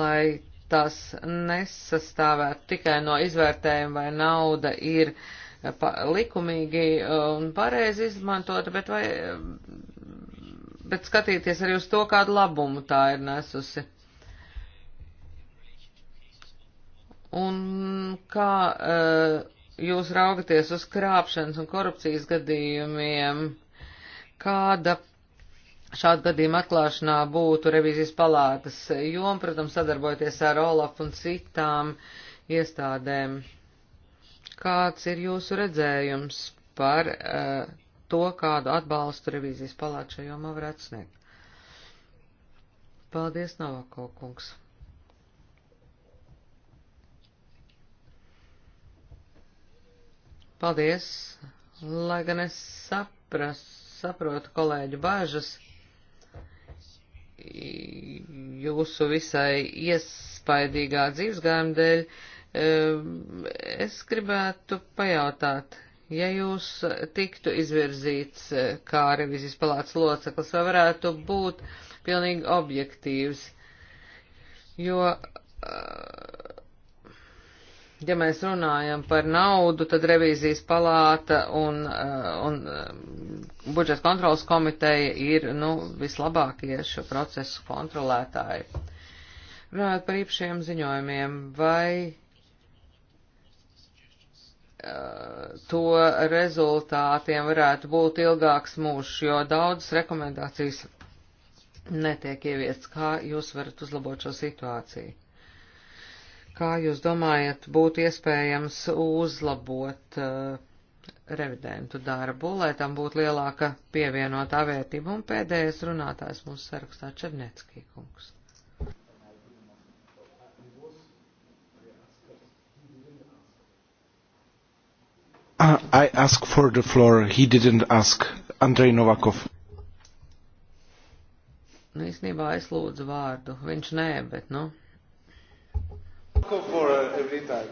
C: lai tās nesastāvētu tikai no izvērtējuma, vai nauda ir eh, likumīgi eh, un pareizi izmantota, bet, vai, eh, bet skatīties arī uz to, kādu labumu tā ir nesusi. Un kā jūs raugaties uz krāpšanas un korupcijas gadījumiem, kāda Šādu gadījumu atklāšanā būtu revīzijas palātas joma, protams, sadarbojoties ar Olaf un citām iestādēm. Kāds ir jūsu redzējums par uh, to, kādu atbalstu revīzijas palāta šajā jomā varētu sniegt? Paldies, Novako kungs. Paldies, lai gan es sapras, saprotu kolēģu bāžas jūsu visai iespaidīgā dzīvesgājuma dēļ, es gribētu pajautāt, ja jūs tiktu izvirzīts eh, kā revizijas palāca loceklis, vai varētu būt pilnīgi objektīvs, jo uh, ja mēs runājam par naudu, tad revīzijas palāta un, eh, un eh, budžeta kontrolas komiteja ir nu, vislabākie šo procesu kontrolētāji. Runājot par īpašiem ziņojumiem, vai eh, to rezultātiem varētu būt ilgāks mūžs, jo daudzas rekomendācijas netiek ieviests. Kā jūs varat uzlabot šo situāciju? Kā jūs domājat, būtu iespējams uzlabot uh, revidentu darbu, lai tam būtu lielāka pievienotā vērtība? Un pēdējais runātājs mūsu sarakstā Černecki kungs.
A: Uh, I asked for the floor. He didn't ask. Andrei Novakov.
C: Nu, īstenībā es lūdzu vārdu. Viņš nē, bet, nu. No.
A: Go for uh, every time.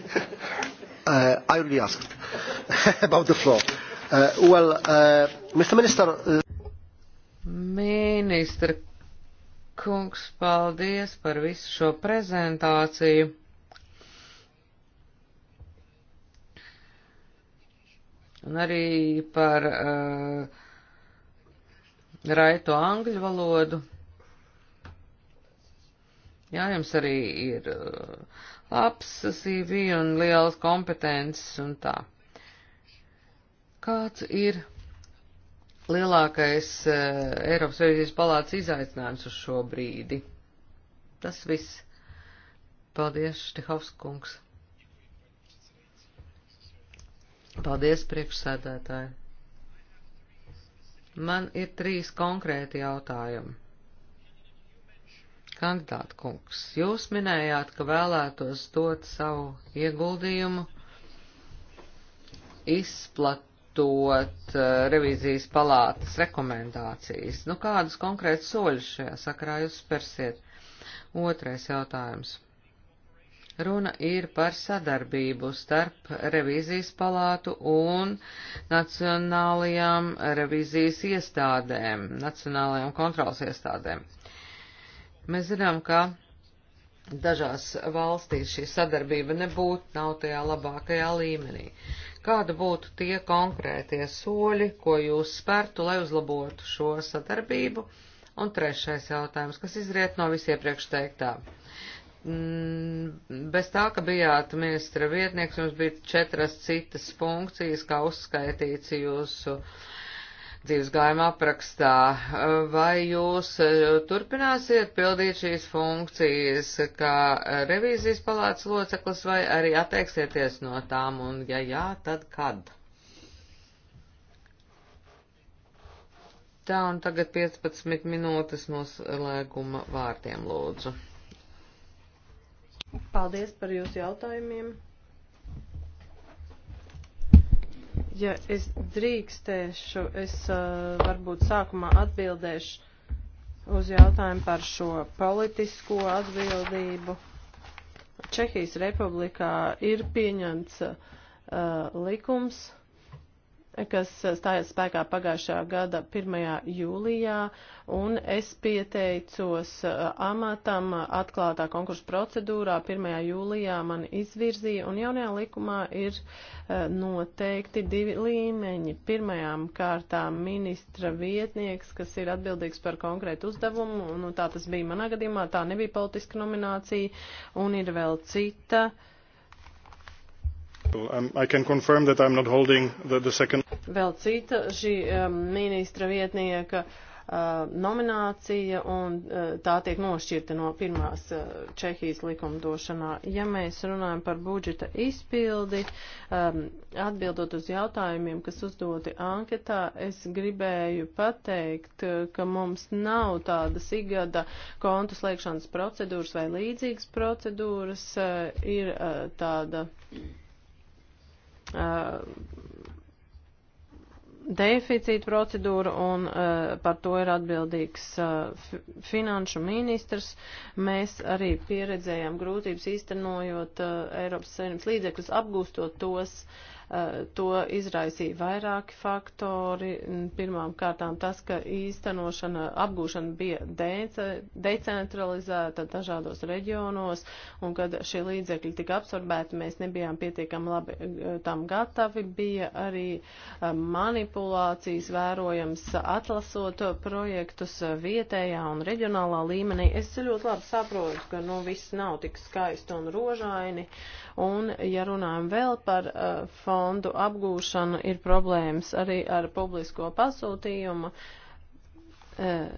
C: uh, I only asked about
A: the floor. Uh, well, uh, Mr. Minister. Uh...
C: Ministra kungs, paldies par visu šo prezentāciju. Un arī par uh, raito angļu valodu. Jā, jums arī ir uh, labs CV un liels kompetences un tā. Kāds ir lielākais uh, Eiropas Savienības palātas izaicinājums uz šo brīdi? Tas viss. Paldies, Štihovskungs. Paldies, priekšsēdētāji. Man ir trīs konkrēti jautājumi. Kandidāta kungs, jūs minējāt, ka vēlētos dot savu ieguldījumu izplatot eh, revīzijas palātas rekomendācijas. Nu, kādus konkrētus soļus šajā sakarā jūs spērsiet? Otrais jautājums. Runa ir par sadarbību starp revīzijas palātu un nacionālajām revīzijas iestādēm, nacionālajām kontrols iestādēm. Mēs zinām, ka dažās valstīs šī sadarbība nebūtu nav tajā labākajā līmenī. Kāda būtu tie konkrētie soļi, ko jūs spērtu, lai uzlabotu šo sadarbību? Un trešais jautājums, kas izriet no visiepriekš teiktā mm, bez tā, ka bijāt ministra vietnieks, jums bija četras citas funkcijas, kā uzskaitīts jūsu dzīves gājuma aprakstā. Vai jūs eh, turpināsiet pildīt šīs funkcijas kā revīzijas palātas loceklis vai arī atteiksieties no tām un, ja jā, tad kad? Tā un tagad 15 minūtes noslēguma vārdiem lūdzu.
A: Paldies par jūsu jautājumiem. Ja es drīkstēšu, es uh, varbūt sākumā atbildēšu uz jautājumu par šo politisko atbildību. Čehijas republikā ir pieņemts uh, likums, uh, kas stājās spēkā pagājušā gada 1. jūlijā, un es pieteicos eh, amatam atklātā konkursa procedūrā 1. jūlijā man izvirzīja, un jaunajā likumā ir eh, noteikti divi līmeņi. Pirmajām kārtām ministra vietnieks, kas ir atbildīgs par konkrētu uzdevumu, un nu, tā tas bija manā gadījumā, tā nebija politiska nominācija, un ir vēl cita. Uh, Um, Vēl cita šī um, ministra vietnieka uh, nominācija, un uh, tā tiek nošķirta no pirmās uh, Čehijas likumdošanā. Ja mēs runājam par budžeta izpildi, um, atbildot uz jautājumiem, kas uzdoti anketā, es gribēju pateikt, ka mums nav tādas igada kontu slēgšanas procedūras vai līdzīgas procedūras, ir tāda deficīta procedūra un uh, par to ir atbildīgs uh, finanšu ministrs. Mēs arī pieredzējām grūtības īstenojot uh, Eiropas Savienības līdzekļus, apgūstot tos uh, Eh, to izraisīja vairāki faktori. Pirmām kārtām tas, ka īstenošana, apgūšana bija decentralizēta dažādos reģionos, un kad šie līdzekļi tika absorbēti, mēs nebijām pietiekami labi eh, tam gatavi. Bija arī eh, manipulācijas vērojams atlasot projektus vietējā un reģionālā līmenī. Es ļoti labi saprotu, ka nu, viss nav tik skaisti un rožaini. Uh, Un, ja runājam vēl par uh, fondu apgūšanu, ir problēmas arī ar publisko pasūtījumu. Uh,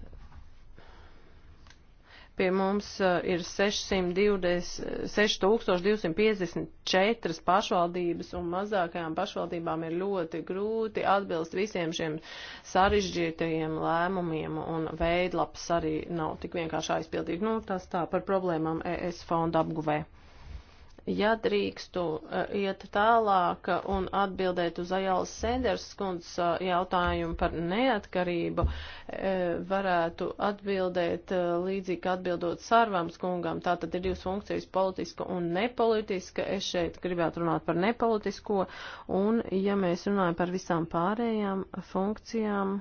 A: pie mums uh, ir 620, 6254 pašvaldības, un mazākajām pašvaldībām ir ļoti grūti atbilst visiem šiem sarežģītajiem lēmumiem, un veidlaps arī nav tik vienkārši aizpildīt. Nu, tas tā par problēmām ES fonda apguvē. Ja drīkstu eh, iet tālāk un atbildēt uz Ajālas Senders skundas eh, jautājumu par neatkarību, eh, varētu atbildēt līdzīgi atbildot Sarvams kungam. Tā tad ir divas funkcijas - politiska un nepolitiska. Es šeit gribētu runāt par nepolitisko. Un, ja mēs runājam par visām pārējām funkcijām,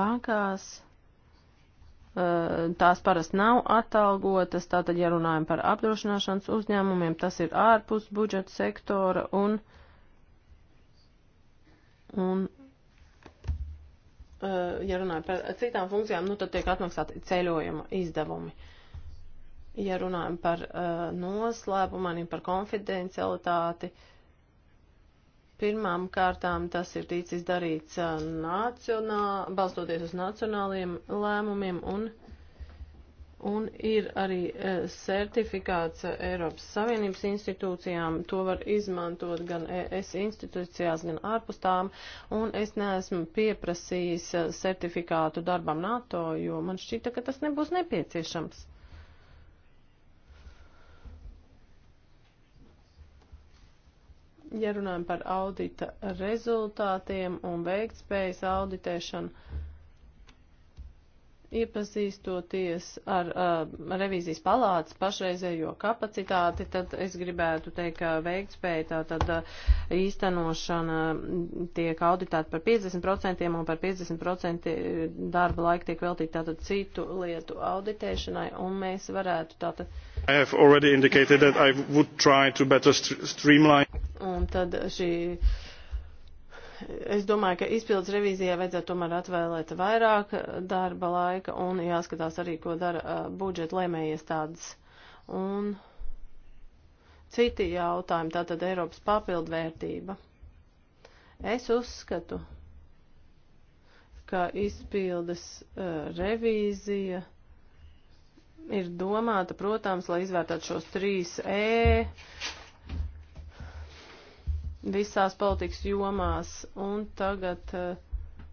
A: bankās Eh, tās parasti nav atalgotas, tātad, ja runājam par apdrošināšanas uzņēmumiem, tas ir ārpus budžeta sektora un, un eh, ja runājam par citām funkcijām, nu tad tiek atmaksāti ceļojuma izdevumi. Ja runājam par eh, noslēpumainiem, par konfidencialitāti, uh, Pirmām kārtām tas ir ticis darīts nacionā, balstoties uz nacionāliem lēmumiem un, un ir arī certifikāts Eiropas Savienības institūcijām. To var izmantot gan ES institūcijās, gan ārpus tām. Un es neesmu pieprasījis certifikātu darbam NATO, jo man šķita, ka tas nebūs nepieciešams. Ja runājam par audita rezultātiem un veiktspējas auditēšanu, iepazīstoties ar uh, revīzijas palātas pašreizējo kapacitāti, tad es gribētu teikt, ka veiktspēja tā tad uh, īstenošana tiek auditēta par 50% un par 50% darba laika tiek veltīta tātad citu lietu auditēšanai, un mēs varētu tātad. I have already indicated that I would try to better streamline un tad šī. Es domāju, ka izpildus revīzijai vajadzētu tomēr atvēlēt vairāk darba laika un jāskatās arī, ko dara budžeta lēmējies tādas. Un citi jautājumi, tātad Eiropas papildvērtība. Es uzskatu, ka izpildes uh, revīzija ir domāta, protams, lai izvērtētu šos trīs E visās politikas jomās, un tagad eh,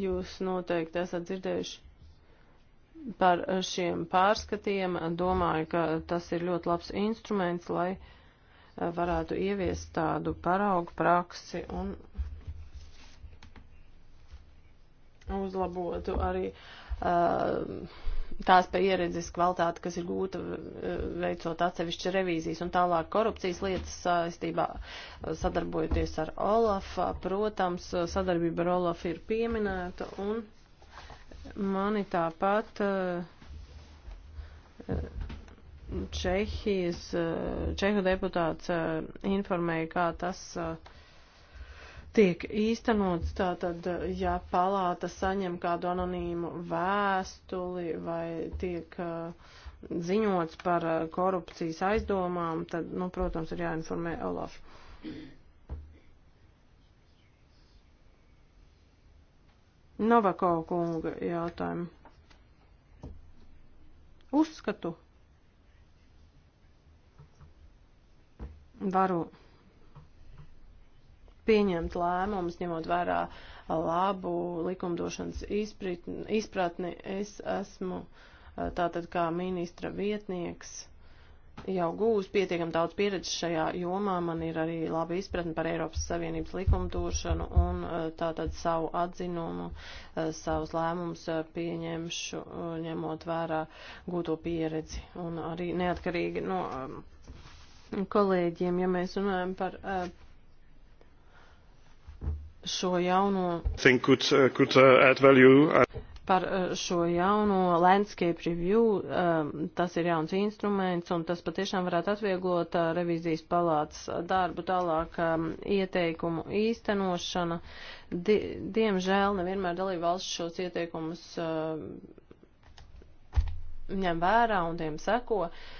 A: jūs noteikti esat dzirdējuši par šiem pārskatiem. Domāju, ka tas ir ļoti labs instruments, lai eh, varētu ieviest tādu paraugu praksi un uzlabotu arī uh, tās pieredzes kvalitāte, kas ir gūta e, veicot atsevišķi revīzijas un tālāk korupcijas lietas saistībā e, sadarbojoties ar Olaf. E, protams, sadarbība ar Olaf ir pieminēta un mani tāpat Čehijas, Čehu deputāts informēja, kā tas uh, tiek īstenots, tātad, ja palāta saņem kādu anonīmu vēstuli vai tiek uh, ziņots par uh, korupcijas aizdomām, tad, nu, protams, ir jāinformē Olaf. Novako kunga jautājumu. Uzskatu. Varu pieņemt lēmumus, ņemot vērā labu likumdošanas izpratni. izpratni. Es esmu tātad kā ministra vietnieks jau gūs pietiekam daudz pieredzes šajā jomā, man ir arī laba izpratne par Eiropas Savienības likumdošanu un tātad savu atzinumu, savus lēmumus pieņemšu, ņemot vērā gūto pieredzi un arī neatkarīgi no kolēģiem, ja mēs runājam par šo jauno. Could, uh, could uh, uh, par šo jauno landscape review, um, tas ir jauns instruments un tas patiešām varētu atvieglot revīzijas palātas darbu tālāk um, ieteikumu īstenošana. Diemžēl nevienmēr dalība valsts šos ieteikumus ņem vērā un tiem seko. Uh,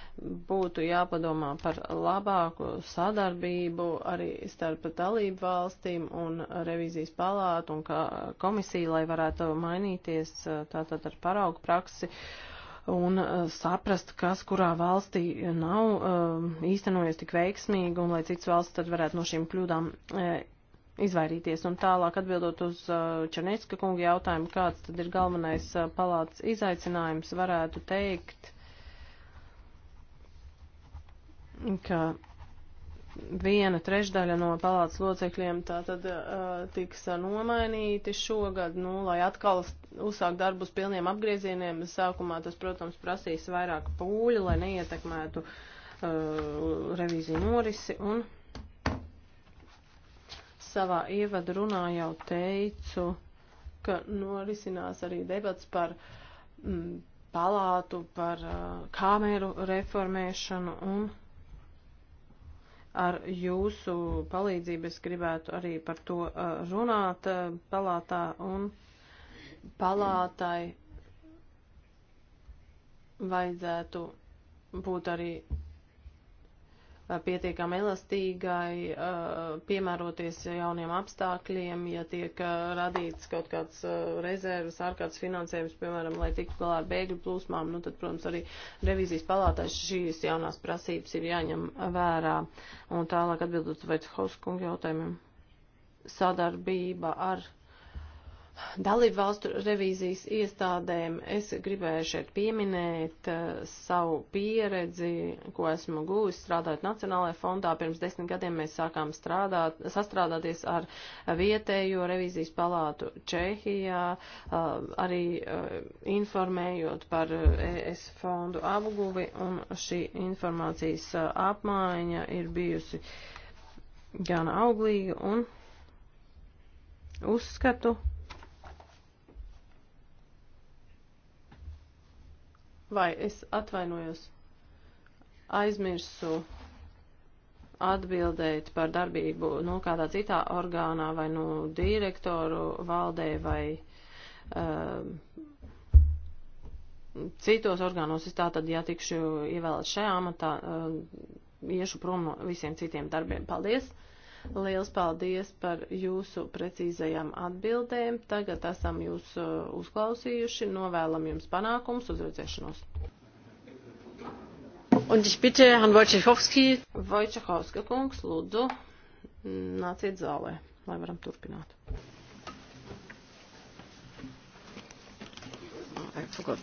A: būtu jāpadomā par labāku sadarbību arī starp dalību valstīm un revīzijas palātu un komisiju, lai varētu mainīties eh, tātad ar paraugu praksi un eh, saprast, kas kurā valstī nav eh, īstenojies tik veiksmīgi un lai cits valsts tad varētu no šīm kļūdām izvairīties. Un tālāk atbildot uz Černecka kunga jautājumu, kāds tad ir galvenais palātas izaicinājums, varētu teikt, ka viena trešdaļa no palātas locekļiem tātad uh, tiks uh, nomainīti šogad, nu, lai atkal uzsākt darbus pilniem apgriezieniem. Sākumā tas, protams, prasīs vairāk pūļu, lai neietekmētu uh, revīziju norisi. Un savā ievadu runā jau teicu, ka norisinās arī debats par mm, palātu, par uh, kameru reformēšanu un. Ar jūsu palīdzību es gribētu arī par to uh, runāt uh, palātā un palātai vajadzētu būt arī Uh, pietiekami elastīgai, uh, piemēroties jauniem apstākļiem, ja tiek uh, radīts kaut kāds rezervas, ārkārtas finansējums, piemēram, lai tiktu galā ar bēgļu plūsmām, nu tad, protams, arī revīzijas palātā šīs jaunās prasības ir jāņem vērā. Un tālāk atbildot vai Hauskunga jautājumiem. Sadarbība ar dalību valstu revīzijas iestādēm. Es gribēju šeit pieminēt uh, savu pieredzi, ko esmu gūjis strādājot Nacionālajā fondā. Pirms desmit gadiem mēs sākām strādāt, sastrādāties ar vietējo revīzijas palātu Čehijā, uh, arī uh, informējot par ES e fondu apguvi, un šī informācijas uh, apmaiņa ir bijusi gan auglīga un uzskatu, Vai es atvainojos? Aizmirsu atbildēt par darbību, nu, kādā citā orgānā vai, nu, direktoru valdē vai. Uh, citos orgānos es tātad, ja tikšu ievēlēt šajā amatā, um, iešu prom no visiem citiem darbiem. Paldies! Liels paldies par jūsu precīzajām atbildēm. Tagad esam jūs uh, uzklausījuši. Novēlam jums panākums uz redzēšanos. Un es bitte Herrn Wojciechowski. Wojciechowska kungs, lūdzu, nāciet zālē, lai varam turpināt. I forgot.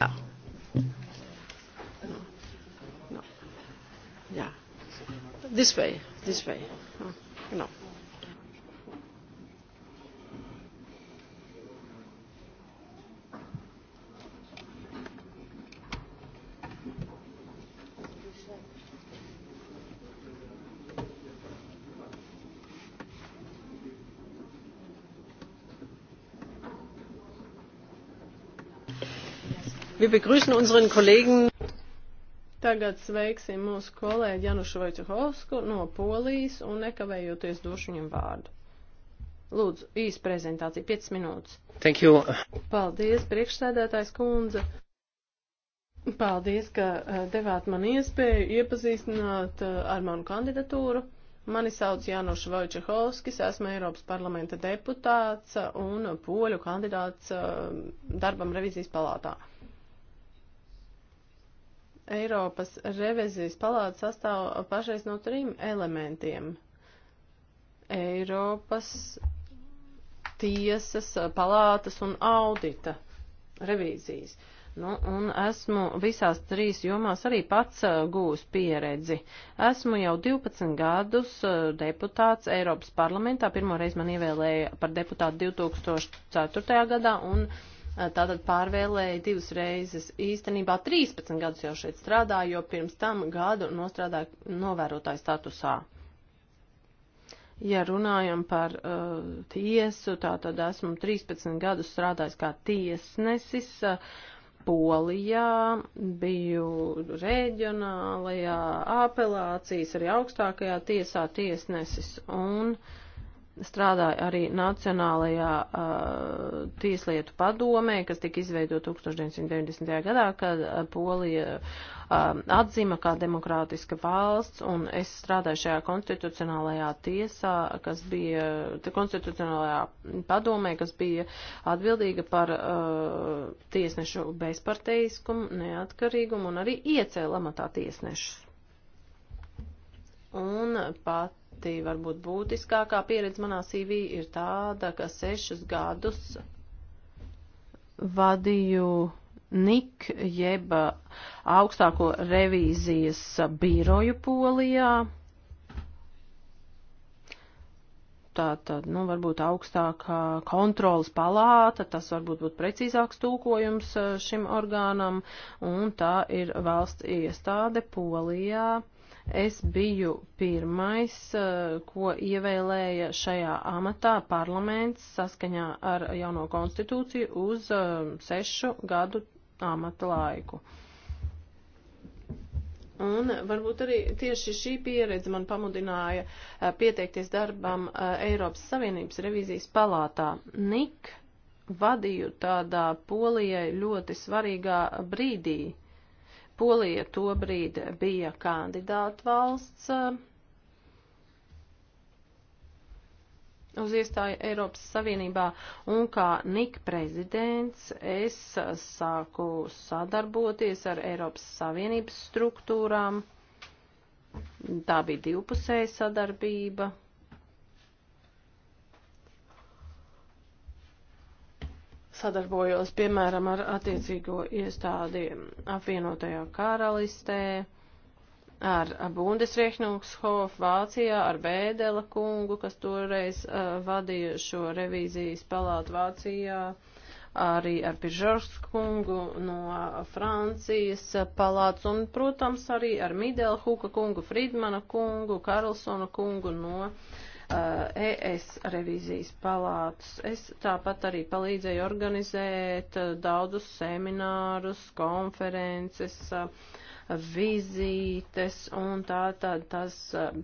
A: Ja. Ah. Yeah. This way, this way. Oh, genau. wir begrüßen unseren kollegen Tagad sveiksim mūsu kolēģi Janušu Vojcehovsku no Polijas un nekavējoties došu viņam vārdu. Lūdzu, īsa prezentācija, 5 minūtes. Thank you. Paldies, priekšsēdētājs kundze. Paldies, ka eh, devāt man iespēju iepazīstināt eh, ar manu kandidatūru. Mani sauc Jānoš Vojčehovskis, esmu Eiropas parlamenta deputāts un poļu kandidāts eh, darbam revizijas palātā. Eiropas revizijas palāta sastāv pašreiz no trim elementiem. Eiropas tiesas, palātas un audita revīzijas. Nu, un esmu visās trīs jomās arī pats uh, gūs pieredzi. Esmu jau 12 gadus uh, deputāts Eiropas parlamentā. Pirmoreiz man ievēlēja par deputātu 2004. gadā un uh, Eh, tātad pārvēlēja divas reizes. Īstenībā 13 gadus jau šeit strādāju, jo pirms tam gadu nostrādāju novērotāju statusā. Ja runājam par uh, tiesu, tātad esmu 13 gadus strādājis kā tiesnesis. Uh, Polijā, biju reģionālajā apelācijas, arī augstākajā tiesā tiesnesis un uh, strādāja arī Nacionālajā uh, tieslietu padomē, kas tika izveidota 1990. gadā, kad uh, Polija uh, atzima kā demokrātiska valsts, un es strādāju šajā konstitucionālajā tiesā, kas bija, konstitucionālajā padomē, kas bija atbildīga par uh, tiesnešu bezparteiskumu, neatkarīgumu un arī iecēla amatā tiesnešus. Un pat pati varbūt būtiskākā pieredze manā CV ir tāda, ka sešus gadus vadīju NIK jeb augstāko revīzijas biroju polijā. Tātad, nu, varbūt augstākā kontrolas palāta, tas varbūt būtu precīzāks tūkojums e, šim orgānam, un tā ir valsts iestāde polijā. Uh, Es biju pirmais, eh, ko ievēlēja šajā amatā parlaments saskaņā ar jauno konstitūciju uz eh, sešu gadu amata laiku. Un varbūt arī tieši šī pieredze man pamudināja eh, pieteikties darbam Eiropas Savienības revīzijas palātā. Nik vadīju tādā polijai ļoti svarīgā brīdī Polija tobrīd bija kandidāta valsts uz iestāju Eiropas Savienībā, un kā Nik prezidents es sāku sadarboties ar Eiropas Savienības struktūrām. Tā bija divpusēja sadarbība. sadarbojos, piemēram, ar attiecīgo iestādi apvienotajā karalistē, ar Bundesriechnungshof Vācijā, ar Bēdela kungu, kas toreiz uh, vadīja šo revīzijas palātu Vācijā, arī ar Pižors kungu no Francijas palāts un, protams, arī ar Midelhuka kungu, Fridmana kungu, Karlsona kungu no uh, Uh, ES revīzijas palātas. Es tāpat arī palīdzēju organizēt uh, daudzus seminārus, konferences, uh, vizītes un tā, tā, tas,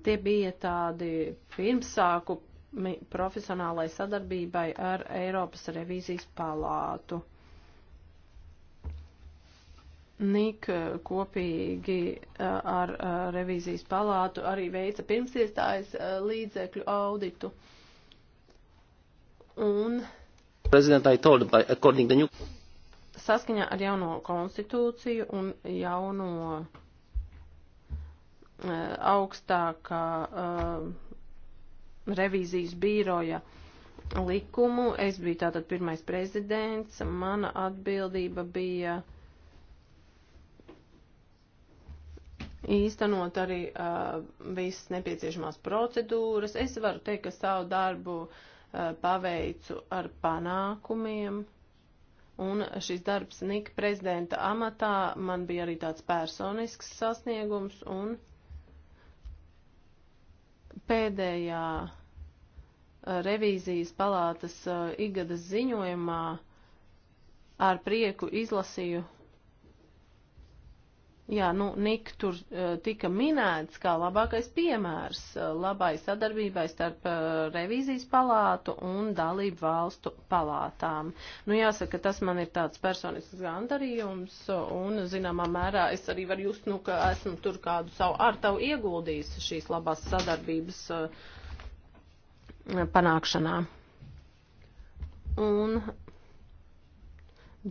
A: tie bija tādi pirmsāku profesionālai sadarbībai ar Eiropas revīzijas palātu. Nika eh, kopīgi eh, ar eh, revīzijas palātu arī veica pirmsiestājas līdzekļu auditu. Un saskaņā ar jauno konstitūciju un jauno augstākā revīzijas bīroja likumu, es biju tātad pirmais prezidents, mana atbildība bija uh, īstenot arī uh, visas nepieciešamās procedūras. Es varu teikt, ka savu darbu uh, paveicu ar panākumiem. Un šis darbs Nika prezidenta amatā man bija arī tāds personisks sasniegums un pēdējā uh, revīzijas palātas uh, igadas ziņojumā ar prieku izlasīju Jā, nu, Nik tur uh, tika minēts kā labākais piemērs uh, labai sadarbībai starp uh, revīzijas palātu un dalību valstu palātām. Nu, jāsaka, tas man ir tāds personisks gandarījums, un, zināmā mērā, es arī varu just, nu, ka esmu tur kādu savu ārtavu ieguldījis šīs labās sadarbības uh, panākšanā. Un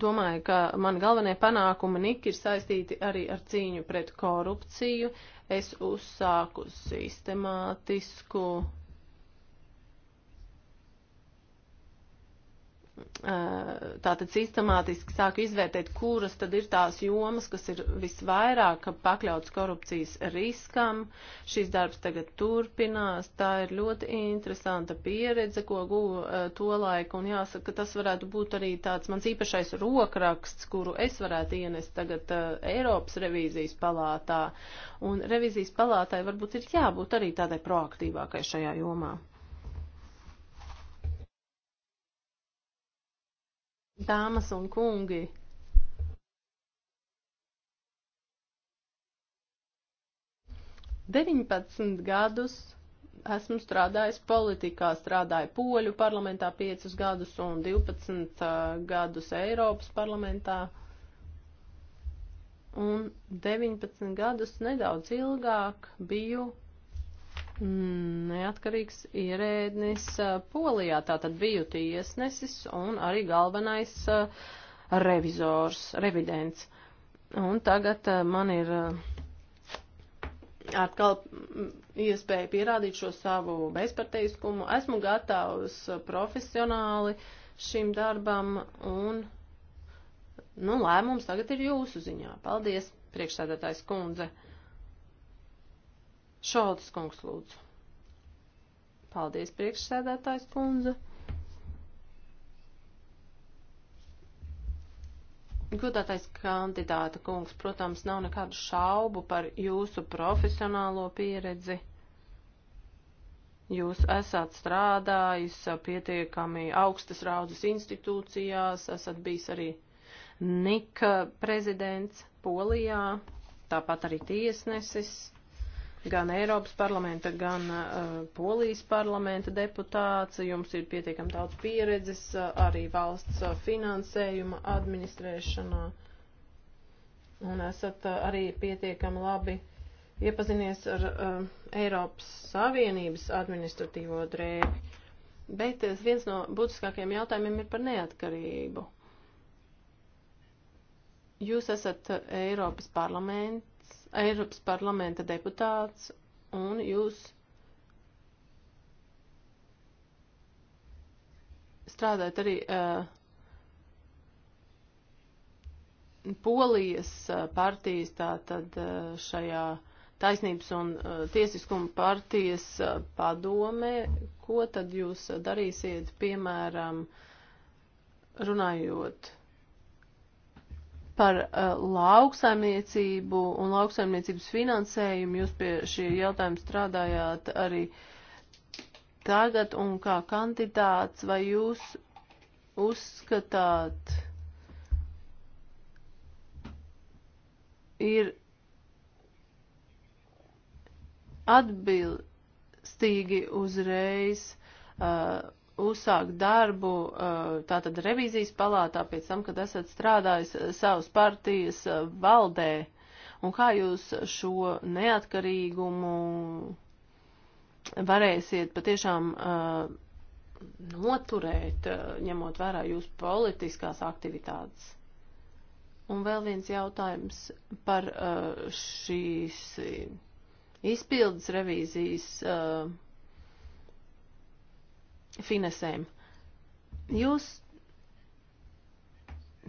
A: Domāju, ka man galvenie panākumi Nika ir saistīti arī ar cīņu pret korupciju. Es uzsāku sistemātisku tātad sistemātiski sāku izvērtēt, kuras tad ir tās jomas, kas ir visvairāk pakļauts korupcijas riskam. Šis darbs tagad turpinās. Tā ir ļoti interesanta pieredze, ko guvu uh, to laiku, un jāsaka, ka tas varētu būt arī tāds mans īpašais rokraksts, kuru es varētu ienest tagad uh, Eiropas revīzijas palātā. Un revīzijas palātai varbūt ir jābūt arī tādai proaktīvākai šajā jomā. Dāmas un kungi, deviņpadsmit gadus esmu strādājis politikā, strādāju poļu parlamentā piecus gadus un divpadsmit gadus Eiropas parlamentā. Un 19 gadus nedaudz ilgāk biju neatkarīgs ierēdnis Polijā, tātad biju tiesnesis un arī galvenais revizors, revidents. Un tagad man ir atkal iespēja pierādīt šo savu bezparteiskumu. Esmu gatavs profesionāli šim darbam un, nu, lēmums tagad ir jūsu ziņā. Paldies, priekšsēdētājs kundze. Šolts kungs lūdzu. Paldies, priekšsēdētājs kundze. Godātais kandidāta kungs, protams, nav nekādu šaubu par jūsu profesionālo pieredzi. Jūs esat strādājis pietiekami augstas raudzes institūcijās, esat bijis arī Nika prezidents Polijā, tāpat arī tiesnesis gan Eiropas parlamenta, gan uh, Polijas parlamenta deputāts. Jums ir pietiekami daudz pieredzes uh, arī valsts uh, finansējuma administrēšanā. Un esat uh, arī pietiekami labi iepazinies ar uh, Eiropas Savienības administratīvo drēbi. Bet uh, viens no būtiskākajiem jautājumiem ir par neatkarību. Jūs esat uh, Eiropas parlamenta Eiropas parlamenta deputāts un jūs strādājat arī uh, Polijas uh, partijas, tātad uh, šajā taisnības un uh, tiesiskuma partijas uh, padomē, ko tad jūs darīsiet, piemēram, runājot par uh, lauksaimniecību un lauksaimniecības finansējumu. Jūs pie šī jautājuma strādājāt arī tagad un kā kandidāts, vai jūs uzskatāt, ir atbilstīgi uzreiz. Uh, uzsākt darbu tātad revīzijas palātā pēc tam, kad esat strādājis savas partijas valdē? Un kā jūs šo neatkarīgumu varēsiet patiešām noturēt, ņemot vērā jūsu politiskās aktivitātes? Un vēl viens jautājums par šīs izpildes revīzijas uh, finesēm. Jūs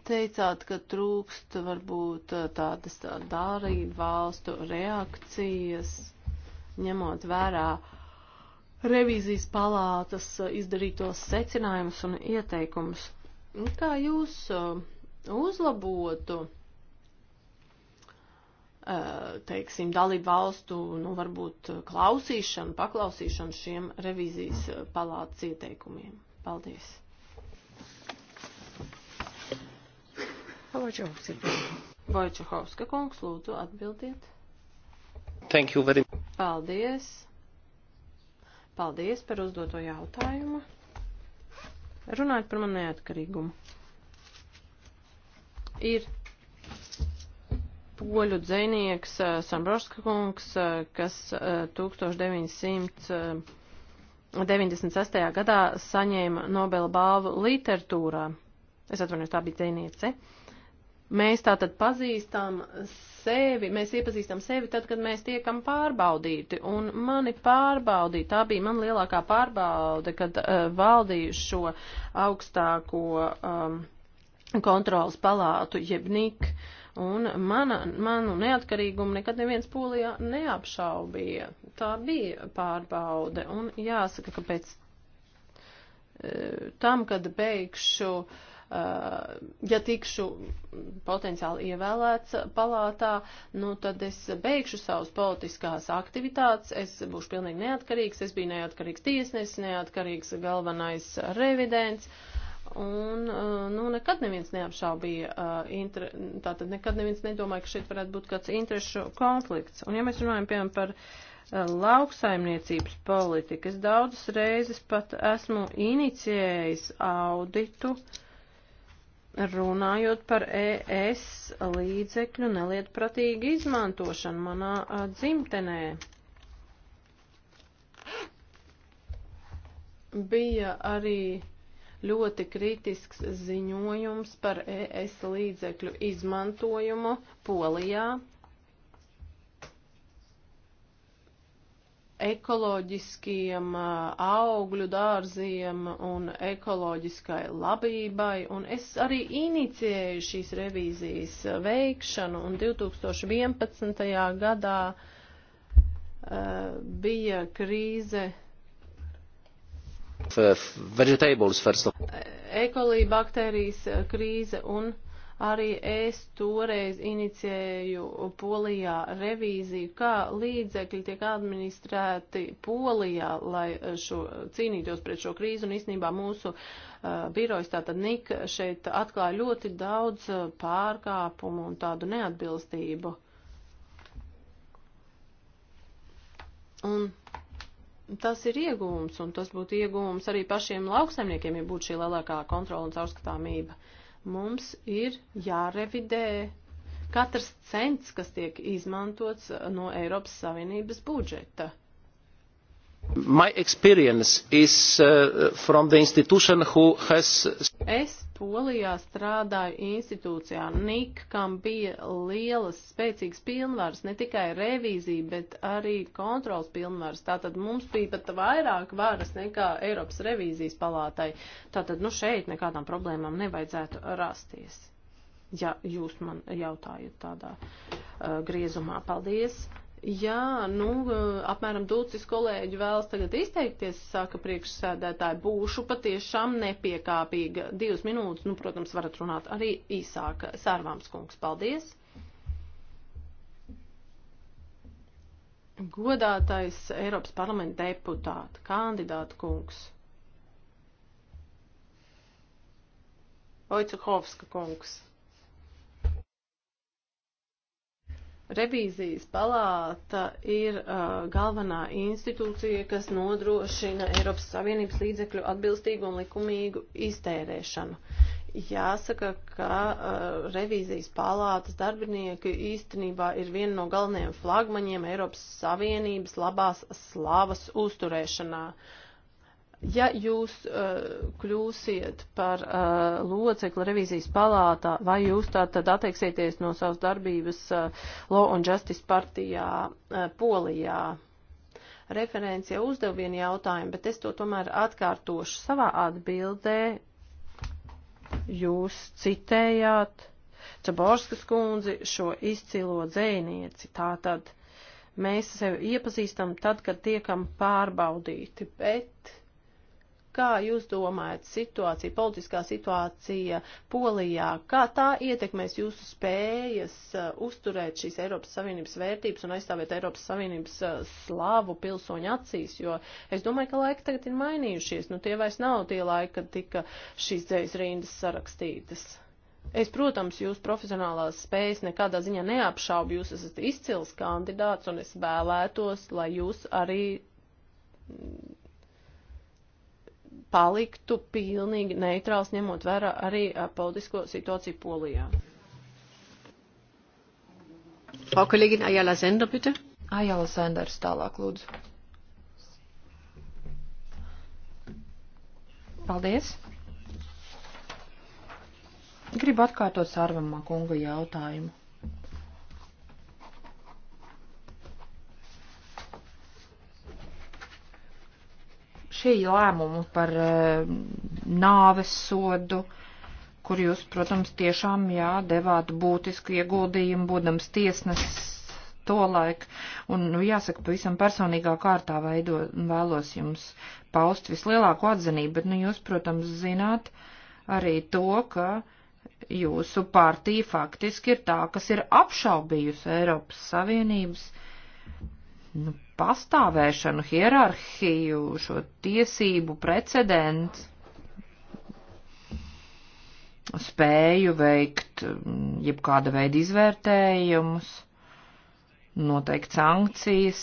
A: teicāt, ka trūkst varbūt uh, tādas dārību valstu reakcijas, ņemot vērā revīzijas palātas uh, izdarītos secinājumus un ieteikumus. Kā jūs uh, uzlabotu Uh, teiksim, dalību valstu, nu, varbūt klausīšanu, paklausīšanu šiem revīzijas uh, palātas ieteikumiem. Paldies. Vojčahovska kungs, lūdzu, atbildiet. Thank you very much. Paldies. Paldies par uzdoto jautājumu. Runājot par man neatkarīgumu. Ir poļu dzēnieks eh, Sambroška kungs, eh, kas 1996. Eh, gadā saņēma Nobela balvu literatūrā. Es atvainojos, tā bija dzēniece. Mēs tātad pazīstam sevi, mēs iepazīstam sevi tad, kad mēs tiekam pārbaudīti, un mani pārbaudīja, tā bija man lielākā pārbaude, kad uh, valdīju šo augstāko um, kontrolas palātu, jeb nik, uh, Un mana, manu neatkarīgumu nekad neviens polijā neapšaubīja. Tā bija pārbaude. Un jāsaka, ka pēc e, tam, kad beigšu, e, ja tikšu potenciāli ievēlēts palātā, nu tad es beigšu savus politiskās aktivitātes, es būšu pilnīgi neatkarīgs, es biju neatkarīgs tiesnesis, neatkarīgs galvenais revidents. Uh, Un, uh, nu, nekad neviens neapšaubīja, uh, inter... tātad nekad neviens nedomāja, ka šeit varētu būt kāds interešu konflikts. Un, ja mēs runājam, piemēram, par uh, lauksaimniecības politiku, es daudzas reizes pat esmu inicijējis auditu, runājot par ES līdzekļu nelietpratīgu izmantošanu manā dzimtenē. Bija arī ļoti kritisks ziņojums par ES līdzekļu izmantojumu Polijā. ekoloģiskiem augļu dārziem un ekoloģiskai labībai, un es arī inicijēju šīs revīzijas veikšanu, un 2011. gadā uh, bija krīze
B: Vegetables first of all.
A: Ekolī baktērijas e, krīze un arī es toreiz inicijēju Polijā revīziju, kā līdzekļi tiek administrēti Polijā, lai e, šo, cīnītos pret šo krīzi, un īstenībā mūsu uh, birojs, tātad Nik, šeit atklāja ļoti daudz pārkāpumu un tādu neatbilstību. Un tas ir iegūms, un tas būtu iegūms arī pašiem lauksaimniekiem, ja būtu šī lielākā kontrola un caurskatāmība. Mums ir jārevidē katrs cents, kas tiek izmantots uh, no Eiropas Savienības budžeta. My experience is uh, from the institution who has. Es Polijā strādāju institūcijā NIK, kam bija lielas, spēcīgas pilnvaras, ne tikai revīzija, bet arī kontrols pilnvaras. Tātad mums bija pat vairāk varas nekā Eiropas revīzijas palātai. Tātad, nu, šeit nekādām problēmām nevajadzētu rasties, ja jūs man jautājat tādā uh, griezumā. Paldies! Jā, nu, eh, apmēram dulcis kolēģi vēlas tagad izteikties, saka priekšsēdētāji, būšu patiešām nepiekāpīga. Divas minūtes, nu, protams, varat runāt arī īsāk. Sārvāms kungs, paldies. Godātais Eiropas parlamenta deputāta, kandidāta kungs. Vojcehovska kungs. Revīzijas palāta ir uh, galvenā institūcija, kas nodrošina Eiropas Savienības līdzekļu atbilstīgu un likumīgu iztērēšanu. Jāsaka, ka uh, revīzijas palātas darbinieki īstenībā ir viena no galvenajiem flagmaņiem Eiropas Savienības labās slavas uzturēšanā. Uh, Ja jūs uh, kļūsiet par uh, locekli revīzijas palātā, vai jūs tā tad atteiksieties no savas darbības uh, Law and Justice partijā uh, Polijā? Referents jau uzdev vienu jautājumu, bet es to tomēr atkārtošu savā atbildē. Jūs citējāt Čaborskas kundzi šo izcilo dzēnieci. Tātad mēs sevi iepazīstam tad, kad tiekam pārbaudīti, bet Kā jūs domājat, situācija, politiskā situācija Polijā, kā tā ietekmēs jūsu spējas uh, uzturēt šīs Eiropas Savienības vērtības un aizstāvēt Eiropas Savienības uh, slavu pilsoņu acīs? Jo es domāju, ka laika tagad ir mainījušies. Nu, tie vairs nav tie laiki, kad tika šīs dzējas rindas sarakstītas. Es, protams, jūs profesionālās spējas nekādā ziņā neapšaubu. Jūs esat izcils kandidāts, un es vēlētos, lai jūs arī paliktu pilnīgi neitrāls, ņemot vērā arī politisko situāciju Polijā. Frau Kollegin Ajala Sender, bitte.
B: Ajala Senders tālāk, lūdzu. Paldies. Gribu atkārtot Sārvamā kunga jautājumu. šī lēmumu par eh, nāves sodu, kur jūs, protams, tiešām, jā, devāt būtisku ieguldījumu, būdams tiesnesis tolaik, un, nu, jāsaka, pavisam personīgā kārtā veido, vēlos jums paust vislielāko atzinību, bet, nu, jūs, protams, zināt arī to, ka jūsu partija faktiski ir tā, kas ir apšaubījusi Eiropas Savienības uh, nu, pastāvēšanu, hierarhiju, šo tiesību precedentu spēju veikt mm, jebkāda veida izvērtējumus, noteikt sankcijas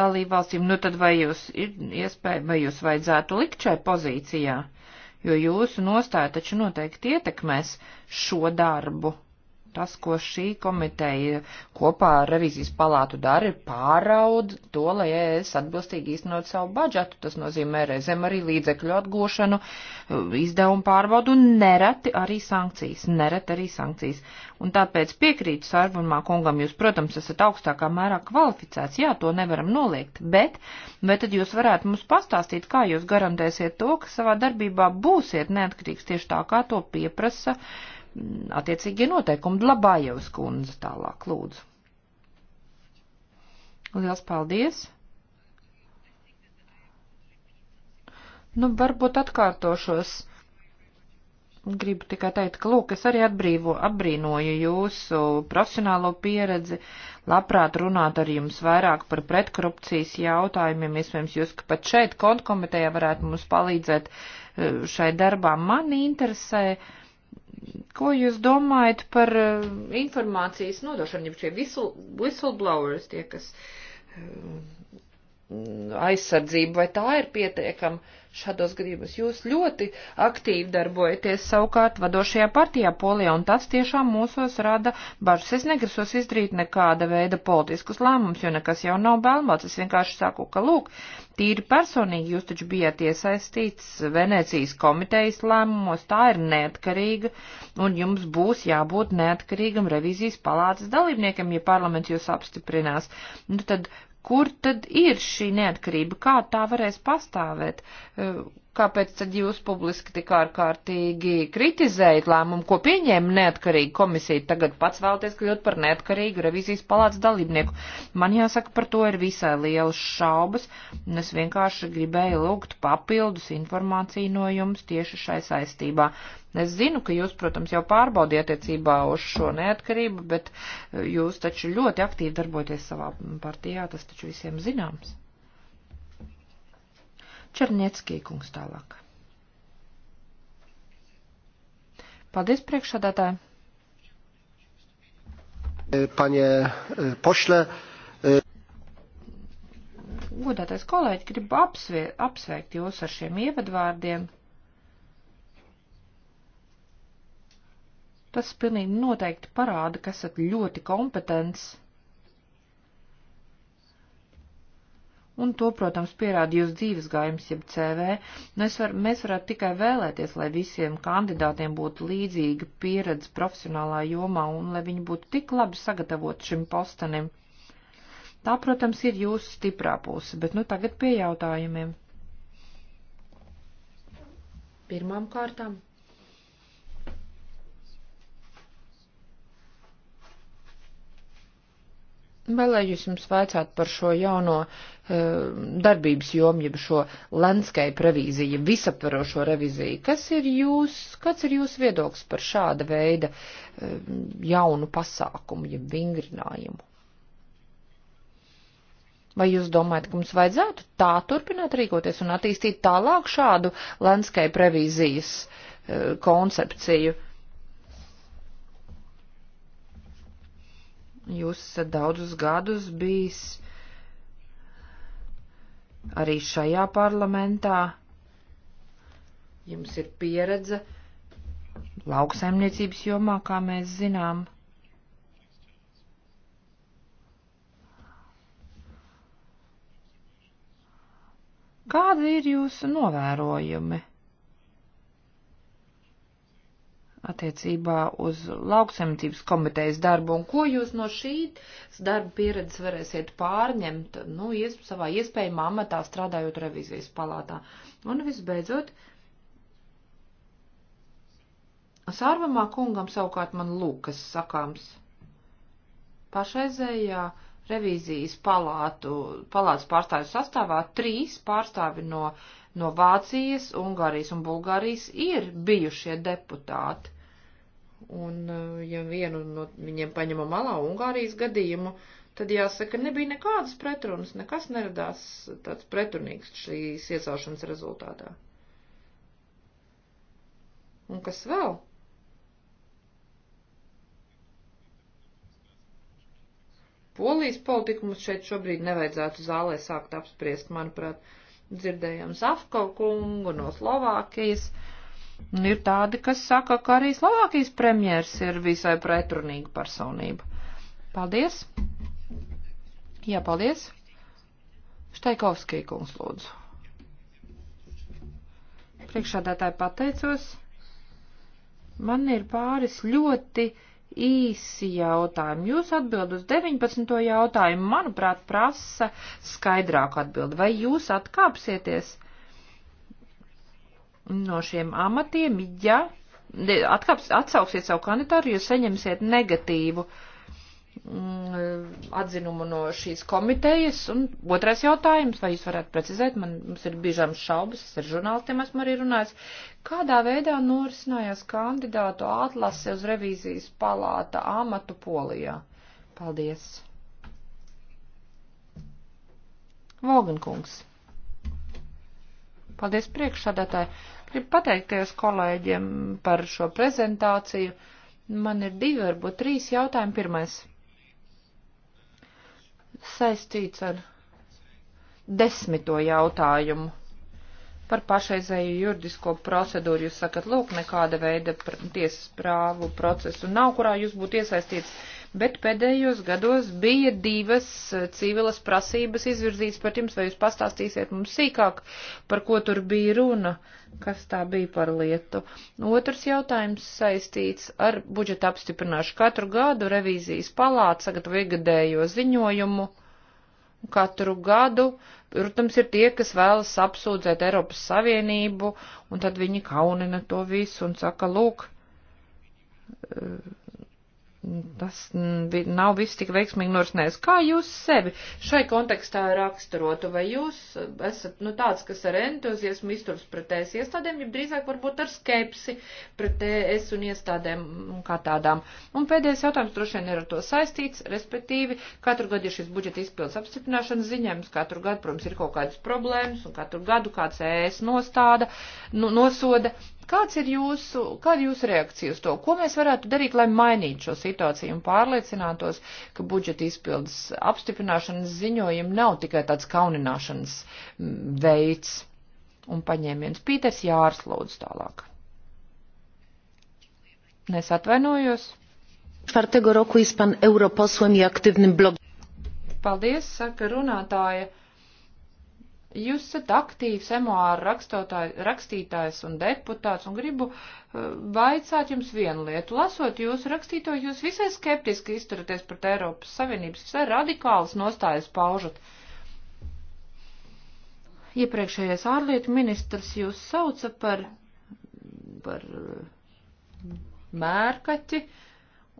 B: dalībvalstīm, nu tad vai jūs ir iespēja, vai jūs vajadzētu likt šai pozīcijā, jo jūsu nostāja taču noteikti ietekmēs šo darbu Tas, ko šī komiteja kopā ar revizijas palātu dara, ir pāraud to, lai es atbilstīgi īstenot savu budžetu. Tas nozīmē reizēm arī līdzekļu atgūšanu, izdevumu pārbaudu un nereti arī sankcijas. Nereti arī sankcijas. Un tāpēc piekrītu Sārvumā kungam, jūs, protams, esat augstākā mērā kvalificēts. Jā, to nevaram noliegt. Bet, bet tad jūs varētu mums pastāstīt, kā jūs garantēsiet to, ka savā darbībā būsiet neatkarīgs tieši tā, kā to pieprasa. Uh, attiecīgie noteikumi. Labājevs kundze tālāk, lūdzu. Liels paldies! Nu, varbūt atkārtošos. Gribu tikai teikt, ka, lūk, es arī atbrīvo, apbrīnoju jūsu profesionālo pieredzi, labprāt runāt ar jums vairāk par pretkorupcijas jautājumiem, iespējams, jūs, ka pat šeit kontkomitejā varētu mums palīdzēt eh, šai darbā. Man interesē, uh, Ko jūs domājat par eh, informācijas nodošanu, ja šie whistle, whistleblowers, tie, kas eh, aizsardzību, vai tā ir pietiekama. Šādos gadījumos jūs ļoti aktīvi darbojaties savukārt vadošajā partijā Polijā, un tas tiešām mūsos rada bažas. Es negrasos izdarīt nekāda veida politiskus lēmumus, jo nekas jau nav bēlmots. Es vienkārši saku, ka lūk, tīri personīgi jūs taču bijāt iesaistīts Venecijas komitejas lēmumos, tā ir neatkarīga, un jums būs jābūt neatkarīgam revizijas palātas dalībniekam, ja parlaments jūs apstiprinās. Nu, tad kur tad ir šī neatkarība, kā tā varēs pastāvēt, eh, kāpēc tad jūs publiski tik ārkārtīgi kritizējat lēmumu, ko pieņēma neatkarīga komisija, tagad pats vēlaties kļūt par neatkarīgu revizijas palātas dalībnieku. Man jāsaka, par to ir visai liels šaubas, un es vienkārši gribēju lūgt papildus informāciju no jums tieši šai saistībā. Es zinu, ka jūs, protams, jau pārbaudījāt attiecībā uz šo neatkarību, bet jūs taču ļoti aktīvi darboties savā partijā, tas taču visiem zināms. Černieckī kungs tālāk. Paldies, priekšsādātāji! E, panie e, pošle. E, Godātais kolēģi, gribu apsvē, apsveikt jūs ar šiem ievadvārdiem. Tas pilnīgi noteikti parāda, ka esat ļoti kompetents un to, protams, pierāda jūs dzīves gājums, jeb CV. Mēs, nu, var, mēs varētu tikai vēlēties, lai visiem kandidātiem būtu līdzīga pieredze profesionālā jomā un lai viņi būtu tik labi sagatavoti šim postenim. Tā, protams, ir jūsu stiprā puse, bet nu tagad pie jautājumiem. Pirmām kārtām Vēlējos jums vaicāt par šo jauno uh, darbības jomu, jeb šo landscape revīziju, visaptvarošo revīziju. Kas ir jūs, kāds ir jūs viedoklis par šāda veida uh, jaunu pasākumu, jeb vingrinājumu? Vai jūs domājat, ka mums vajadzētu tā turpināt rīkoties un attīstīt tālāk šādu landscape revīzijas uh, koncepciju? Uh, Jūs esat daudzus gadus bijis arī šajā parlamentā. Jums ir pieredze lauksaimniecības jomā, kā mēs zinām. Kādi ir jūsu novērojumi? attiecībā uz lauksaimniecības komitejas darbu un ko jūs no šīs darba pieredzes varēsiet pārņemt, nu, ies, savā iespējamā amatā strādājot revizijas palātā. Un visbeidzot, Sārvamā kungam savukārt man lūkas sakāms. Pašreizējā ja revīzijas palātu, palātas pārstāvju sastāvā trīs pārstāvi no, no Vācijas, Ungārijas un Bulgārijas ir bijušie deputāti. Un, eh, ja vienu no viņiem paņemam alā Ungārijas gadījumu, tad jāsaka, nebija nekādas pretrunas, nekas neradās tāds pretrunīgs šīs iesaušanas rezultātā. Un kas vēl? polijas politiku mums šeit šobrīd nevajadzētu zālē sākt apspriest, manuprāt, dzirdējam Zafko kungu no Slovākijas. Ir tādi, kas saka, ka arī Slovākijas premjers ir visai pretrunīga personība. Paldies! Jā, paldies! Štaikovskī kungs lūdzu. Priekšādātāji pateicos. Man ir pāris ļoti īsi jautājumi. Jūs atbild uz 19. jautājumu, manuprāt, prasa skaidrāku atbildi. Vai jūs atkāpsieties no šiem amatiem, ja atkāps, atsauksiet savu kandidātu, jo saņemsiet negatīvu uh, Mm, atzinumu no šīs komitejas. Un otrais jautājums, vai jūs varētu precizēt, man mums ir biežām šaubas, es ar žurnālistiem esmu arī runājis, kādā veidā norisinājās kandidātu atlase uz revīzijas palāta amatu polijā. Paldies. Vogankungs. Paldies priekšsādātāji. Gribu pateikties kolēģiem par šo prezentāciju. Man ir divi, varbūt trīs jautājumi. Pirmais saistīts ar desmito jautājumu par pašreizēju juridisko procedūru. Jūs sakat, lūk, nekāda veida tiesas prāvu procesu nav, kurā jūs būtu iesaistīts bet pēdējos gados bija divas eh, civilas prasības izvirzītas par jums, vai jūs pastāstīsiet mums sīkāk, par ko tur bija runa, kas tā bija par lietu. Otrs jautājums saistīts ar budžeta apstiprināšanu. Katru gadu revīzijas palāca sagatavo iegadējo ziņojumu katru gadu, protams, ir tie, kas vēlas apsūdzēt Eiropas Savienību, un tad viņi kaunina to visu un saka, lūk, tas nav viss tik veiksmīgi norisinājies. Kā jūs sevi šai kontekstā raksturotu, vai jūs esat nu, tāds, kas ar entuziasmu izturs pret ES iestādēm, ja drīzāk varbūt ar skepsi pret ES un iestādēm kā tādām? Un pēdējais jautājums droši vien ir ar to saistīts, respektīvi, katru gadu ir šis budžeta izpildes apstiprināšanas ziņojums, katru gadu, protams, ir kaut kādas problēmas, un katru gadu kāds ES nostāda, nu, nosoda, Kāds ir jūsu, kāda ir jūsu reakcija uz to? Ko mēs varētu darīt, lai mainītu šo situāciju un pārliecinātos, ka budžeta izpildes apstiprināšanas ziņojumi nav tikai tāds kaunināšanas veids un paņēmiens? Pīters Jārs lūdzu tālāk. Es atvainojos. 4. roku es pan europosłem i aktywnym blogiem. Paldies, saka runātāja. Jūs esat aktīvs emuāra rakstītājs un deputāts, un gribu eh, vaicāt jums vienu lietu. Lasot jūsu rakstīto, jūs visai skeptiski izturaties pret Eiropas Savienības, visai radikālas nostājas paužat. Iepriekšējais ārlietu ministrs jūs sauca par, par eh, mērkaķi, uh,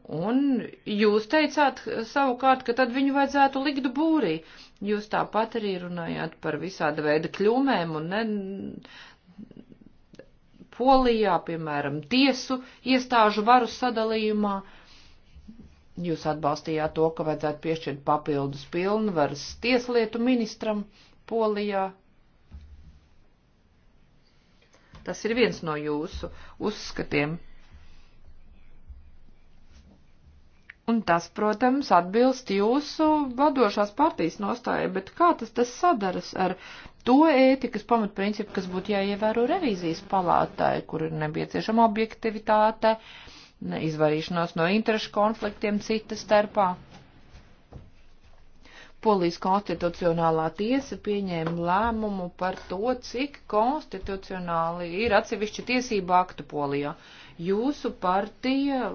B: Un jūs teicāt savukārt, ka tad viņu vajadzētu likt būrī. Jūs tāpat arī runājāt par visāda veida kļūmēm un ne, Polijā, piemēram, tiesu iestāžu varu sadalījumā. Jūs atbalstījāt to, ka vajadzētu piešķirt papildus pilnvaras tieslietu ministram Polijā. Tas ir viens no jūsu uzskatiem. Un tas, protams, atbilst jūsu vadošās partijas nostājai, bet kā tas, tas sadaras ar to ētikas pamatprincipu, kas būtu jāievēro revīzijas palātai, kur ir nepieciešama objektivitāte, izvairīšanās no interešu konfliktiem cita starpā? Polijas konstitucionālā tiesa pieņēma lēmumu par to, cik konstitucionāli ir atsevišķi tiesību aktu Polijā. Jūsu partija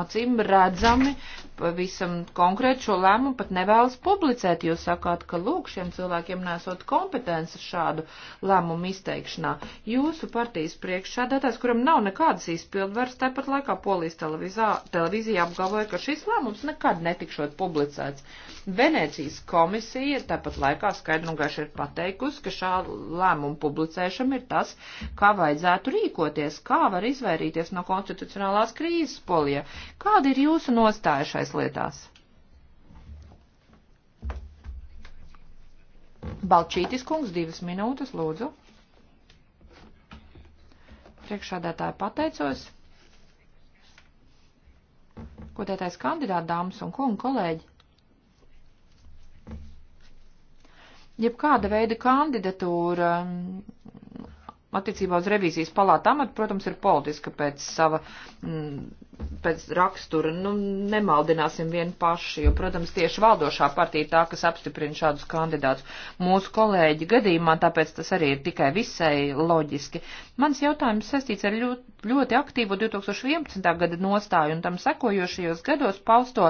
B: acīm redzami pavisam konkrēti šo lēmumu pat nevēlas publicēt, jo sakāt, ka lūk, šiem cilvēkiem nesot kompetences šādu lēmumu izteikšanā. Jūsu partijas priekšsādātājs, kuram nav nekādas izpildvaras, tāpat laikā polijas televīzija apgalvoja, ka šis lēmums nekad netikšot publicēts. Venecijas komisija tāpat laikā skaidrungāši ir pateikusi, ka šā lēmuma publicēšana ir tas, kā vajadzētu rīkoties, kā var izvairīties no konstitucionālās krīzes polijā. Kāda ir jūsu nostāja šais tieslietās. Balčītis kungs, divas minūtes, lūdzu. Priekšādātāji pateicos. Ko tētais kandidāti, dāmas un kungi, kolēģi? Jebkāda veida kandidatūra mm, attiecībā uz revīzijas palātu amatu, protams, ir politiska pēc sava. Mm, pēc rakstura, nu, nemaldināsim vienu paši, jo, protams, tieši valdošā partija tā, kas apstiprina šādus kandidātus. Mūsu kolēģi gadījumā, tāpēc tas arī ir tikai visai loģiski. Mans jautājums saistīts ar ļoti, ļoti aktīvu 2011. gada nostāju un tam sekojošajos gados pausto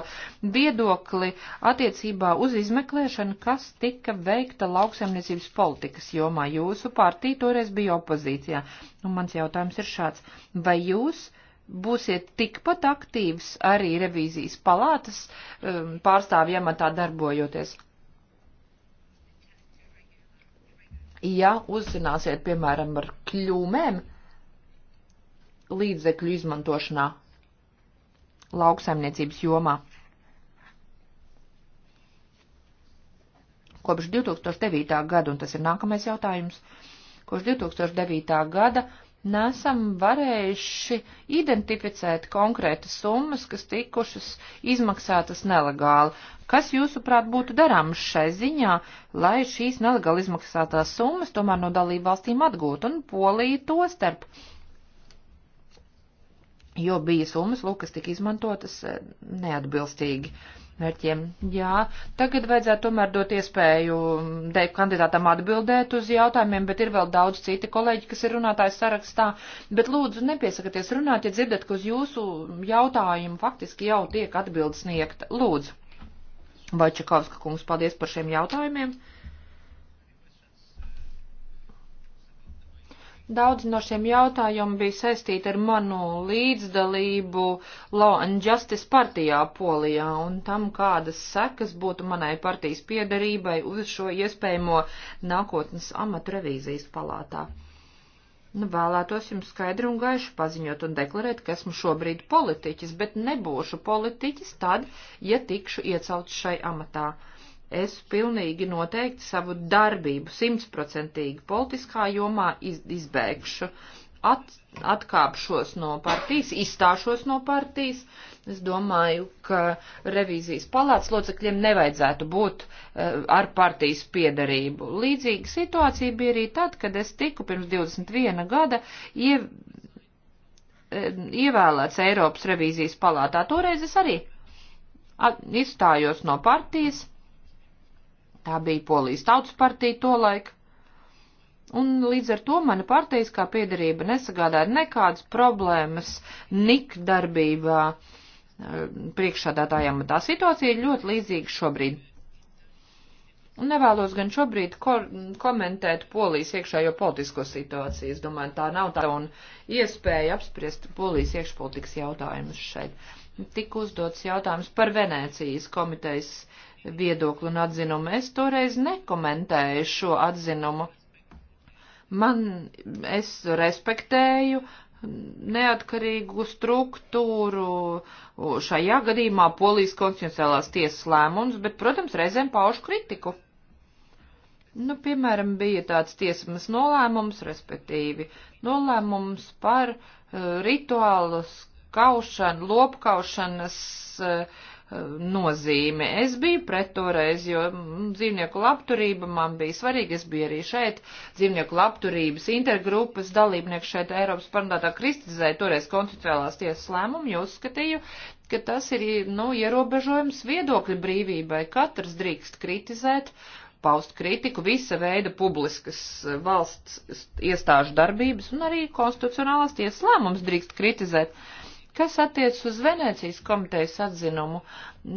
B: viedokli attiecībā uz izmeklēšanu, kas tika veikta lauksaimniecības politikas jomā. Jūsu partija toreiz bija opozīcijā. Un mans jautājums ir šāds. Vai jūs būsiet tikpat aktīvs arī revīzijas palātas um, pārstāvja amatā darbojoties. Ja uzzināsiet, piemēram, ar kļūmēm līdzekļu izmantošanā lauksaimniecības jomā. Kopš 2009. gada, un tas ir nākamais jautājums, kopš 2009. gada nesam varējuši identificēt konkrētas summas, kas tikušas izmaksātas nelegāli. Kas, jūsuprāt, būtu darāms šai ziņā, lai šīs nelegāli izmaksātās summas tomēr no dalību valstīm atgūtu un polītu to starp? Jo bija summas, lūk, kas tika izmantotas eh, neatbilstīgi. Uh, mērķiem. Jā, tagad vajadzētu tomēr dot iespēju kandidātam atbildēt uz jautājumiem, bet ir vēl daudz citi kolēģi, kas ir runātājs sarakstā. Bet lūdzu, nepiesakieties runāt, ja dzirdat, ka uz jūsu jautājumu faktiski jau tiek atbildes sniegta. Lūdzu. Vaļčakovska kungs, paldies par šiem jautājumiem. Daudz no šiem jautājumiem bija saistīti ar manu līdzdalību Law and Justice partijā Polijā un tam, kādas sekas būtu manai partijas piedarībai uz šo iespējamo nākotnes amatu revīzijas palātā. Nu, vēlētos jums skaidri un gaiši paziņot un deklarēt, ka esmu šobrīd politiķis, bet nebūšu politiķis tad, ja tikšu iecelts šai amatā es pilnīgi noteikti savu darbību simtprocentīgi politiskā jomā iz, izbēgšu, at, atkāpšos no partijas, izstāšos no partijas. Es domāju, ka revīzijas palāts locekļiem nevajadzētu būt uh, ar partijas piedarību. Līdzīga situācija bija arī tad, kad es tiku pirms 21 gada iev eh, ievēlēts Eiropas revīzijas palātā. Toreiz es arī izstājos no partijas Tā bija Polijas tautas partija tolaik. Un līdz ar to mana partijiskā piedarība nesagādāja nekādas problēmas nik darbībā eh, priekšsādātājiem. Tā situācija ir ļoti līdzīga šobrīd. Un nevēlos gan šobrīd ko komentēt polijas iekšējo politisko situāciju. Es domāju, tā nav tā un iespēja apspriest polijas iekšpolitikas jautājumus šeit. Tik uzdots jautājums par Venēcijas komitejas viedokli un atzinumu. Es toreiz nekomentēju šo atzinumu. Man, es respektēju neatkarīgu struktūru, šajā gadījumā polijas konstitucionālās tiesas lēmums, bet, protams, reizēm paušu kritiku. Nu, piemēram, bija tāds tiesmas nolēmums, respektīvi nolēmums par uh, rituālu skaušanu, lopkaušanas uh, nozīme. Es biju pret toreiz, jo mm, dzīvnieku labturība man bija svarīga. Es biju arī šeit dzīvnieku labturības intergrupas dalībnieks šeit Eiropas parlamentā kristizēja toreiz konstitucionālās tiesas lēmumu, jo uzskatīju, ka tas ir, nu, ierobežojums viedokļu brīvībai. Katrs drīkst kritizēt, paust kritiku visa veida publiskas eh, valsts iestāžu darbības un arī konstitucionālās tiesas lēmums drīkst kritizēt. Uh, Kas attiec uz Venecijas komitejas atzinumu,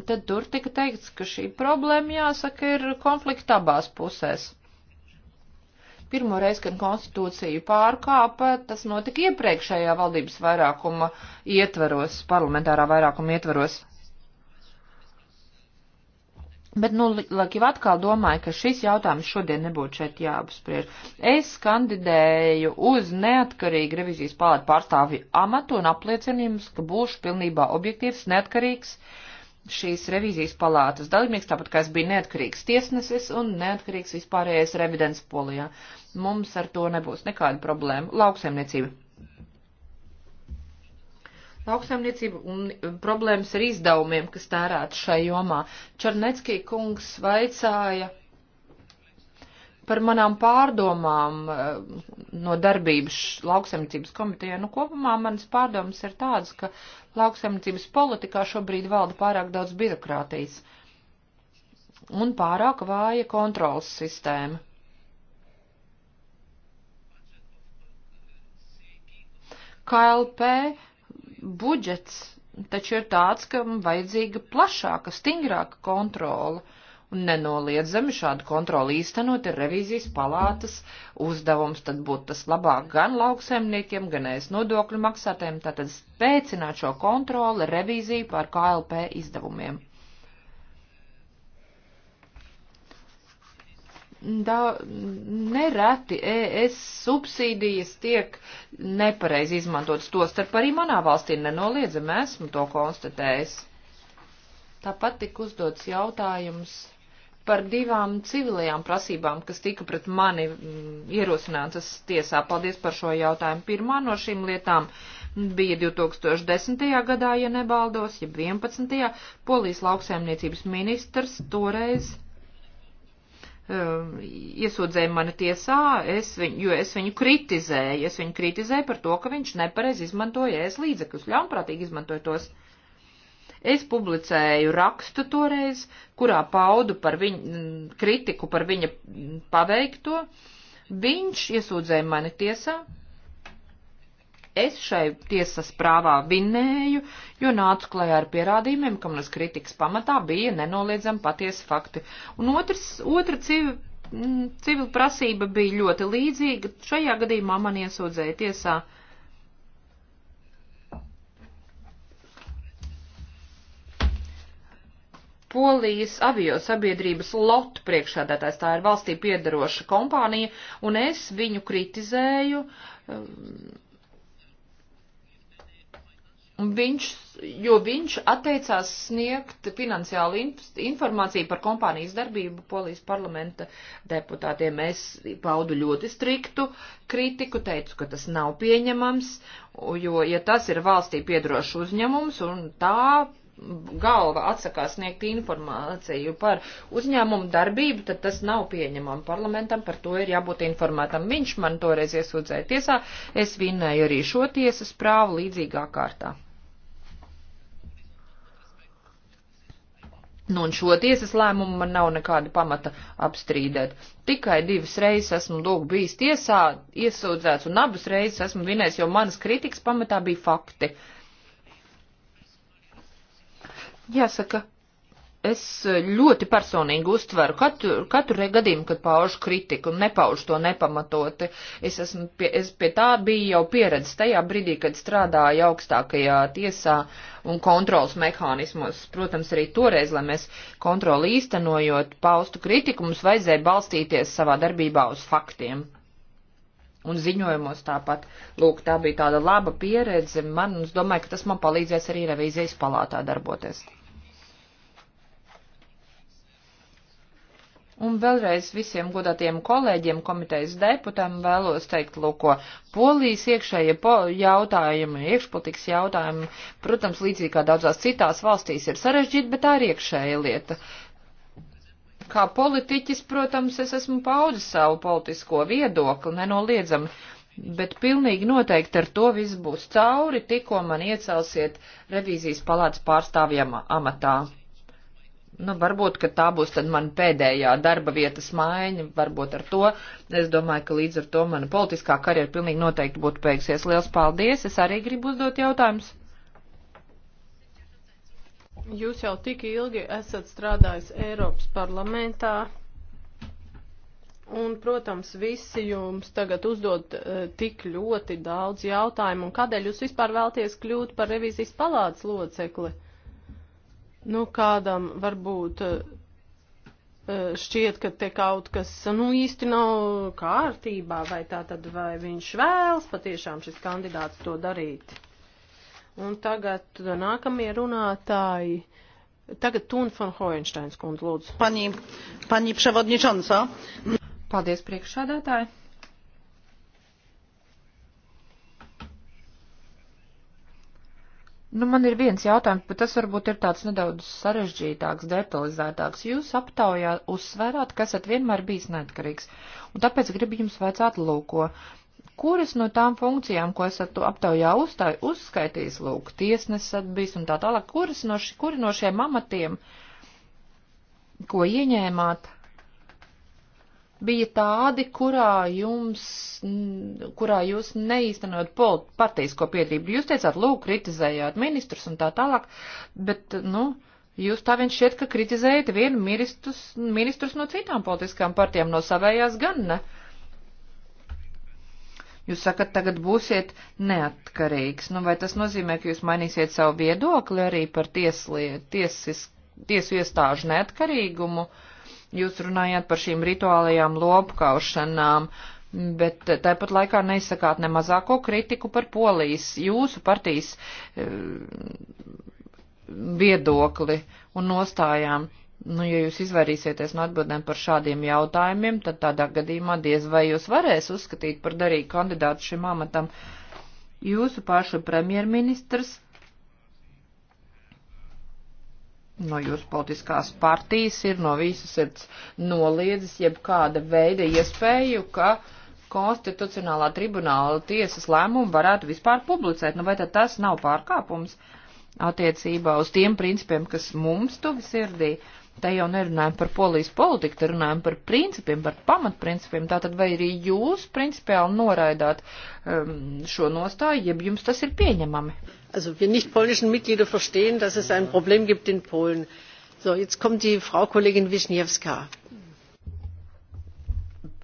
B: tad tur tika teikts, ka šī problēma, jāsaka, ir konflikta abās pusēs. Pirmo reizi, kad konstitūciju pārkāpa, tas notika iepriekšējā valdības vairākuma ietveros, parlamentārā vairākuma ietveros. Bet, nu, Lakīv atkal domāju, ka šis jautājums šodien nebūtu šeit jāapspriež. Es kandidēju uz neatkarīgu revizijas palātu pārstāvi amatu un apliecinu jums, ka būšu pilnībā objektīvs, neatkarīgs šīs revizijas palātas dalībnieks, tāpat kā es biju neatkarīgs tiesnesis un neatkarīgs vispārējais revidents polijā. Mums ar to nebūs nekāda problēma. Lauksaimniecība lauksaimniecība un e, problēmas ar izdevumiem, kas tērēts šai jomā. Čarneckī kungs vaicāja par manām pārdomām e, no darbības lauksaimniecības komitejā. Nu, kopumā manas pārdomas ir tādas, ka lauksaimniecības politikā šobrīd valda pārāk daudz birokrātijas un pārāk vāja kontrolas sistēma. KLP budžets taču ir tāds, ka vajadzīga plašāka, stingrāka kontrola. Un nenoliedzami šādu kontroli īstenot ir revīzijas palātas uzdevums, tad būtu tas labāk gan lauksaimniekiem, gan es nodokļu maksātēm, tātad spēcināt šo kontroli revīziju pār KLP izdevumiem. da, nereti ES subsīdijas tiek nepareizi izmantotas. Tostarp arī manā valstī nenoliedzami esmu to konstatējis. Tāpat tika uzdots jautājums par divām civilajām prasībām, kas tika pret mani mm, ierosinātas tiesā. Paldies par šo jautājumu. Pirmā no šīm lietām bija 2010. gadā, ja nebaldos, ja 11. Polijas lauksaimniecības ministrs toreiz Um, iesūdzēja mani tiesā, es viņu, jo es viņu kritizēju. Es viņu kritizēju par to, ka viņš nepareiz izmantoja es līdzekļus, ļaunprātīgi izmantoja tos. Es publicēju rakstu toreiz, kurā paudu par viņu, mm, kritiku par viņa paveikto. Viņš iesūdzēja mani tiesā, Es šai tiesas prāvā vinnēju, jo nācu klajā ar pierādījumiem, kam uz kritikas pamatā bija nenoliedzami patiesi fakti. Un otrs, otra civi, mm, civil prasība bija ļoti līdzīga. Šajā gadījumā man iesūdzēja tiesā. Polijas aviosabiedrības LOT priekšsēdētājs, tā ir valstī piedaroša kompānija, un es viņu kritizēju um, Un viņš, jo viņš atteicās sniegt finansiālu informāciju par kompānijas darbību polijas parlamenta deputātiem. Es paudu ļoti striktu kritiku, teicu, ka tas nav pieņemams, jo, ja tas ir valstī piedrošs uzņēmums un tā galva atsakās sniegt informāciju par uzņēmumu darbību, tad tas nav pieņemam parlamentam, par to ir jābūt informētam. Viņš man toreiz iesūdzēja tiesā, es vinnēju arī šo tiesas prāvu līdzīgā kārtā. Nu, un šo tiesas lēmumu man nav nekāda pamata apstrīdēt. Tikai divas reizes esmu lūk bijis tiesā, iesūdzēts, un abas reizes esmu vinējis, jo manas kritikas pamatā bija fakti. Jāsaka, es ļoti personīgi uztveru katru, katru gadījumu, kad paužu kritiku un nepaužu to nepamatoti. Es, esmu, pie, es pie tā biju jau pieredzis tajā brīdī, kad strādāju augstākajā tiesā un kontrols mehānismos. Protams, arī toreiz, lai mēs kontroli īstenojot paustu kritiku, mums vajadzēja balstīties savā darbībā uz faktiem. Un ziņojumos tāpat. Lūk, tā bija tāda laba pieredze man, un es domāju, ka tas man palīdzēs arī revīzijas palātā darboties. Un vēlreiz visiem godātiem kolēģiem, komitejas deputam vēlos teikt, lūko, polijas iekšējie po jautājumi, iekšpolitikas jautājumi, protams, līdzīgi kā daudzās citās valstīs ir sarežģīti, bet tā ir iekšēja lieta. Kā politiķis, protams, es esmu paudis savu politisko viedokli, nenoliedzami, bet pilnīgi noteikti ar to viss būs cauri, tikko man iecelsiet revīzijas palātas pārstāvjama amatā. Nu, varbūt, ka tā būs tad man pēdējā darba vietas maiņa, varbūt ar to. Es domāju, ka līdz ar to mana politiskā karjera pilnīgi noteikti būtu beigusies. Liels paldies! Es arī gribu uzdot jautājumus.
A: Jūs jau tik ilgi esat strādājis Eiropas parlamentā, un, protams, visi jums tagad uzdod uh, tik ļoti daudz jautājumu, un kādēļ jūs vispār vēlties kļūt par revizijas palādes locekli? Nu, kādam varbūt eh, šķiet, ka te kaut kas nu, īsti nav kārtībā, vai tā tad vai viņš vēlas patiešām šis kandidāts to darīt. Un tagad nākamie runātāji. Tagad Tūna von Hoensteins kundze lūdzu. Pani, pani Paldies priekšsādātāji.
B: Nu, man ir viens jautājums, bet tas varbūt ir tāds nedaudz sarežģītāks, detalizētāks. Jūs aptaujā uzsvērāt, ka esat vienmēr bijis neatkarīgs, un tāpēc gribu jums vajadzētu lūko. Kuras no tām funkcijām, ko esat to aptaujā uzstāju, uzskaitījis, lūk, tiesnesis esat bijis un tā tālāk, kuras no, ši, kuri no šiem amatiem, ko ieņēmāt, bija tādi, kurā jums, kurā jūs neīstenot partijasko pietrību. Jūs teicāt, lūk, kritizējāt ministrus un tā tālāk, bet, nu, jūs tā viņš šķiet, ka kritizējat vienu ministrus, ministrus no citām politiskām partijām, no savējās gan, ne? Jūs sakat, tagad būsiet neatkarīgs. Nu, vai tas nozīmē, ka jūs mainīsiet savu viedokli arī par tieslietu, tiesu iestāžu neatkarīgumu? Uh, Jūs runājāt par šīm rituālajām lopkaušanām, bet tāpat laikā neizsakāt ne mazāko kritiku par polijas, jūsu partijas eh, viedokli un nostājām. Nu, ja jūs izvairīsieties no atbildēm par šādiem jautājumiem, tad tādā gadījumā diez vai jūs varēs uzskatīt par darīgu kandidātu šim amatam. Jūsu pašu premjerministrs no jūsu politiskās partijas ir no visas sirds noliedzis jebkāda veida iespēju, ka konstitucionālā tribunāla tiesas lēmumu varētu vispār publicēt. Nu, vai tad tas nav pārkāpums attiecībā uz tiem principiem, kas mums tuvi sirdī? Te jau nerunājam par polijas politiku, te runājam par principiem, par pamatprincipiem. Tātad vai arī jūs principiāli noraidāt um, šo nostāju, ja jums tas ir pieņemami? also wir
A: nichtpolnischen mitglieder verstehen dass es ein problem gibt in polen. So, jetzt kommt die Frau Kollegin Wischniewska.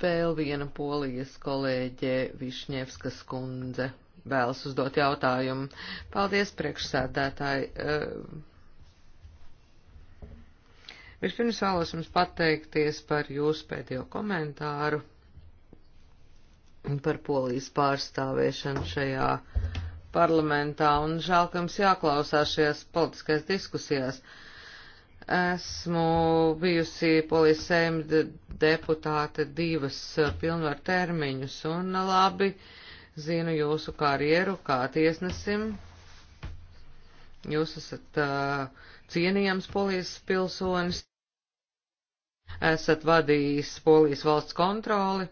C: Vēl viena polijas kolēģe Višņevskas kundze vēlas uzdot jautājumu. Paldies, priekšsēdētāji. Eh, Vispirms vēlos jums pateikties par jūsu pēdējo komentāru par polijas pārstāvēšanu šajā uh, parlamentā, un žēl, ka mums jāklausās šajās politiskajās diskusijās. Esmu bijusi polijas sējuma deputāte divas eh, pilnvaru termiņus, un labi zinu jūsu karjeru kā tiesnesim. Jūs esat uh, cienījams polijas pilsonis, esat vadījis polijas valsts kontroli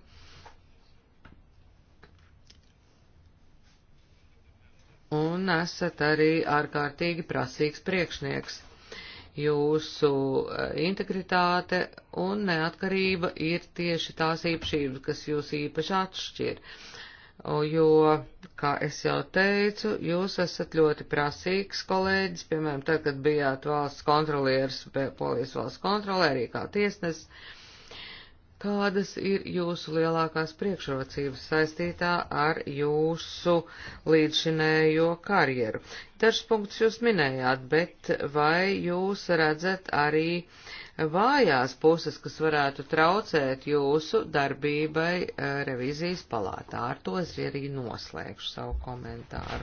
C: un esat arī ārkārtīgi prasīgs priekšnieks. Jūsu e, integritāte un neatkarība ir tieši tās īpašības, kas jūs īpaši atšķir. Jo, kā es jau teicu, jūs esat ļoti prasīgs kolēģis, piemēram, tad, kad bijāt valsts kontrolieris, polijas valsts kontrolē, arī kā tiesnesis Kādas ir jūsu lielākās priekšrocības saistītā ar jūsu līdzinējo karjeru? Dažs punkts jūs minējāt, bet vai jūs redzat arī vājās puses, kas varētu traucēt jūsu darbībai eh, revizijas palātā? Ar to es arī noslēgšu savu komentāru.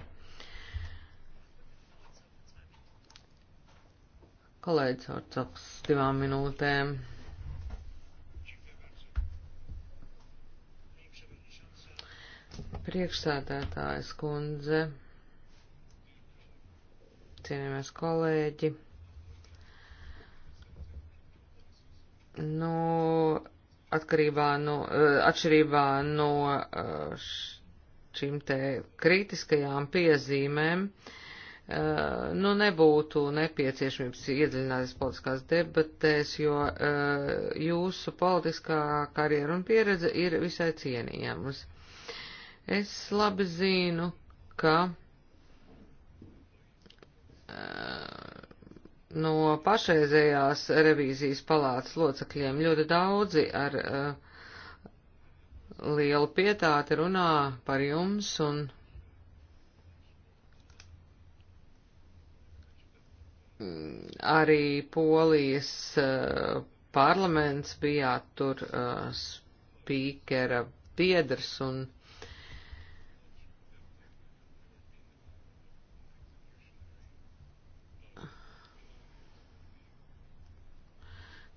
C: Kolēģis Orcoks divām minūtēm. Priekšsēdētājas kundze, cienījamies kolēģi. Nu, atkarībā no, eh, atšķirībā no eh, šīm te kritiskajām piezīmēm, Uh, nu, nebūtu nepieciešamības iedziļināties politiskās debatēs, jo uh, jūsu politiskā karjera un pieredze ir visai cienījamas. Es labi zinu, ka eh, no pašreizējās revīzijas palātas locekļiem ļoti daudzi ar eh, lielu pietāti runā par jums un arī polijas eh, parlaments bijāt tur spīkera biedrs un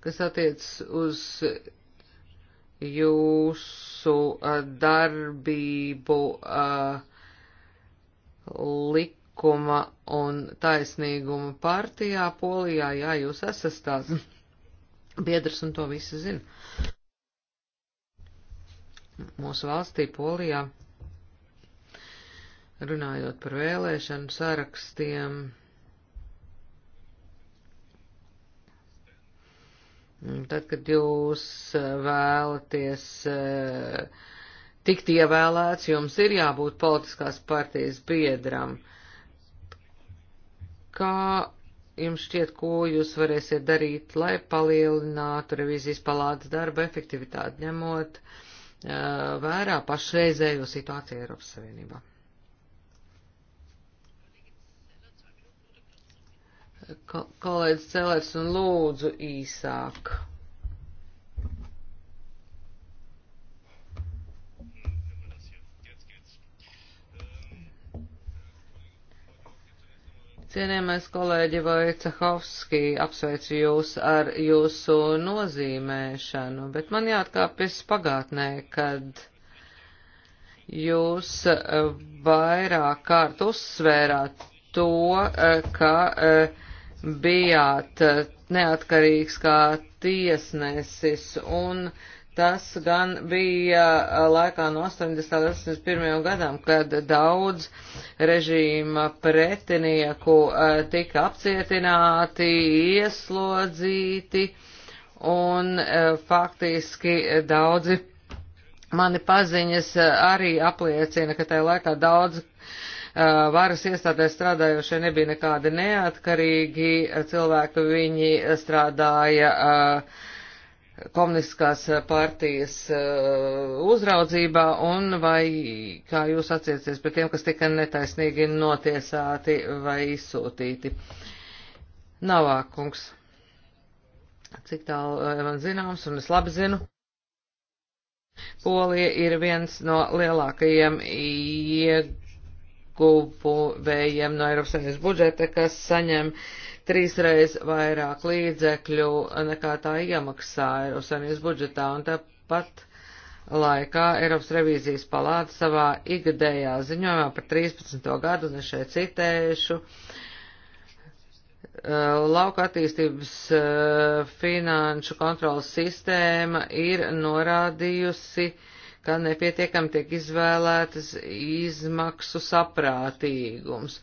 C: kas attiec uz jūsu darbību likuma un taisnīguma partijā Polijā. Jā, jūs esat tās biedrs un to visi zina. Mūsu valstī Polijā runājot par vēlēšanu sarakstiem Mm, tad, kad jūs eh, vēlaties eh, tikt ievēlēts, jums ir jābūt politiskās partijas biedram. Kā jums šķiet, ko jūs varēsiet darīt, lai palielinātu revizijas palātas darba efektivitāti, ņemot eh, vērā pašreizējo situāciju Eiropas Savienībā? Kol kolēģis Celers un lūdzu īsāk. Cienījamais kolēģi Vojcehovski, apsveicu jūs ar jūsu nozīmēšanu, bet man jāatkāpjas pagātnē, kad jūs eh, vairāk kārt uzsvērāt to, eh, ka uh, bijāt eh, neatkarīgs kā tiesnesis, un tas gan bija eh, laikā no 80. līdz 81. gadam, kad daudz režīma pretinieku eh, tika apcietināti, ieslodzīti, un faktiski daudzi mani paziņas arī apliecina, ka tajā laikā daudz Eh, varas iestādēs strādājošie nebija nekādi neatkarīgi cilvēki, viņi strādāja eh, komunistiskās partijas eh, uzraudzībā un vai kā jūs atcieties pret tiem, kas tika netaisnīgi notiesāti vai izsūtīti. Navākungs. Cik tālu man zināms, un es labi zinu. Polija ir viens no lielākajiem ieguvējiem ieguvējiem no Eiropas Savienības budžeta, kas saņem trīsreiz vairāk līdzekļu nekā tā iemaksā Eiropas Savienības budžetā. Un tāpat laikā Eiropas revīzijas palāta savā ikgadējā ziņojumā par 13. gadu, un es šeit citēšu, lauka attīstības finanšu kontrolas sistēma ir norādījusi, uh, ka nepietiekami tiek izvēlētas izmaksu saprātīgums.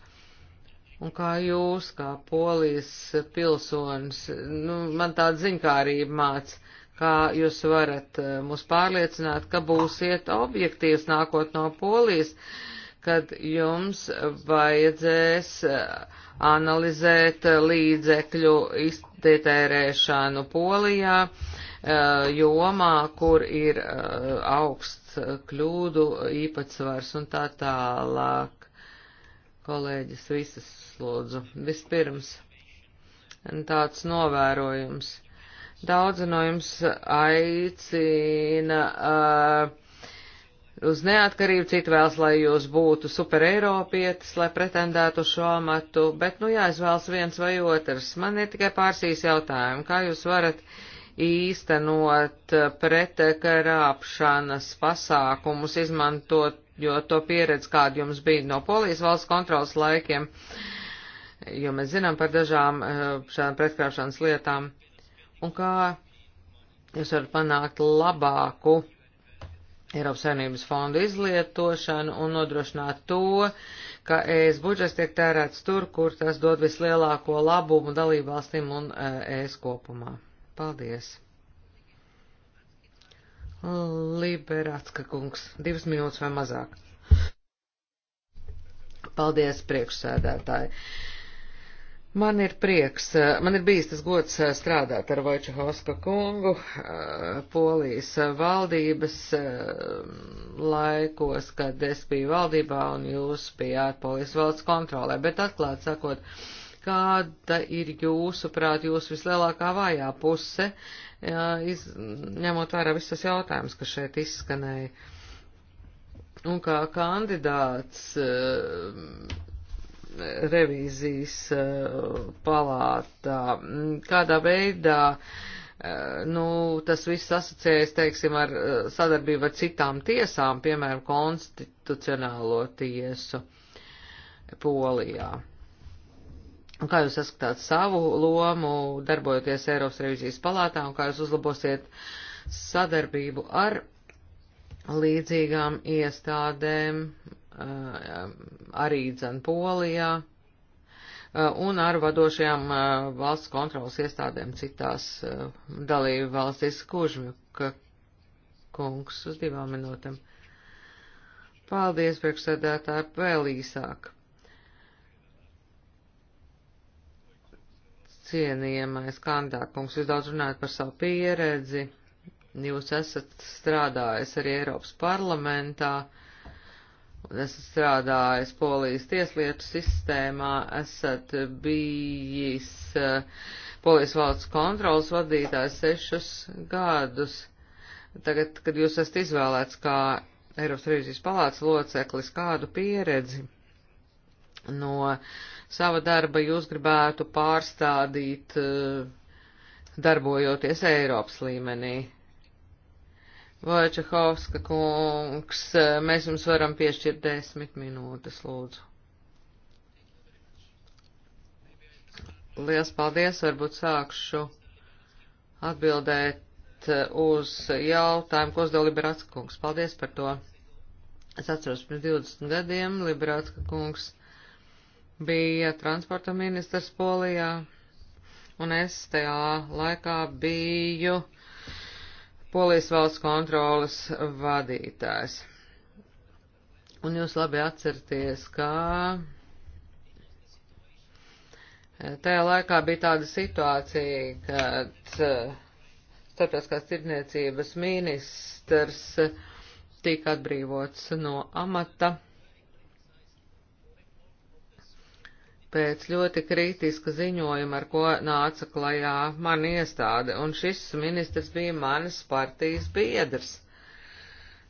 C: Un kā jūs, kā polijas pilsonis, nu, man tāda ziņkārība māc, kā jūs varat eh, mūs pārliecināt, ka būsiet objektīvs nākot no polijas, kad jums vajadzēs eh, analizēt eh, līdzekļu iz, detērēšanu Polijā, eh, jomā, kur ir eh, augsts kļūdu īpatsvars un tā tālāk. Kolēģis visas lūdzu. Vispirms tāds novērojums. Daudzi no jums aicina uh, uz neatkarību, citi vēlas, lai jūs būtu super Eiropietis, lai pretendētu šo amatu, bet, nu, jāizvēlas viens vai otrs. Man ir tikai pārsīs jautājumi, kā jūs varat īstenot eh, pretkarāpšanas pasākumus, izmantot, jo to pieredzi, kāda jums bija no polijas valsts kontrolas laikiem, jo mēs zinām par dažām eh, šādām pretkarāpšanas lietām, un kā jūs varat panākt labāku Eiropas Savienības fondu izlietošanu un nodrošināt to, ka ES budžets tiek tērēts tur, kur tas dod vislielāko labumu dalībvalstīm un ES kopumā. Paldies! Liberātska kungs, divas minūtes vai mazāk. Paldies, priekšsēdētāji. Man ir prieks, eh, man ir bijis tas gods eh, strādāt ar Vojčehovska kungu eh, polijas valdības laikos, kad es biju valdībā un jūs bijāt polijas valsts kontrolē, bet atklāt sakot, kāda ir jūsu prāt, jūsu vislielākā vājā puse, iz, ņemot vērā visas jautājumas, kas šeit izskanēja. Un kā kandidāts revīzijas eh, palātā. Mm, kādā veidā eh, nu, tas viss asociējas, teiksim, ar eh, sadarbību ar citām tiesām, piemēram, konstitucionālo tiesu Polijā. Un kā jūs saskatāt savu lomu, darbojoties Eiropas revizijas palātā, un kā jūs uzlabosiet sadarbību ar līdzīgām iestādēm Uh, arī dzen Polijā uh, un ar vadošajām uh, valsts kontrolas iestādēm citās dalību valstīs Kužmjuka kungs uz divām minūtēm. Paldies, priekšsēdētāji, vēl īsāk. Cienījamais kandidāt kungs, jūs daudz runājat par savu pieredzi, jūs esat strādājis arī Eiropas parlamentā esat strādājis polijas tieslietu sistēmā, esat bijis eh, polijas valsts kontrolas vadītājs sešus gadus. Tagad, kad jūs esat izvēlēts kā Eiropas revizijas palāca loceklis, kādu pieredzi no sava darba jūs gribētu pārstādīt, eh, darbojoties Eiropas līmenī? Vojčehovska kungs, mēs jums varam piešķirt desmit minūtes, lūdzu. Liels paldies, varbūt sākšu atbildēt uz jautājumu, ko uzdeva Liberatska kungs. Paldies par to. Es atceros, pirms 20 gadiem Liberatska kungs bija transporta ministrs Polijā, un es tajā laikā biju Polijas valsts kontrolas vadītājs. Un jūs labi atcerieties, ka eh, tajā laikā bija tāda situācija, kad eh, starptautiskās tirdzniecības ministrs tika atbrīvots no amata pēc ļoti kritiska ziņojuma, ar ko nāca klajā mana iestāde, un šis ministrs bija manas partijas biedrs.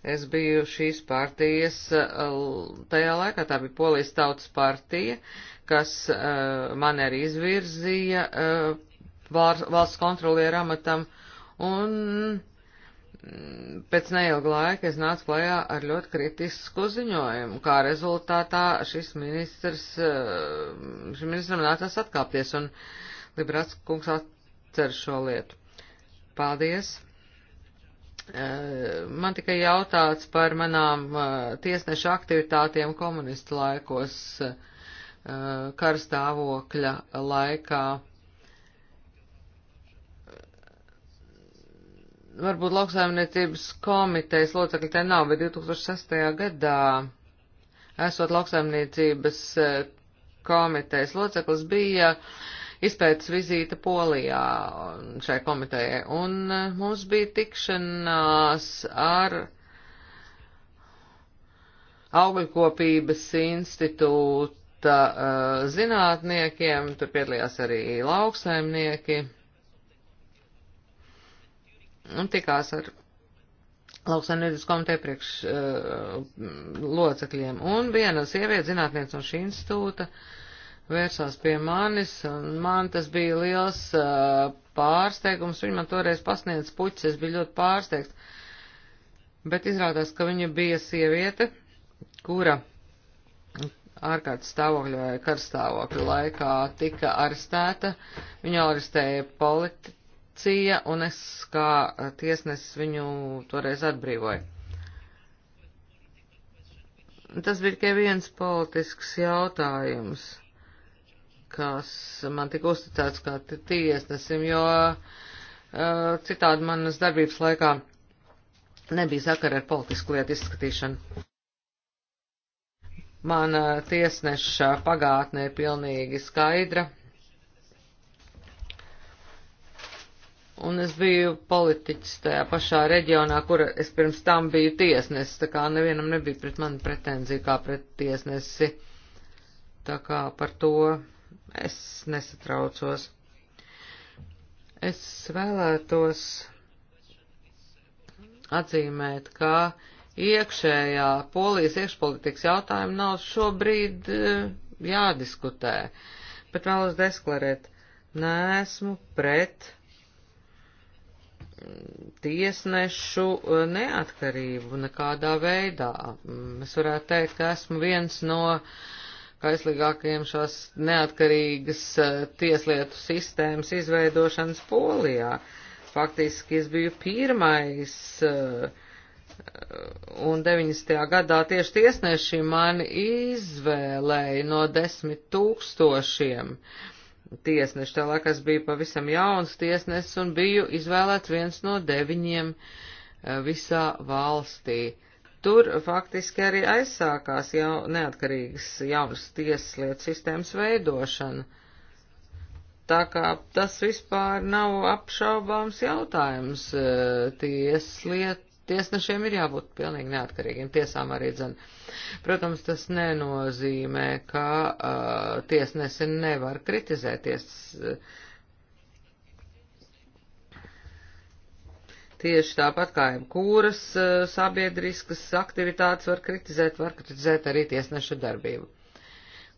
C: Es biju šīs partijas, uh, tajā laikā tā bija Polijas tautas partija, kas uh, man arī izvirzīja uh, valsts kontrolieru amatam, un pēc neilga laika es nācu klajā ar ļoti kritisku ziņojumu, kā rezultātā šis ministrs, eh, šim ministram nācās atkāpties, un Librāts kungs atcer šo lietu. Paldies! Eh, man tikai jautāts par manām eh, tiesnešu aktivitātiem komunistu laikos karstāvokļa laikā. varbūt lauksaimniecības komitejas locekļi te nav, bet 2006. gadā, esot lauksaimniecības eh, komitejas loceklis, bija izpētes vizīte Polijā šai komitejai, un eh, mums bija tikšanās ar augļkopības institūta eh, zinātniekiem, tur piedalījās arī lauksaimnieki un tikās ar lauksaimniecības komiteja priekš uh, locekļiem. Un viena sieviete zinātniece no šī institūta vērsās pie manis, un man tas bija liels uh, pārsteigums. Viņa man toreiz pasniedz puķis, es biju ļoti pārsteigts. Bet izrādās, ka viņa bija sieviete, kura ārkārtas stāvokļa vai karstāvokļa laikā tika arestēta. Viņu arestēja politi akcija, un es kā tiesnesis viņu toreiz atbrīvoju. Tas bija tikai viens politisks jautājums, kas man tika uzticēts kā tiesnesim, jo uh, citādi manas darbības laikā nebija sakara ar politisku lietu izskatīšanu. Mana tiesneša pagātne ir pilnīgi skaidra. Un es biju politiķis tajā pašā reģionā, kur es pirms tam biju tiesnesis, tā kā nevienam nebija pret mani pretenzija kā pret tiesnesi. Tā kā par to es nesatraucos. Es vēlētos atzīmēt, ka iekšējā polijas iekšpolitikas jautājuma nav šobrīd eh, jādiskutē, bet vēlos desklarēt, neesmu pret tiesnešu eh, neatkarību nekādā veidā. Mm, es varētu teikt, ka esmu viens no kaislīgākajiem šās neatkarīgas eh, tieslietu sistēmas izveidošanas polijā. Faktiski es biju pirmais eh, un 90. gadā tieši tiesneši mani izvēlēja no desmit tūkstošiem. Uh, tiesneši, tā laikā es biju pavisam jauns tiesnesis un biju izvēlēts viens no deviņiem eh, visā valstī. Tur faktiski arī aizsākās jau neatkarīgas jaunas tieslietu sistēmas veidošana. Tā kā tas vispār nav apšaubāms jautājums, eh, tieslietu tiesnešiem ir jābūt pilnīgi neatkarīgiem, tiesām arī dzen. Protams, tas nenozīmē, ka uh, tiesnesi nevar kritizēties. Tieši tāpat kā jebkuras uh, sabiedriskas aktivitātes var kritizēt, var kritizēt arī tiesneša darbību.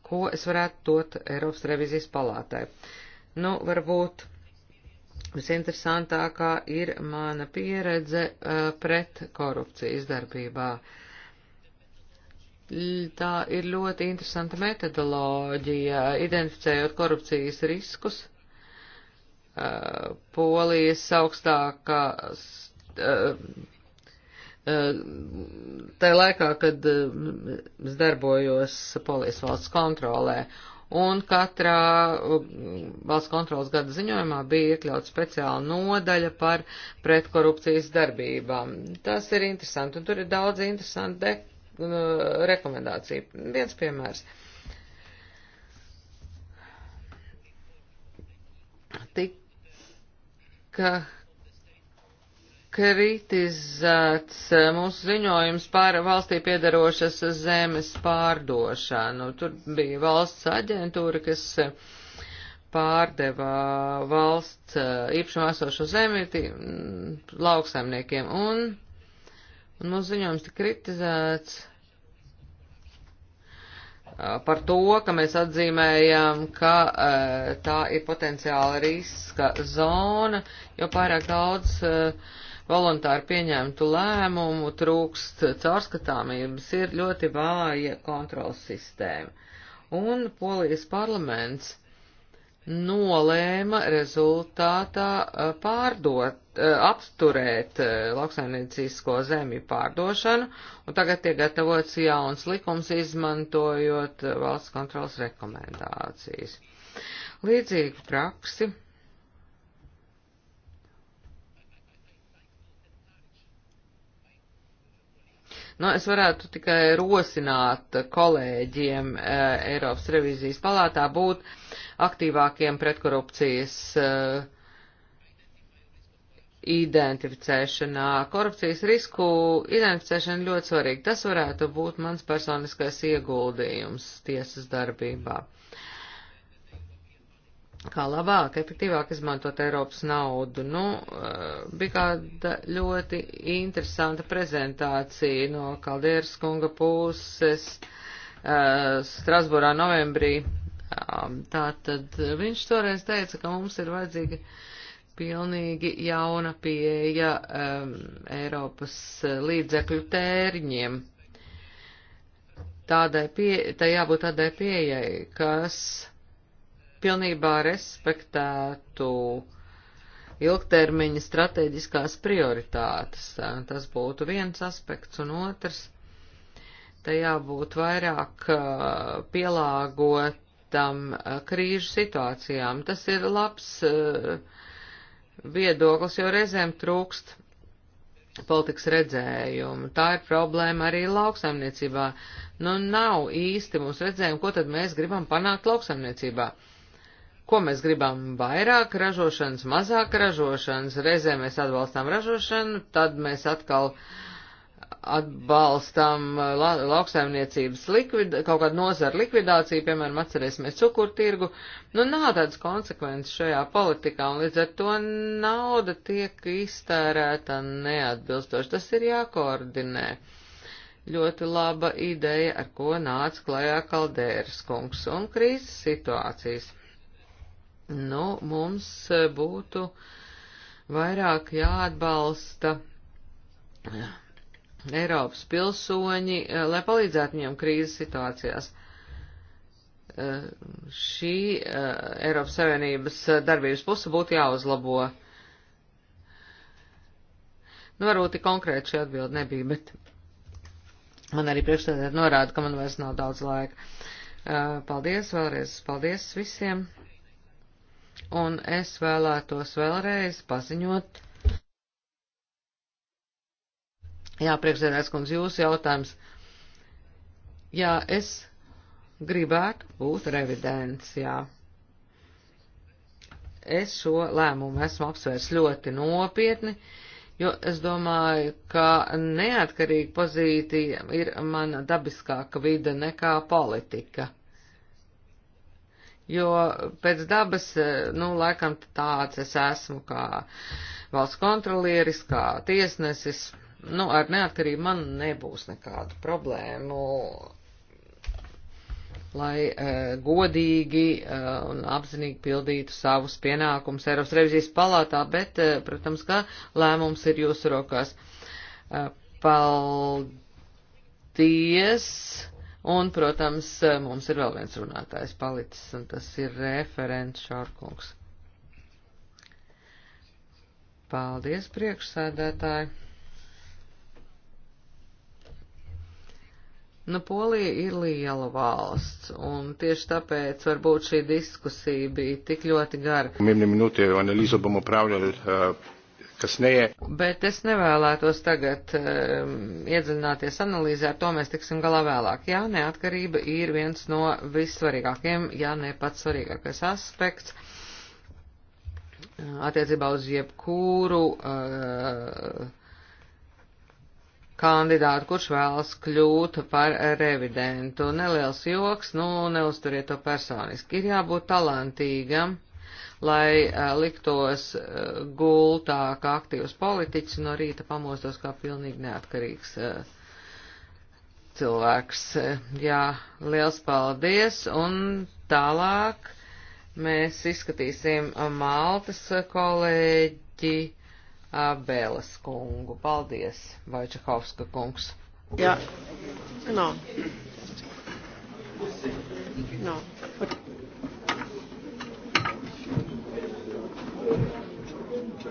C: Ko es varētu dot Eiropas revizijas palātai? Nu, varbūt visinteresantākā ir mana pieredze uh, pret korupcijas darbībā. Tā ir ļoti interesanta metodoloģija, identificējot korupcijas riskus. Uh, Polijas augstākās, uh, uh, tai laikā, kad uh, es darbojos Polijas valsts kontrolē, un katrā uh, valsts kontrolas gada ziņojumā bija iekļauts speciāla nodaļa par pretkorupcijas darbībām. Tas ir interesanti, un tur ir daudz interesanti uh, rekomendāciju. Viens piemērs. Tika kritizēts eh, mūsu ziņojums par valstī piedarošas zemes pārdošanu. Tur bija valsts aģentūra, kas eh, pārdeva valsts eh, īpašumā esošo zemi mm, lauksaimniekiem. Un, un mūsu ziņojums tika kritizēts par to, ka mēs atzīmējam, ka tā ir potenciāla riska zona, jo pārāk daudz uh, voluntāri pieņemtu lēmumu, trūkst caurskatāmības, ir ļoti vāja kontrols sistēma. Un Polijas parlaments nolēma rezultātā pārdot, apturēt lauksaimniecisko zemju pārdošanu, un tagad tiek gatavots jauns likums, izmantojot valsts kontrolas rekomendācijas. Līdzīgu praksi Nu, es varētu tikai rosināt kolēģiem eh, Eiropas revizijas palātā būt aktīvākiem pretkorupcijas eh, identificēšanā. Korupcijas risku identificēšana ļoti svarīga. Tas varētu būt mans personiskais ieguldījums tiesas darbībā. Uh, kā labāk, efektīvāk izmantot Eiropas naudu. Nu, eh, bija kāda ļoti interesanta prezentācija no Kaldieras kunga puses eh, Strasburā novembrī. Um, Tātad viņš toreiz teica, ka mums ir vajadzīga pilnīgi jauna pieeja um, Eiropas līdzekļu tērņiem. Tādai pie, tā jābūt tādai pieejai, kas pilnībā respektētu ilgtermiņa strateģiskās prioritātes. Tas būtu viens aspekts, un otrs, tajā būtu vairāk pielāgotam krīžu situācijām. Tas ir labs viedoklis, jo reizēm trūkst politikas redzējumu. Tā ir problēma arī lauksaimniecībā. Nu, nav īsti mums redzējumu, ko tad mēs gribam panākt lauksaimniecībā. Uh, ko mēs gribam vairāk ražošanas, mazāk ražošanas, reizē mēs atbalstām ražošanu, tad mēs atkal atbalstām uh, la, lauksaimniecības likvid, kaut kādu nozaru likvidāciju, piemēram, atcerēsimies cukurtirgu. Nu, nav tādas konsekvences šajā politikā, un līdz ar to nauda tiek iztērēta neatbilstoši. Tas ir jākoordinē. Ļoti laba ideja, ar ko nāca klajā Kaldēras kungs un krīzes situācijas. Nu, mums eh, būtu vairāk jāatbalsta eh, Eiropas pilsoņi, eh, lai palīdzētu viņiem krīzes situācijās. Šī Eiropas Savienības darbības puse būtu jāuzlabo. Nu, varbūt tik konkrēti šī atbilde nebija, bet man arī priekšstādē norāda, ka man vairs nav daudz laika. Paldies vēlreiz, paldies visiem! un es vēlētos vēlreiz paziņot. Jā, priekšsēdētājs kundze, jūsu jautājums. Jā, es gribētu būt revidents, jā. Es šo lēmumu esmu apsvērs ļoti nopietni, jo es domāju, ka neatkarīga pozīcija ir mana dabiskāka vida nekā politika jo pēc dabas, e, nu, laikam tāds es esmu kā valsts kontrolieris, kā tiesnesis, nu, ar neatkarību man nebūs nekādu problēmu, lai e, godīgi e, un apzinīgi pildītu savus pienākumus Eiropas revizijas palātā, bet, e, protams, ka lēmums ir jūsu rokās. E, paldies! Un, protams, mums ir vēl viens runātājs palicis, un tas ir referents Šārkungs. Paldies, priekšsēdētāji! Nu, Polija ir liela valsts, un tieši tāpēc varbūt šī diskusija bija tik ļoti gara.
A: Minūtē, un Elīza, bom opravljali uh, kas neie.
C: Bet es nevēlētos tagad um, ehm, iedziļināties analīzē, ar to mēs tiksim galā vēlāk. Jā, neatkarība ir viens no vissvarīgākajiem, jā, ne pats svarīgākais aspekts eh, attiecībā uz jebkuru uh, kandidātu, kurš vēlas kļūt par revidentu. Neliels joks, nu, neuzturiet to personiski. Ir jābūt talantīgam lai liktos gultā kā aktīvs politiķis un no rīta pamostos kā pilnīgi neatkarīgs cilvēks. Jā, liels paldies un tālāk mēs izskatīsim Maltas kolēģi Abēlas kungu. Paldies, Vaičakovska kungs. Jā, no.
A: No. Okay.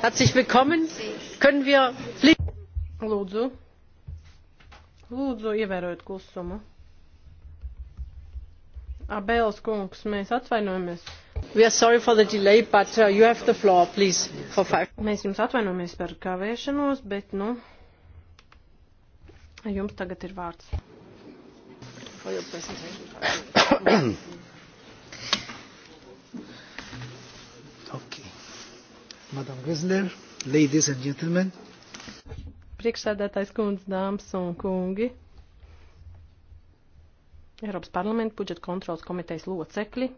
A: Herzlich willkommen. Können wir Lūdzu. Lūdzu, ievērojiet klusumu. Abēls kungs, mēs atvainojamies. We are sorry for the delay, but uh, you have the floor, please, for five. Mēs jums atvainojamies par kavēšanos, bet, nu, jums tagad ir vārds.
B: For your presentation.
A: Madam Grisler,
C: ladies and gentlemen.
A: Priekšsēdētājs kundze, dāmas un kungi. Eiropas parlamenta budžeta kontrolas komitejas locekļi.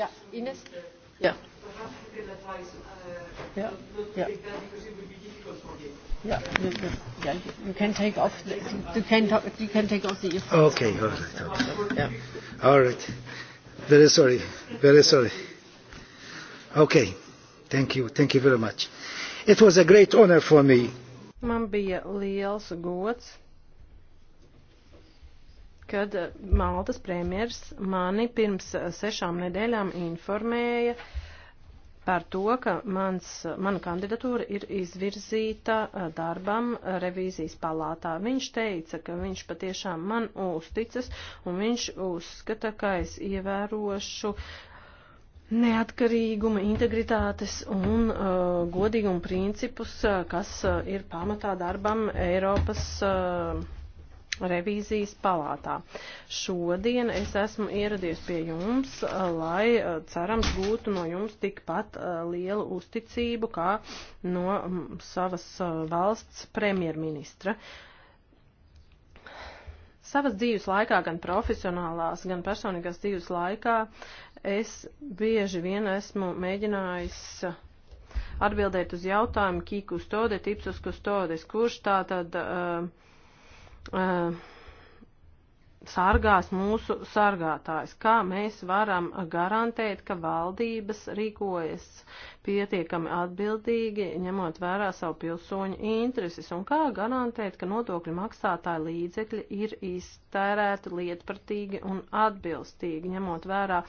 A: Jā, Ines. Jā. Yeah, yeah. Yeah, you, yeah, you can take off. The, you can you can take off the earphones. Okay, all right. Okay. Yeah. All right. Very sorry. Very sorry. Okay. Thank you. Thank you very much. It was a great honor for me. Man bija liels gods, kad uh, Maltas premjers mani pirms uh, sešām nedēļām informēja, uh, par to, ka mans, mana kandidatūra ir izvirzīta eh, darbam revīzijas palātā. Viņš teica, ka viņš patiešām man uzticas un viņš uzskata, ka es ievērošu neatkarīguma, integritātes un uh, godīguma principus, eh, kas uh, ir pamatā darbam Eiropas. Uh, revīzijas palātā. Šodien es esmu ieradies pie jums, eh, lai eh, cerams gūtu no jums tikpat eh, lielu uzticību kā no mm, savas valsts premjerministra. Savas dzīves laikā, gan profesionālās, gan personīgās dzīves laikā, es bieži vien esmu mēģinājis atbildēt uz jautājumu, kīkus tode, tipsus kustodes, kurš tā tad uh, uh, sargās mūsu sargātājs, kā mēs varam garantēt, ka valdības rīkojas pietiekami atbildīgi, ņemot vērā savu pilsoņu intereses, un kā garantēt, ka nodokļu maksātāja līdzekļi ir iztērēti lietpratīgi un atbilstīgi, ņemot vērā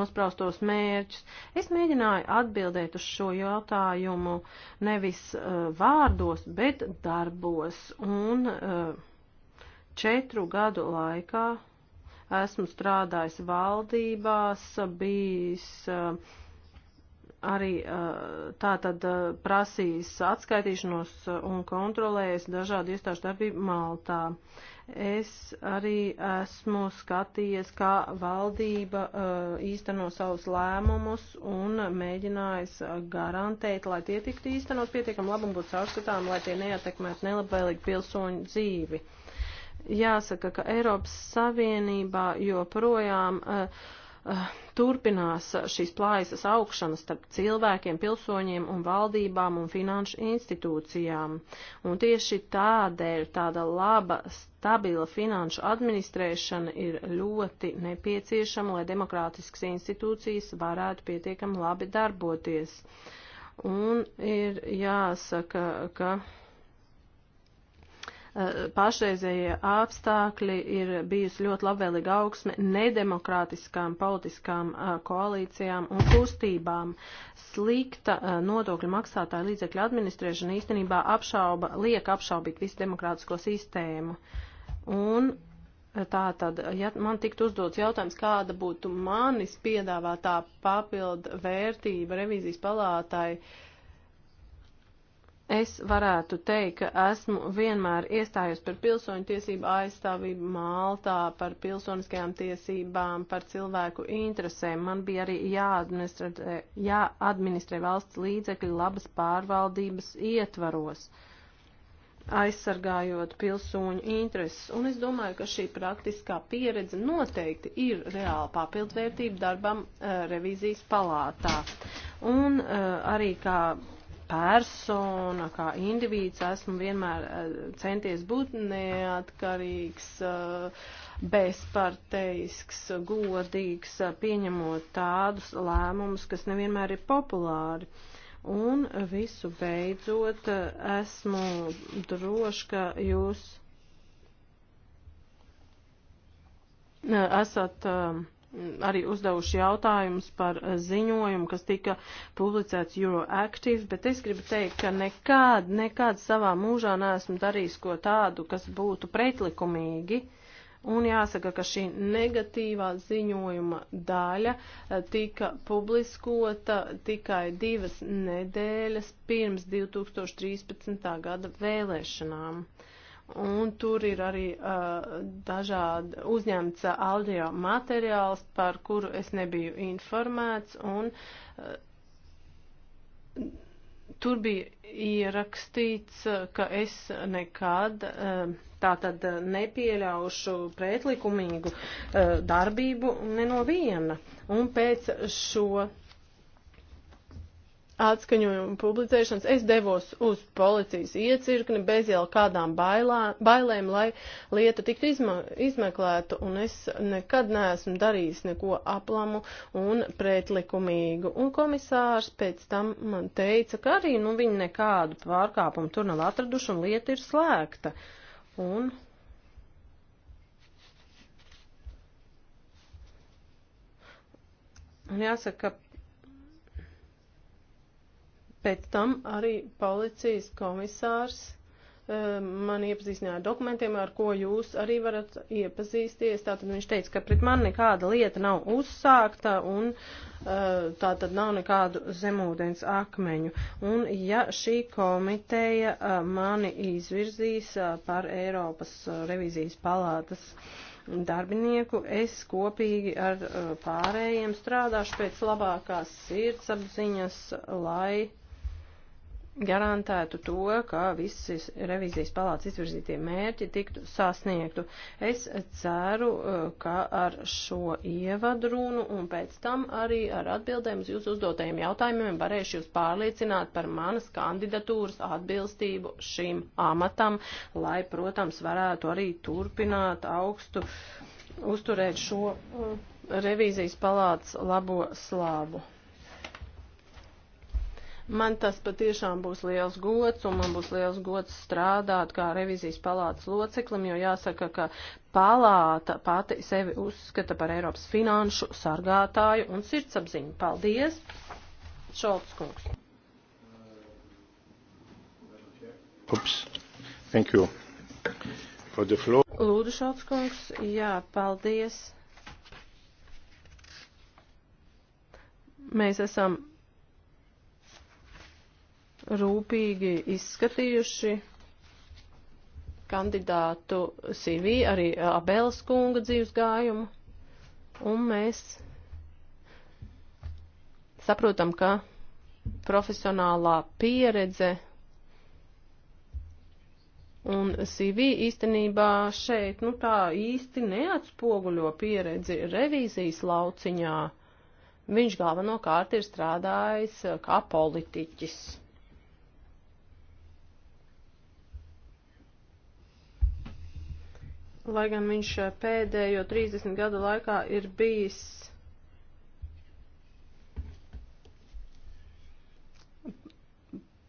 A: nospraustos mērķus. Es mēģināju atbildēt uz šo jautājumu nevis uh, vārdos, bet darbos. Un, uh, Četru gadu laikā esmu strādājis valdībās, bijis eh, arī eh, tā tad eh, prasījis atskaitīšanos un kontrolējis dažādu iestāžu darbību Maltā. Es arī esmu skatījies, kā valdība īsteno savus lēmumus un mēģinājis garantēt, lai tie tiktu īstenot pietiekam labam būtu caurskatām, lai tie neatekmētu nelabvēlīgi pilsoņu dzīvi. Uh, Jāsaka, ka Eiropas Savienībā joprojām uh, turpinās šīs plājas augšanas starp cilvēkiem, pilsoņiem un valdībām un finanšu institūcijām. Un tieši tādēļ tāda laba, stabila finanšu administrēšana ir ļoti nepieciešama, lai demokrātiskas institūcijas varētu pietiekami labi darboties. Un ir jāsaka, ka. ka pašreizējie apstākļi ir bijusi ļoti labvēlīga augsme nedemokrātiskām politiskām koalīcijām un kustībām. Slikta nodokļu maksātāja līdzekļu administrēšana īstenībā apšauba, liek apšaubīt visu demokrātisko sistēmu. Un tā tad, ja man tiktu uzdots jautājums, kāda būtu manis piedāvātā papildu vērtība revīzijas palātai, uh, Es varētu teikt, ka esmu vienmēr iestājusi par pilsoņu tiesību aizstāvību Maltā, par pilsoniskajām tiesībām, par cilvēku interesēm. Man bija arī jāadministrē, jāadministrē valsts līdzekļi labas pārvaldības ietvaros, aizsargājot pilsoņu intereses. Un es domāju, ka šī praktiskā pieredze noteikti ir reāla papildvērtība darbam uh, revīzijas palātā. Un uh, arī kā persona, kā individs esmu vienmēr eh, centies būt neatkarīgs, eh, bezparteisks, godīgs, eh, pieņemot tādus lēmumus, kas nevienmēr ir populāri. Un visu beidzot esmu droši, ka jūs esat uh, arī uzdevuši jautājumus par eh, ziņojumu, kas tika publicēts Euroactive, bet es gribu teikt, ka nekād, nekād savā mūžā neesmu darījis ko tādu, kas būtu pretlikumīgi. Un jāsaka, ka šī negatīvā ziņojuma daļa eh, tika publiskota tikai divas nedēļas pirms 2013. gada vēlēšanām. Uh, un tur ir arī uh, dažādi uzņemts audio materiāls, par kuru es nebiju informēts, un uh, tur bija ierakstīts, uh, ka es nekad uh, tātad uh, nepieļaušu pretlikumīgu uh, darbību ne no viena, un pēc šo atskaņojumu publicēšanas, es devos uz policijas iecirkni bez jau kādām bailā, bailēm, lai lieta tiktu izma, izmeklēta, un es nekad neesmu darījis neko aplamu un pretlikumīgu. Un komisārs pēc tam man teica, ka arī, nu, viņi nekādu pārkāpumu tur nav atraduši, un lieta ir slēgta. Un Un jāsaka, ka Pēc tam arī policijas komisārs eh, man iepazīstināja ar dokumentiem, ar ko jūs arī varat iepazīsties. Tātad viņš teica, ka pret mani nekāda lieta nav uzsākta un eh, tā tad nav nekādu zemūdens akmeņu. Un ja šī komiteja eh, mani izvirzīs par Eiropas revizijas palātas darbinieku, es kopīgi ar pārējiem strādāšu pēc labākās sirdsapziņas, lai garantētu to, ka visas revizijas palātas izvirzītie mērķi tiktu sasniegtu. Es ceru, eh, ka ar šo ievadrunu un pēc tam arī ar atbildēm uz jūsu uzdotajiem jautājumiem varēšu jūs pārliecināt par manas kandidatūras atbilstību šim amatam, lai, protams, varētu arī turpināt augstu uzturēt šo eh, revīzijas palātas labo slāvu. Man tas patiešām būs liels gods, un man būs liels gods strādāt kā revizijas palātas loceklim, jo jāsaka, ka palāta pati sevi uzskata par Eiropas finanšu sargātāju un sirdsapziņu. Paldies, Šolts kungs.
B: Ups. Thank you. For the floor.
A: Lūdzu, Šolts kungs. Jā, paldies. Mēs esam rūpīgi izskatījuši kandidātu CV, arī eh, Abēlas kunga dzīves gājumu, un mēs saprotam, ka profesionālā pieredze un CV īstenībā šeit, nu tā īsti neatspoguļo pieredzi revīzijas lauciņā. Viņš galvenokārt ir strādājis eh, kā politiķis. lai gan viņš eh, pēdējo 30 gadu laikā ir bijis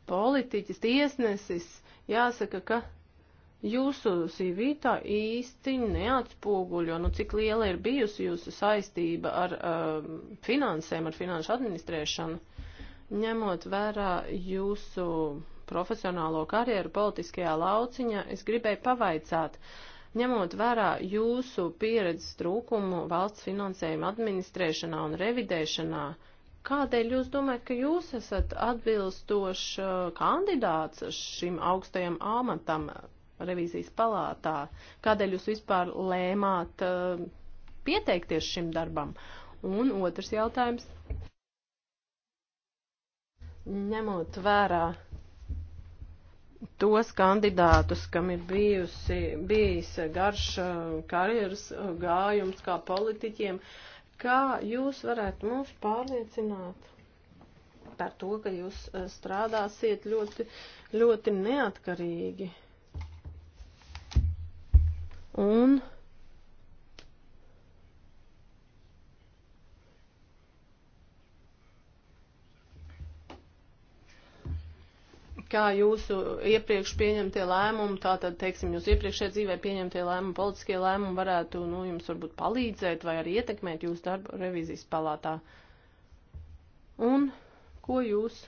A: politiķis, tiesnesis, jāsaka, ka jūsu sīvītā īsti neatspoguļo, nu cik liela ir bijusi jūsu saistība ar um, finansēm, ar finanšu administrēšanu, ņemot vērā jūsu profesionālo karjeru politiskajā lauciņā, es gribēju pavaicāt, uh, Ņemot vērā jūsu pieredzes trūkumu valsts finansējuma administrēšanā un revidēšanā, kādēļ jūs domājat, ka jūs esat atbilstošs uh, kandidāts šim augstajam amatam revīzijas palātā? Kādēļ jūs vispār lēmāt uh, pieteikties šim darbam? Un otrs jautājums. Ņemot vērā tos kandidātus, kam ir bijusi, bijis garš eh, karjeras eh, gājums kā politiķiem, kā jūs varētu mūs pārliecināt par to, ka jūs eh, strādāsiet ļoti, ļoti neatkarīgi. Un kā jūsu iepriekš pieņemtie lēmumi, tātad, teiksim, jūs iepriekšējā dzīvē pieņemtie lēmumi, politiskie lēmumi varētu, nu, jums varbūt palīdzēt vai arī ietekmēt jūsu darbu revizijas palātā. Un ko jūs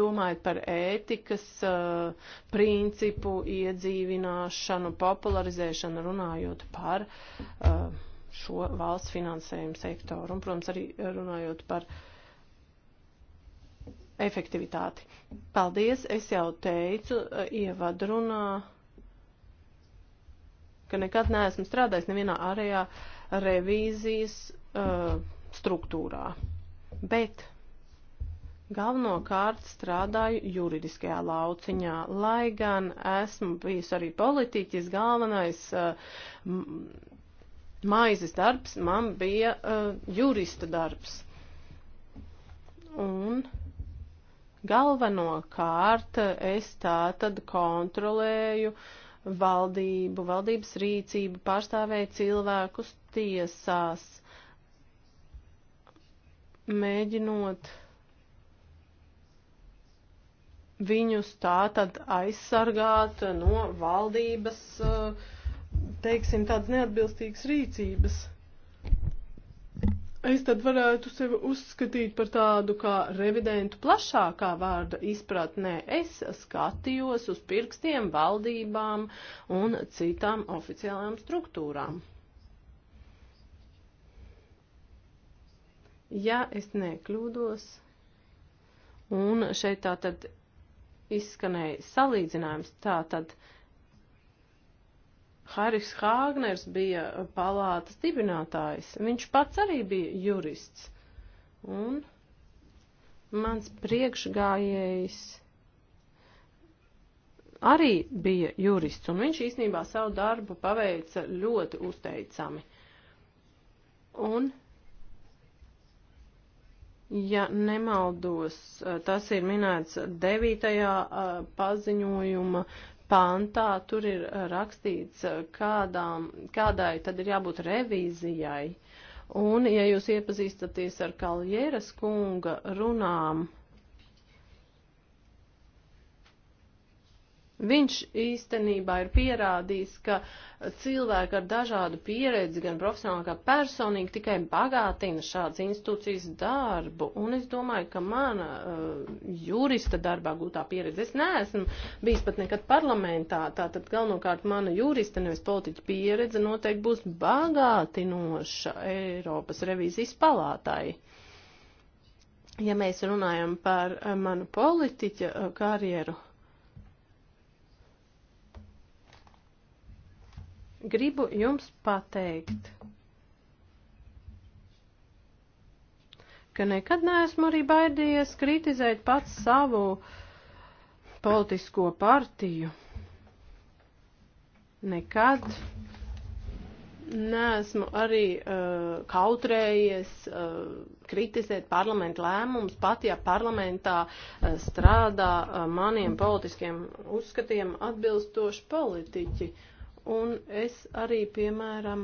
A: domājat par ētikas uh, principu iedzīvināšanu, popularizēšanu, runājot par uh, šo valsts finansējumu sektoru un, protams, arī runājot par uh, efektivitāti. Paldies, es jau teicu eh, ievadrunā, ka nekad neesmu strādājis nevienā ārējā revīzijas uh, struktūrā, bet galvenokārt strādāju juridiskajā lauciņā, lai gan esmu bijis arī politiķis, galvenais uh, maizes darbs man bija uh, jurista darbs. Un Galvenokārt es tā tad kontrolēju valdību, valdības rīcību, pārstāvēju cilvēkus tiesās, mēģinot viņus tā tad aizsargāt no valdības, teiksim, tādas neatbilstīgas rīcības es tad varētu sevi uzskatīt par tādu kā revidentu plašākā vārda izpratnē. Es skatījos uz pirkstiem valdībām un citām oficiālām struktūrām. Ja es nekļūdos, un šeit tā tad izskanēja salīdzinājums, tā tad. Uh, Haris Hāgners bija palātas dibinātājs. Viņš pats arī bija jurists. Un mans priekšgājējs arī bija jurists, un viņš īstenībā savu darbu paveica ļoti uzteicami. Un Ja nemaldos, tas ir minēts devītajā paziņojuma pantā tur ir eh, rakstīts, eh, kādām, kādai tad ir jābūt revīzijai. Un, ja jūs iepazīstaties ar Kaljeras kunga runām, Viņš īstenībā ir pierādījis, ka cilvēki ar dažādu pieredzi, gan profesionāli, gan personīgi, tikai bagātina šādas institūcijas darbu. Un es domāju, ka mana uh, jurista darbā gūtā pieredze, es neesmu bijis pat nekad parlamentā, tātad galvenokārt mana jurista, nevis politiķa pieredze, noteikti būs bagātinoša Eiropas revīzijas palātai ja mēs runājam par uh, manu politiķa uh, karjeru, gribu jums pateikt, ka nekad neesmu arī baidījies kritizēt pats savu politisko partiju. Nekad neesmu arī uh, kautrējies uh, kritizēt parlamentu lēmumus, pat ja parlamentā uh, strādā uh, maniem politiskiem uzskatiem atbilstoši politiķi. Uh, Un es arī, piemēram,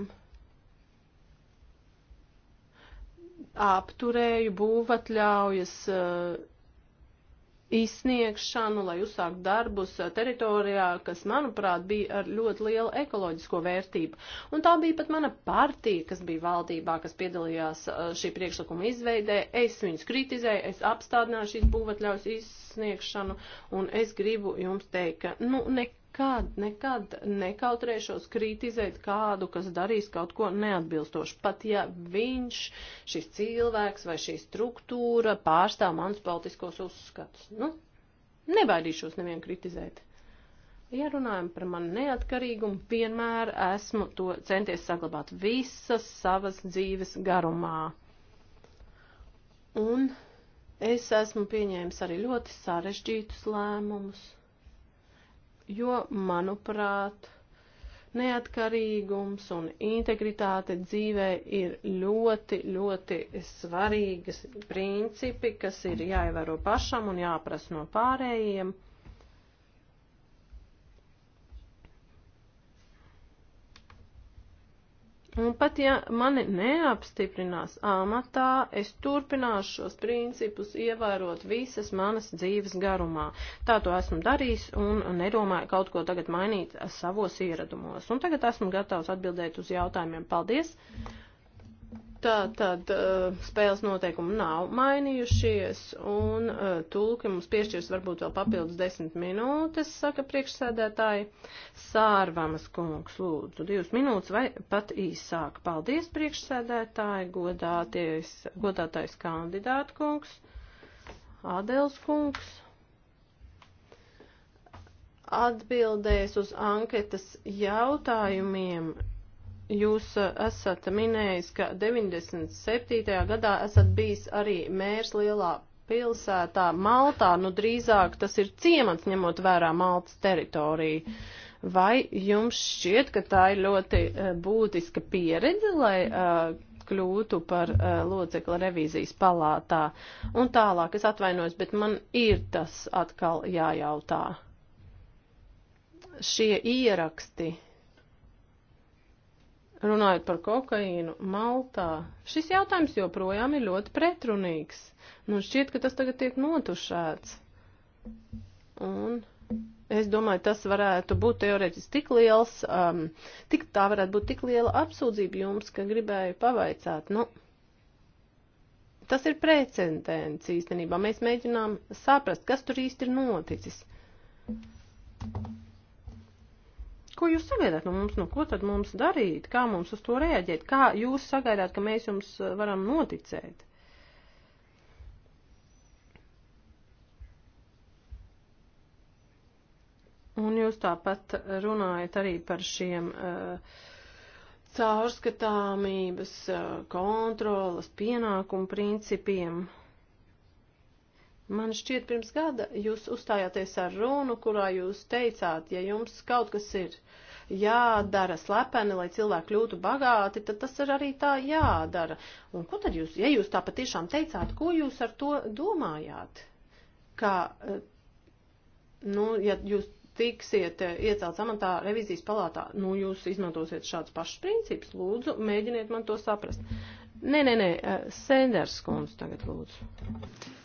A: apturēju būvatļaujas uh, izsniegšanu, lai uzsākt darbus eh, teritorijā, kas, manuprāt, bija ar ļoti lielu ekoloģisko vērtību. Un tā bija pat mana partija, kas bija valdībā, kas piedalījās eh, šī priekšlikuma izveidē. Es viņus kritizēju, es apstādināju šīs būvatļaus izsniegšanu, un es gribu jums teikt, ka, nu, nekā nekad, nekad nekautrēšos kritizēt kādu, kas darīs kaut ko neatbilstošu. Pat ja viņš, šis cilvēks vai šī struktūra pārstāv mans politiskos uzskatus. Nu, nebaidīšos nevienu kritizēt. Ja runājam par manu neatkarīgumu, vienmēr esmu to centies saglabāt visas savas dzīves garumā. Un es esmu pieņēmis arī ļoti sarežģītus lēmumus jo, manuprāt, neatkarīgums un integritāte dzīvē ir ļoti, ļoti svarīgas principi, kas ir jāievēro pašam un jāprasa no pārējiem. Un pat ja mani neapstiprinās amatā, es turpināšu šos principus ievērot visas manas dzīves garumā. Tā to esmu darījis un nedomāju kaut ko tagad mainīt savos ieradumos. Un tagad esmu gatavs atbildēt uz jautājumiem. Paldies! Mm. Tā tad uh, spēles noteikumi nav mainījušies, un uh, tulki mums piešķirs varbūt vēl papildus desmit minūtes, saka priekšsēdētāji. Sārvamas kungs, lūdzu, divas minūtes vai pat īsāk. Paldies, priekšsēdētāji, godātais kandidāta kungs, Adels kungs atbildēs uz anketas jautājumiem, Jūs uh, esat minējis, ka 97. gadā esat bijis arī mērs lielā pilsētā Maltā, nu drīzāk tas ir ciemats, ņemot vērā Maltas teritoriju. Vai jums šķiet, ka tā ir ļoti uh, būtiska pieredze, lai uh, kļūtu par uh, locekli revīzijas palātā. Un tālāk es atvainojos, bet man ir tas atkal jājautā. Šie ieraksti Runājot par kokaīnu Maltā, šis jautājums joprojām ir ļoti pretrunīgs. Nu, šķiet, ka tas tagad tiek notušēts. Un es domāju, tas varētu būt teorētiski tik liels, um, tik, tā varētu būt tik liela apsūdzība jums, ka gribēju pavaicāt. Nu, tas ir precedents īstenībā. Mēs mēģinām saprast, kas tur īsti ir noticis. Thank you. Ko jūs sagaidāt no mums? No nu, ko tad mums darīt? Kā mums uz to reaģēt? Kā jūs sagaidāt, ka mēs jums eh, varam noticēt? Un jūs tāpat runājat arī par šiem uh, caurskatāmības, uh, kontrolas, pienākumu principiem. Uh, Man šķiet, pirms gada jūs uzstājāties ar runu, kurā jūs teicāt, ja jums kaut kas ir jādara slepeni, lai cilvēki kļūtu bagāti, tad tas ir arī tā jādara. Un ko tad jūs, ja jūs tā patiešām teicāt, ko jūs ar to domājāt? Kā, eh, nu, ja jūs tiksiet eh, iecelt samatā revizijas palātā, nu, jūs izmantosiet šāds pašs princips, lūdzu, mēģiniet man to saprast. Nē, nē, nē, eh, Senders kungs tagad lūdzu.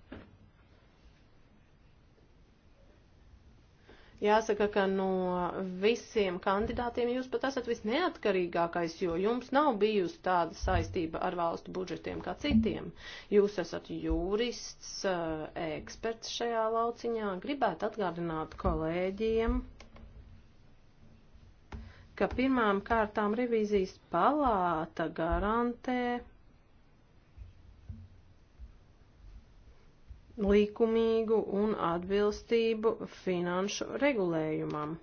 A: Jāsaka, ka no visiem kandidātiem jūs pat esat visneatkarīgākais, jo jums nav bijusi tāda saistība ar valstu budžetiem kā citiem. Jūs esat jurists, eh, eksperts šajā lauciņā. Gribētu atgādināt kolēģiem, ka pirmām kārtām revīzijas palāta garantē likumīgu un atbilstību finanšu regulējumam.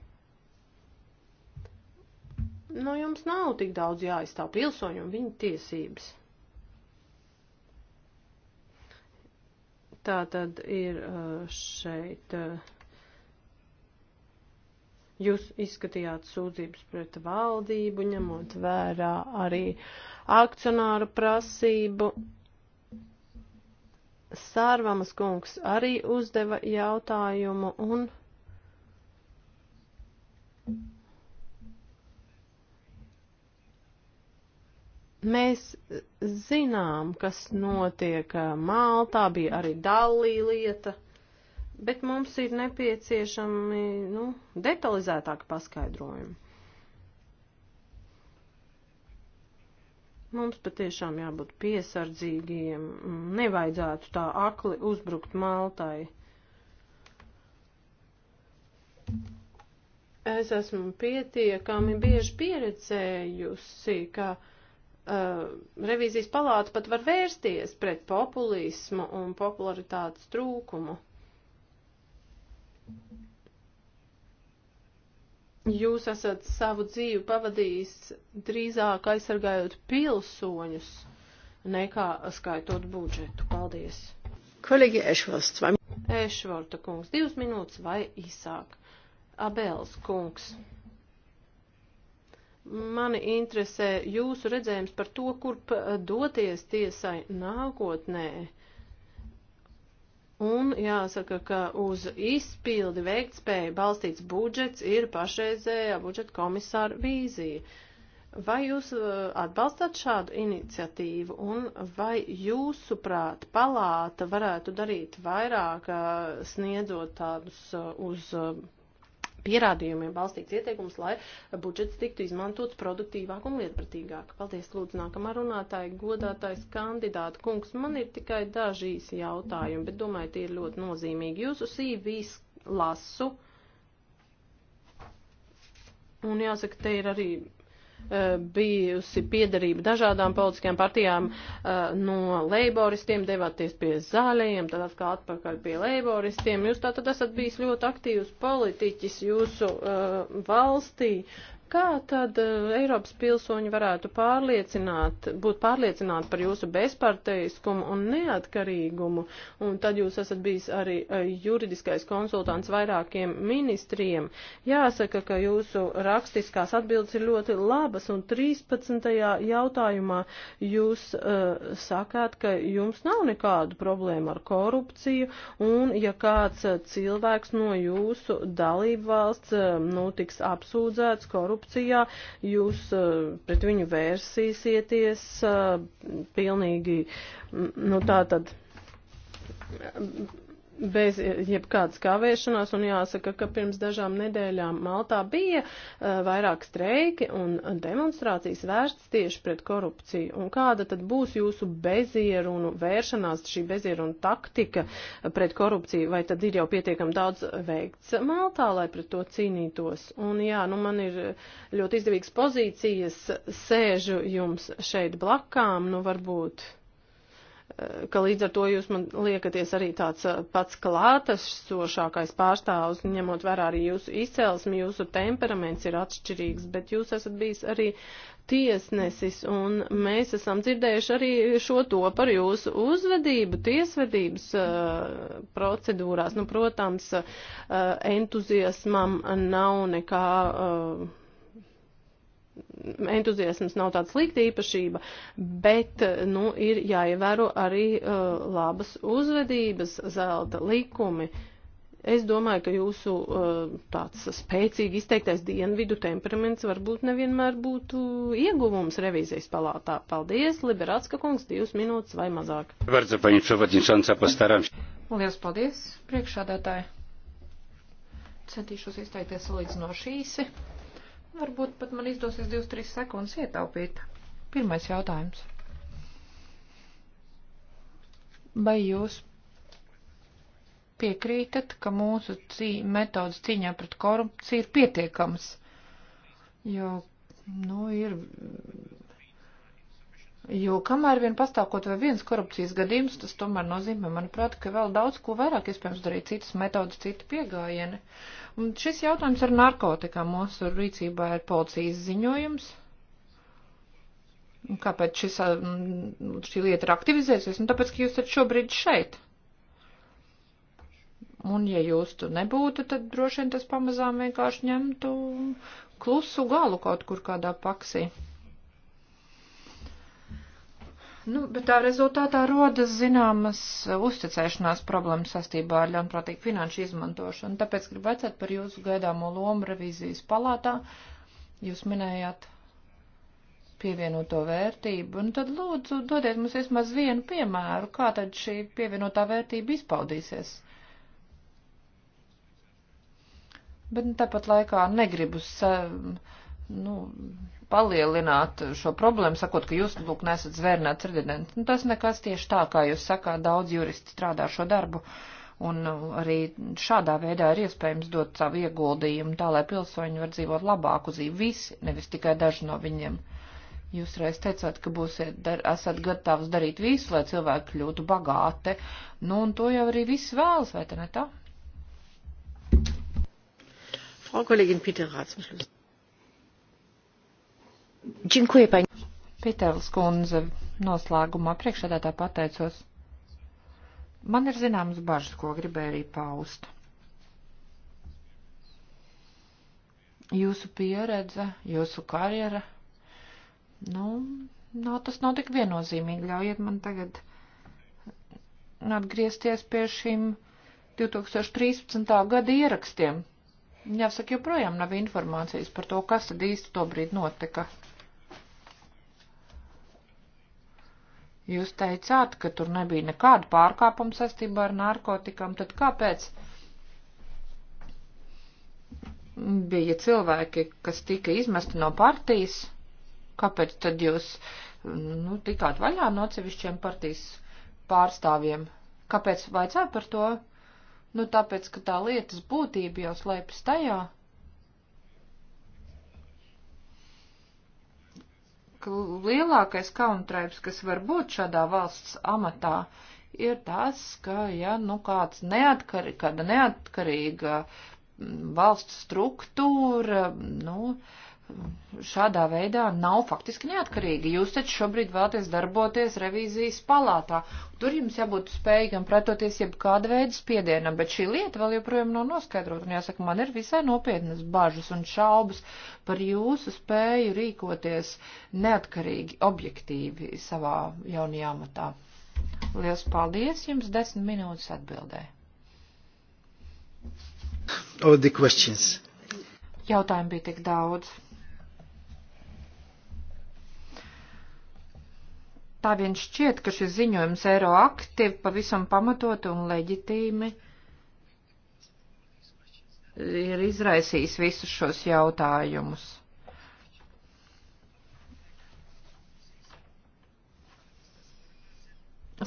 A: Nu, jums nav tik daudz jāizstāv pilsoņu un viņu tiesības. Tā tad ir uh, šeit. Uh, jūs izskatījāt sūdzības pret valdību, ņemot vērā arī akcionāru prasību Sārvamas kungs arī uzdeva jautājumu un. Mēs zinām, kas notiek Maltā, bija arī Dallī lieta, bet mums ir nepieciešami, nu, detalizētāki paskaidrojumi. Mums patiešām jābūt piesardzīgiem, nevajadzētu tā akli uzbrukt Maltai. Es esmu pietiekami bieži pieredzējusi, ka uh, revīzijas palāta pat var vērsties pret populismu un popularitātes trūkumu jūs esat savu dzīvi pavadījis drīzāk aizsargājot pilsoņus nekā skaitot budžetu. Paldies! Kolēģi Ešvorts, vai? Ešvorta kungs, divas minūtes vai īsāk. Abels kungs. Mani interesē jūsu redzējums par to, kur doties tiesai nākotnē. Un jāsaka, ka uz izpildi veiktspēju balstīts budžets ir pašreizējā budžeta komisāra vīzija. Vai jūs uh, atbalstāt šādu iniciatīvu un vai jūsuprāt palāta varētu darīt vairāk, uh, sniedzot tādus uh, uz pierādījumiem balstīts ieteikums, lai budžets tiktu izmantots produktīvāk un lietpratīgāk. Paldies, lūdzu, nākamā runātāja, godātais kandidāta kungs. Man ir tikai daži īsi jautājumi, bet domāju, tie ir ļoti nozīmīgi. Jūsu sīvīs lasu. Un jāsaka, te ir arī bijusi piedarība dažādām politiskajām partijām eh, no leiboristiem, devāties pie zaļajiem, tad atkal atpakaļ pie leiboristiem. Jūs tātad esat bijis ļoti aktīvs politiķis jūsu uh, valstī, Kā tad uh, Eiropas pilsoņi varētu pārliecināt, būt pārliecināti par jūsu bezparteiskumu un neatkarīgumu? Un tad jūs esat bijis arī uh, juridiskais konsultants vairākiem ministriem. Jāsaka, ka jūsu rakstiskās atbildes ir ļoti labas, un 13. jautājumā jūs uh, sakāt, ka jums nav nekādu problēmu ar korupciju, un ja kāds uh, cilvēks no jūsu dalību valsts uh, nu, tiks apsūdzēts korupciju, korupcijā, jūs uh, pret viņu vērsīsieties uh, pilnīgi, mm, nu tā tad bez jebkādas kavēšanās, un jāsaka, ka pirms dažām nedēļām Maltā bija uh, vairāk streiki un demonstrācijas vērsts tieši pret korupciju. Un kāda tad būs jūsu bezierunu vēršanās, šī bezierunu taktika pret korupciju, vai tad ir jau pietiekam daudz veikts Maltā, lai pret to cīnītos? Un jā, nu man ir ļoti izdevīgas pozīcijas, sēžu jums šeit blakām, nu varbūt ka līdz ar to jūs man liekaties arī tāds eh, pats klātesošākais pārstāvs, ņemot vērā arī jūsu izcelsmi, jūsu temperaments ir atšķirīgs, bet jūs esat bijis arī tiesnesis, un mēs esam dzirdējuši arī šo to par jūsu uzvedību tiesvedības uh, procedūrās. Nu, protams, uh, entuziasmam nav nekā. Uh, entuziasms nav tāds slikta īpašība, bet, nu, ir jāievēro arī uh, labas uzvedības zelta likumi. Es domāju, ka jūsu uh, tāds spēcīgi izteiktais dienvidu temperaments varbūt nevienmēr būtu ieguvums revīzijas palātā. Paldies, Liberācka kungs, divas minūtes vai mazāk. Lielas paldies,
B: priekšādātāji. Centīšos izteikties salīdzinoši īsi. Varbūt pat man izdosies 2-3 sekundes ietaupīt. Pirmais jautājums. Vai jūs piekrītat, ka mūsu cī metodas cīņā pret korupciju ir pietiekamas? Jo, nu, ir Jo kamēr vien pastāv kaut vai viens korupcijas gadījums, tas tomēr nozīmē, manuprāt, ka vēl daudz ko vairāk iespējams darīt citas metodas, citi piegājieni. Un šis jautājums ar narkotikām mūsu rīcībā ir policijas ziņojums. Kāpēc šis, mm, šī lieta ir aktivizējusies? Nu, tāpēc, ka jūs esat šobrīd šeit. Un ja jūs tur nebūtu, tad droši vien tas pamazām vienkārši ņemtu klusu galu kaut kur kādā paksī. Nu, bet tā rezultātā rodas zināmas uh, uzticēšanās problēmas sastībā ar ļaunprātīgu finanšu izmantošanu. Tāpēc gribu vecāt par jūsu gaidāmo lomu revīzijas palātā. Jūs minējāt pievienoto vērtību, un tad lūdzu dodiet mums vismaz vienu piemēru, kā tad šī pievienotā vērtība izpaudīsies. Bet nu, tāpat laikā negribu, sa, nu, palielināt šo problēmu, sakot, ka jūs, lūk, nesat zvērnēts revidents. Nu, tas nekas tieši tā, kā jūs sakāt, daudz juristi strādā šo darbu. Un uh, arī šādā veidā ir iespējams dot savu ieguldījumu, tā lai pilsoņi var dzīvot labāku dzīvi visi, nevis tikai daži no viņiem. Jūs reiz teicāt, ka būsiet, dar, esat gatavs darīt visu, lai cilvēki kļūtu bagāti. Nu, un to jau arī viss vēlas, vai te
A: ne tā? Frau Kollegin Peter Ratsmschluss.
B: Pitēlis kundze noslēgumā priekšādātā pateicos. Man ir zināmas bažas, ko gribēju arī paust. Jūsu pieredze, jūsu karjera, nu, nav tas nav tik viennozīmīgi. Ļaujiet man tagad atgriezties pie šīm 2013. gada ierakstiem. Jāsaka, joprojām nav informācijas par to, kas tad īsti to brīdi notika. Jūs teicāt, ka tur nebija nekāda pārkāpuma saistībā ar narkotikām, tad kāpēc bija cilvēki, kas tika izmesti no partijas? Kāpēc tad jūs nu, tikāt vaļā no atsevišķiem partijas pārstāvjiem? Kāpēc vajadzēja par to Nu, tāpēc, ka tā lietas būtība jau slēpjas tajā, ka lielākais kauntraips, kas var būt šādā valsts amatā, ir tas, ka, ja, nu, kāds neatkar, kāda neatkarīga mm, valsts struktūra, nu, uh, šādā veidā nav faktiski neatkarīgi. Jūs taču šobrīd vēlaties darboties revīzijas palātā. Tur jums jābūt spējīgam pretoties jebkāda veida spiedienam, bet šī lieta vēl joprojām nav noskaidrota. Un jāsaka, man ir visai nopietnas bažas un šaubas par jūsu spēju rīkoties neatkarīgi, objektīvi savā jaunajā matā. Lielas paldies jums desmit minūtes atbildē.
A: All the questions.
B: Jautājumi bija tik daudz. Tā vien šķiet, ka šis ziņojums eiro aktīvi pavisam pamatot un leģitīmi ir izraisījis visus šos jautājumus.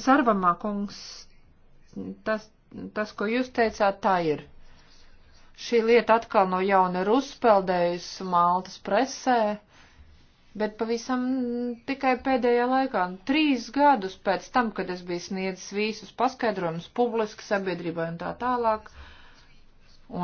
B: Sarvamā kungs, tas, tas, ko jūs teicāt, tā ir. Šī lieta atkal no jauna ir uzpeldējusi Maltas presē. Bet pavisam tikai pēdējā laikā, trīs gadus pēc tam, kad es biju sniedzis visus paskaidrojumus publiski sabiedrībai un tā tālāk,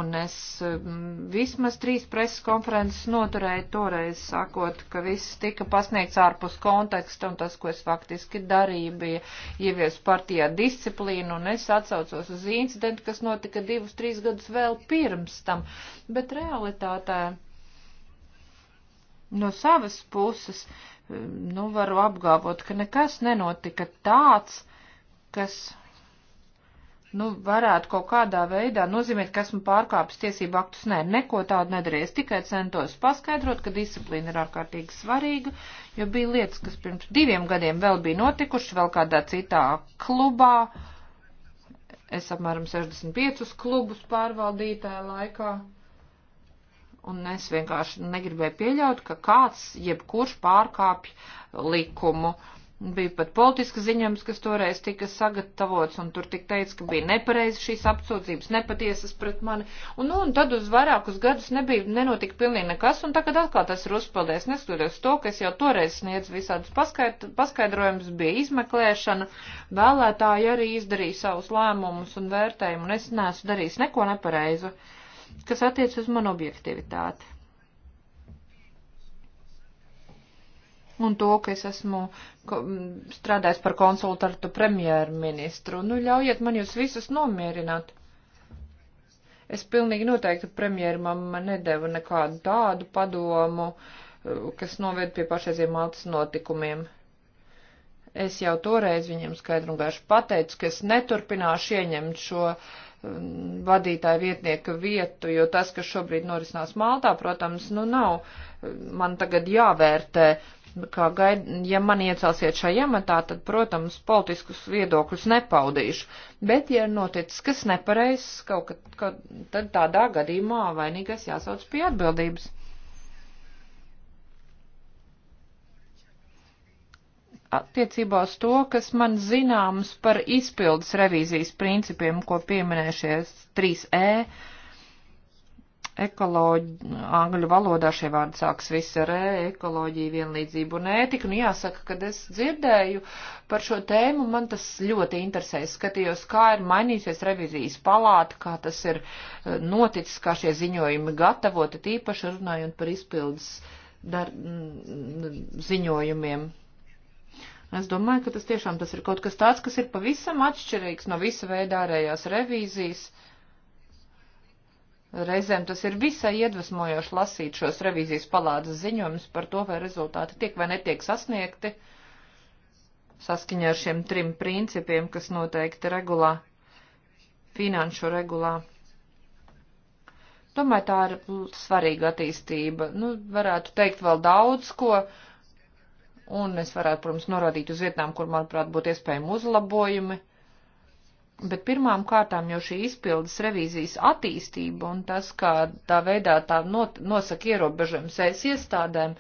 B: un es mm, vismaz trīs preses konferences noturēju toreiz, sakot, ka viss tika pasniegts ārpus konteksta, un tas, ko es faktiski darīju, bija ievies partijā disciplīnu, un es atsaucos uz incidentu, kas notika divus, trīs gadus vēl pirms tam, bet realitātē No savas puses, um, nu, varu apgalvot, ka nekas nenotika tāds, kas nu, varētu kaut kādā veidā nozīmēt, ka esmu pārkāpis tiesību aktus. Nē, neko tādu nedarīju. Es tikai centos paskaidrot, ka disciplīna ir ārkārtīgi svarīga, jo bija lietas, kas pirms diviem gadiem vēl bija notikušas, vēl kādā citā klubā. Es apmēram 65 klubus pārvaldītāju laikā. Un es vienkārši negribēju pieļaut, ka kāds, jebkurš pārkāpj likumu. Bija pat politiska ziņojums, kas toreiz tika sagatavots, un tur tika teica, ka bija nepareizi šīs apsūdzības, nepatiesas pret mani. Un, nu, un tad uz vairākus gadus nebija, nenotika pilnīgi nekas, un tagad atkal tas ir uzpildējies, neskatoties to, ka es jau toreiz sniedzu visādus paskaid, paskaidrojumus, bija izmeklēšana, vēlētāji arī izdarīja savus lēmumus un vērtējumu, un es neesmu darījis neko nepareizu. Uh, kas attiec uz manu objektivitāti. un to, ka es esmu strādājis par konsultantu premjerministru. Nu, ļaujiet man jūs visus nomierināt. Es pilnīgi noteikti premjermam nedevu nekādu tādu padomu, eh, kas noved pie pašreiziem maltas notikumiem. Es jau toreiz viņam skaidru un gaišu pateicu, ka es neturpināšu ieņemt šo uh, vadītāja vietnieka vietu, jo tas, kas šobrīd norisinās Maltā, protams, nu nav man tagad jāvērtē. Kā gaid, ja man iecelsiet šajā amatā, tad, protams, politiskus viedokļus nepaudīšu. Bet, ja noticis kas nepareizs, kaut kad, kad, tad tādā gadījumā vainīgais jāsauc pie atbildības. attiecībā uz to, kas man zināms par izpildes revīzijas principiem, ko pieminēšies 3E, ekoloģi, angļu valodā šie vārdi sāks viss ar E, ekoloģija, vienlīdzību un ētika, nu jāsaka, kad es dzirdēju par šo tēmu, man tas ļoti interesē, skatījos, kā ir mainījusies revīzijas palāta, kā tas ir eh, noticis, kā šie ziņojumi gatavoti, tīpaši runājot par izpildes dar, mm, ziņojumiem. Es domāju, ka tas tiešām tas ir kaut kas tāds, kas ir pavisam atšķirīgs no visa veida ārējās revīzijas. Reizēm tas ir visai iedvesmojoši lasīt šos revīzijas palādes ziņojumus par to, vai rezultāti tiek vai netiek sasniegti saskaņā ar šiem trim principiem, kas noteikti regulā, finanšu regulā. Tomēr tā ir svarīga attīstība. Nu, varētu teikt vēl daudz, ko Un es varētu, protams, norādīt uz vietām, kur, manuprāt, būtu iespējami uzlabojumi. Bet pirmām kārtām jau šī izpildes revīzijas attīstība un tas, kā tā veidā tā not, nosaka ierobežojums es iestādēm,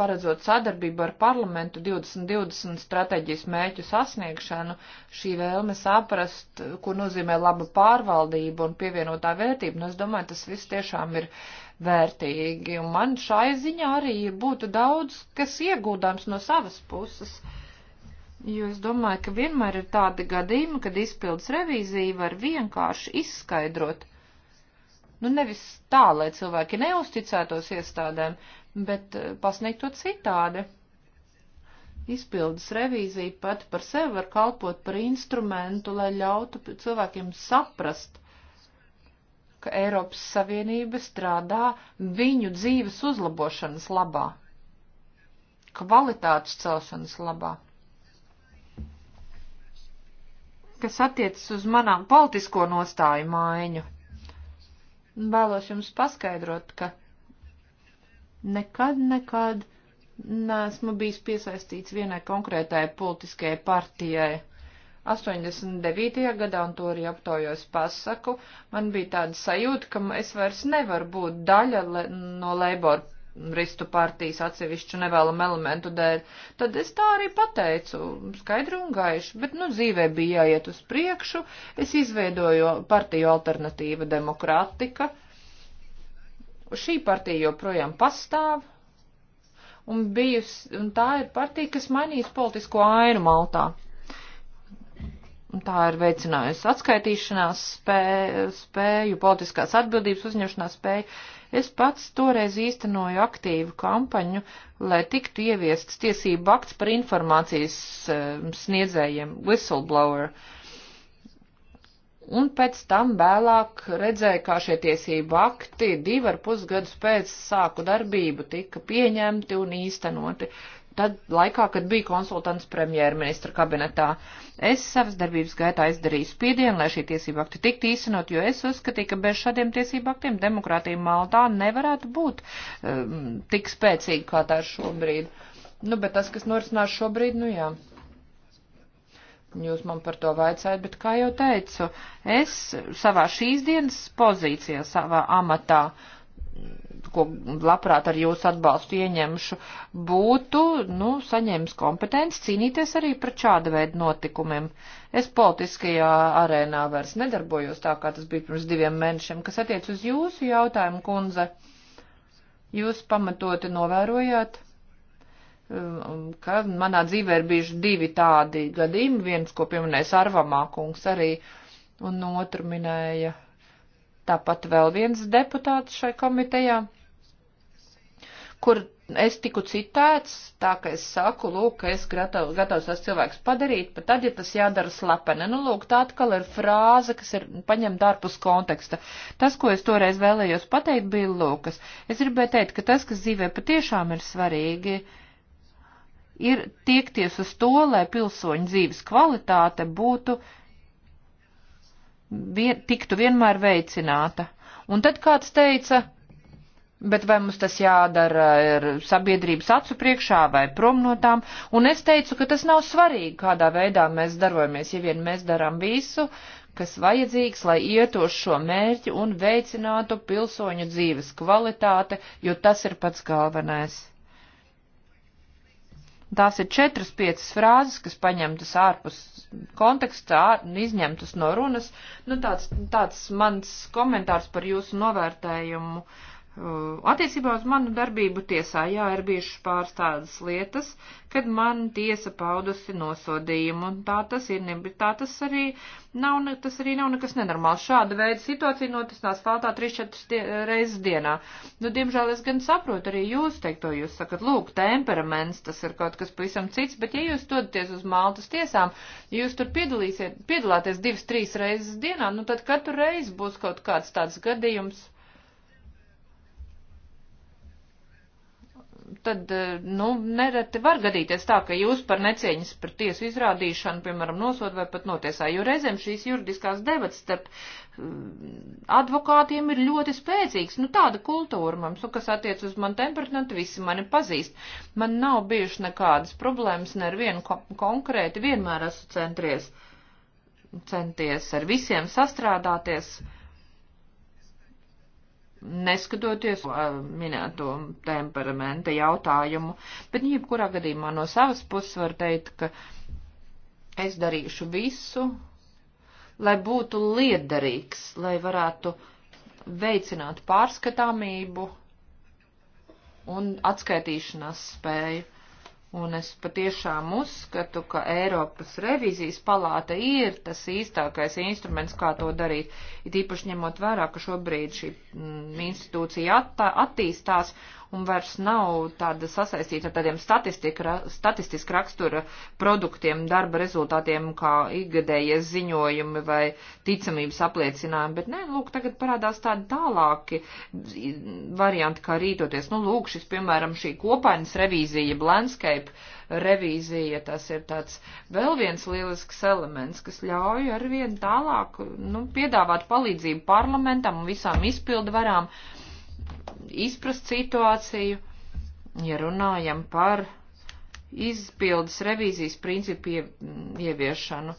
B: paredzot sadarbību ar parlamentu 2020 stratēģijas mēķu sasniegšanu, šī vēlme saprast, ko nozīmē laba pārvaldība un pievienotā vērtība, un nu, es domāju, tas viss tiešām ir uh, vērtīgi. Un man šai ziņā arī būtu daudz, kas ieguldāms no savas puses. Jo es domāju, ka vienmēr ir tādi gadījumi, kad izpildes revīzija var vienkārši izskaidrot. Nu, nevis tā, lai cilvēki neusticētos iestādēm, bet eh, pasniegt to citādi. Izpildes revīzija pat par sevi var kalpot par instrumentu, lai ļautu cilvēkiem saprast, ka Eiropas Savienība strādā viņu dzīves uzlabošanas labā, kvalitātes celšanas labā. Kas attiecas uz manām politisko nostāju mājiņu, vēlos jums paskaidrot, ka nekad, nekad neesmu bijis piesaistīts vienai konkrētai politiskajai partijai 89. gadā, un to arī aptaujos pasaku, man bija tāda sajūta, ka es vairs nevaru būt daļa le, no Leibor ristu partijas atsevišķu nevēlamu elementu dēļ. Tad es tā arī pateicu, skaidri un gaiši, bet, nu, dzīvē bija jāiet uz priekšu, es izveidoju partiju alternatīva demokrātika. Šī partija joprojām pastāv, un bijusi, un tā ir partija, kas mainīs politisko ainu Maltā. Tā ir veicinājusi atskaitīšanās spēju, spēju, politiskās atbildības uzņemšanās spēju. Es pats toreiz īstenoju aktīvu kampaņu, lai tiktu ieviests tiesību akts par informācijas um, sniedzējiem, whistleblower. Un pēc tam vēlāk redzēju, kā šie tiesību akti divi ar pusgadus pēc sāku darbību tika pieņemti un īstenoti tad laikā, kad bija konsultants premjerministra kabinetā. Es savas darbības gaitā izdarīju spiedienu, lai šī tiesība akti tiktu īstenot, jo es uzskatīju, ka bez šādiem tiesību aktiem demokrātija Maltā nevarētu būt um, tik spēcīga, kā tā ir šobrīd. Nu, bet tas, kas norisinās šobrīd, nu jā. Jūs man par to vaicājat, bet kā jau teicu, es savā šīs dienas pozīcijā, savā amatā uh, ko labprāt ar jūsu atbalstu ieņemšu, būtu, nu, saņēmis kompetenci cīnīties arī pret šāda veida notikumiem. Es politiskajā arēnā vairs nedarbojos tā, kā tas bija pirms diviem mēnešiem, kas attiec uz jūsu jautājumu, kundze. Jūs pamatoti novērojāt, um, ka manā dzīvē ir bijuši divi tādi gadījumi, viens, ko pieminēja Sarvamā kungs arī, un otru minēja tāpat vēl viens deputāts šai komitejā, kur es tiku citēts, tā ka es saku, lūk, ka es gatavs, gatavs tas cilvēks padarīt, pat tad, ja tas jādara slepeni. Nu, lūk, tā atkal ir frāze, kas ir paņemta ārpus konteksta. Tas, ko es toreiz vēlējos pateikt, bija lūkas. Es gribēju teikt, ka tas, kas dzīvē patiešām ir svarīgi, ir tiekties uz to, lai pilsoņu dzīves kvalitāte būtu vien, tiktu vienmēr veicināta. Un tad kāds teica, bet vai mums tas jādara ar sabiedrības acu priekšā vai prom no tām, un es teicu, ka tas nav svarīgi, kādā veidā mēs darbojamies, ja vien mēs darām visu, kas vajadzīgs, lai iet uz šo mērķi un veicinātu pilsoņu dzīves kvalitāte, jo tas ir pats galvenais. Tās ir četras, piecas frāzes, kas paņemtas ārpus konteksta, ār, izņemtas no runas. Nu, tāds, tāds mans komentārs par jūsu novērtējumu uh, Uh, attiecībā uz manu darbību tiesā, jā, ir bijušas pāris tādas lietas, kad man tiesa paudusi nosodījumu, un tā tas ir, ne, tā tas arī nav, ne, tas arī nav nekas nenormāls. Šāda veida situācija notiks asfaltā 3-4 reizes dienā. Nu, diemžēl es gan saprotu arī jūs teikto, jūs sakat, lūk, temperaments, tas ir kaut kas pavisam cits, bet ja jūs dodaties uz Maltas tiesām, ja jūs tur piedalīsiet, piedalāties 2-3 reizes dienā, nu tad katru reizi būs kaut kāds tāds gadījums tad, eh, nu, nereti var gadīties tā, ka jūs par necieņas par tiesu izrādīšanu, piemēram, nosod vai pat notiesā, jo reizēm šīs juridiskās debats starp eh, advokātiem ir ļoti spēcīgs. Nu, tāda kultūra mums, un kas attiec uz manu temperamentu, visi mani pazīst. Man nav bijuši nekādas problēmas ne ar vienu ko konkrēti, vienmēr esmu centies, centies ar visiem sastrādāties. Uh, neskatoties uh, minēto temperamenta jautājumu, bet nu, jebkurā gadījumā no savas puses var teikt, ka es darīšu visu, lai būtu liederīgs, lai varētu veicināt pārskatāmību un atskaitīšanās spēju. Un es patiešām uzskatu, ka Eiropas revizijas palāta ir tas īstākais instruments, kā to darīt. It īpaši ņemot vērā, ka šobrīd šī m, mm, institūcija attā, attīstās un vairs nav tāda sasaistīta ar tādiem statistiski rakstura produktiem, darba rezultātiem, kā ikgadējies ziņojumi vai ticamības apliecinājumi, bet nē, lūk, tagad parādās tādi tālāki varianti, kā rītoties. Nu, lūk, šis, piemēram, šī kopainas revīzija, landscape revīzija, tas ir tāds vēl viens lielisks elements, kas ļauj arvien tālāk, nu, piedāvāt palīdzību parlamentam un visām izpildu varām. Uh, izprast situāciju, ja runājam par izpildes revīzijas principu ieviešanu.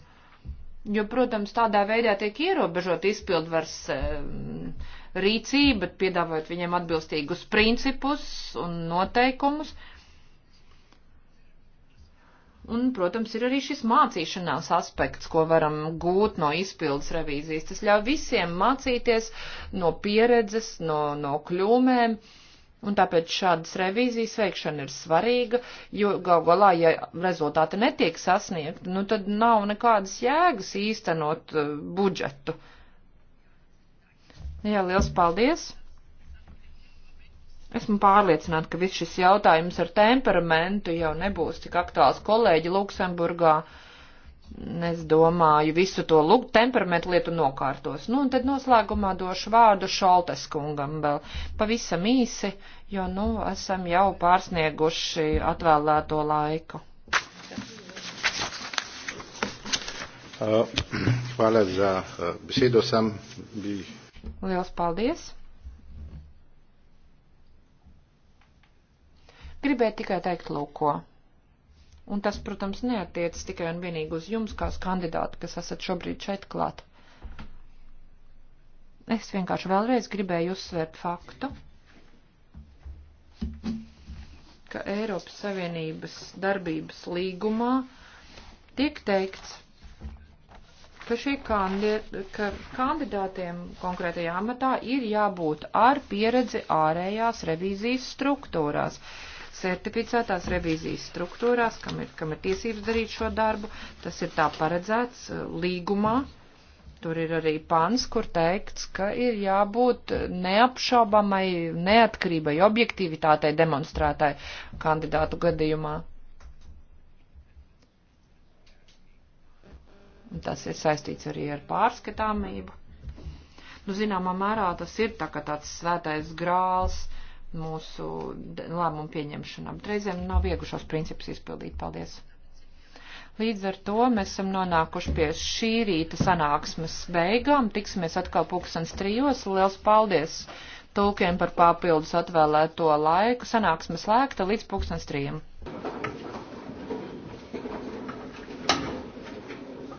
B: Jo, protams, tādā veidā tiek ierobežot izpildvars ehm, rīcība, piedāvājot viņiem atbilstīgus principus un noteikumus, Un, protams, ir arī šis mācīšanās aspekts, ko varam gūt no izpildes revīzijas. Tas ļauj visiem mācīties no pieredzes, no, no kļūmēm. Un tāpēc šādas revīzijas veikšana ir svarīga, jo gal galā, ja rezultāti netiek sasniegti, nu tad nav nekādas jēgas īstenot eh, budžetu. Jā, liels paldies! Esmu pārliecināta, ka viss šis jautājums ar temperamentu jau nebūs tik aktuāls kolēģi Luksemburgā. Es domāju, visu to lūk, temperamentu lietu nokārtos. Nu, un tad noslēgumā došu vārdu Šaltes kungam vēl pavisam īsi, jo, nu, esam jau pārsnieguši atvēlēto laiku.
A: Uh, hvala za uh, besedo, sam bi.
B: Liels paldies! Gribēju tikai teikt lūko. Un tas, protams, neatiec tikai un vienīgi uz jums, kā uz kandidātu, kas esat šobrīd šeit klāt. Es vienkārši vēlreiz gribēju uzsvērt faktu, ka Eiropas Savienības darbības līgumā tiek teikts, ka šī kandi, ka kandidātiem konkrētajā amatā ir jābūt ar pieredzi ārējās revīzijas struktūrās. Uh, certificētās revīzijas struktūrās, kam ir, kam ir tiesības darīt šo darbu. Tas ir tā paredzēts uh, līgumā. Tur ir arī pants, kur teikts, ka ir jābūt neapšaubamai neatkarībai, objektivitātei demonstrētai kandidātu gadījumā. Un tas ir saistīts arī ar pārskatāmību. Nu, zināmā mērā tas ir tā kā tāds svētais grāls, uh, mūsu lēmumu pieņemšanām. Reizēm nav viegli šos principus izpildīt. Paldies! Līdz ar to mēs esam nonākuši pie šī rīta sanāksmes beigām. Tiksimies atkal pulkstens trijos. Liels paldies tulkiem par papildus atvēlēto laiku. Sanāksmes lēkta līdz pulkstens trijiem.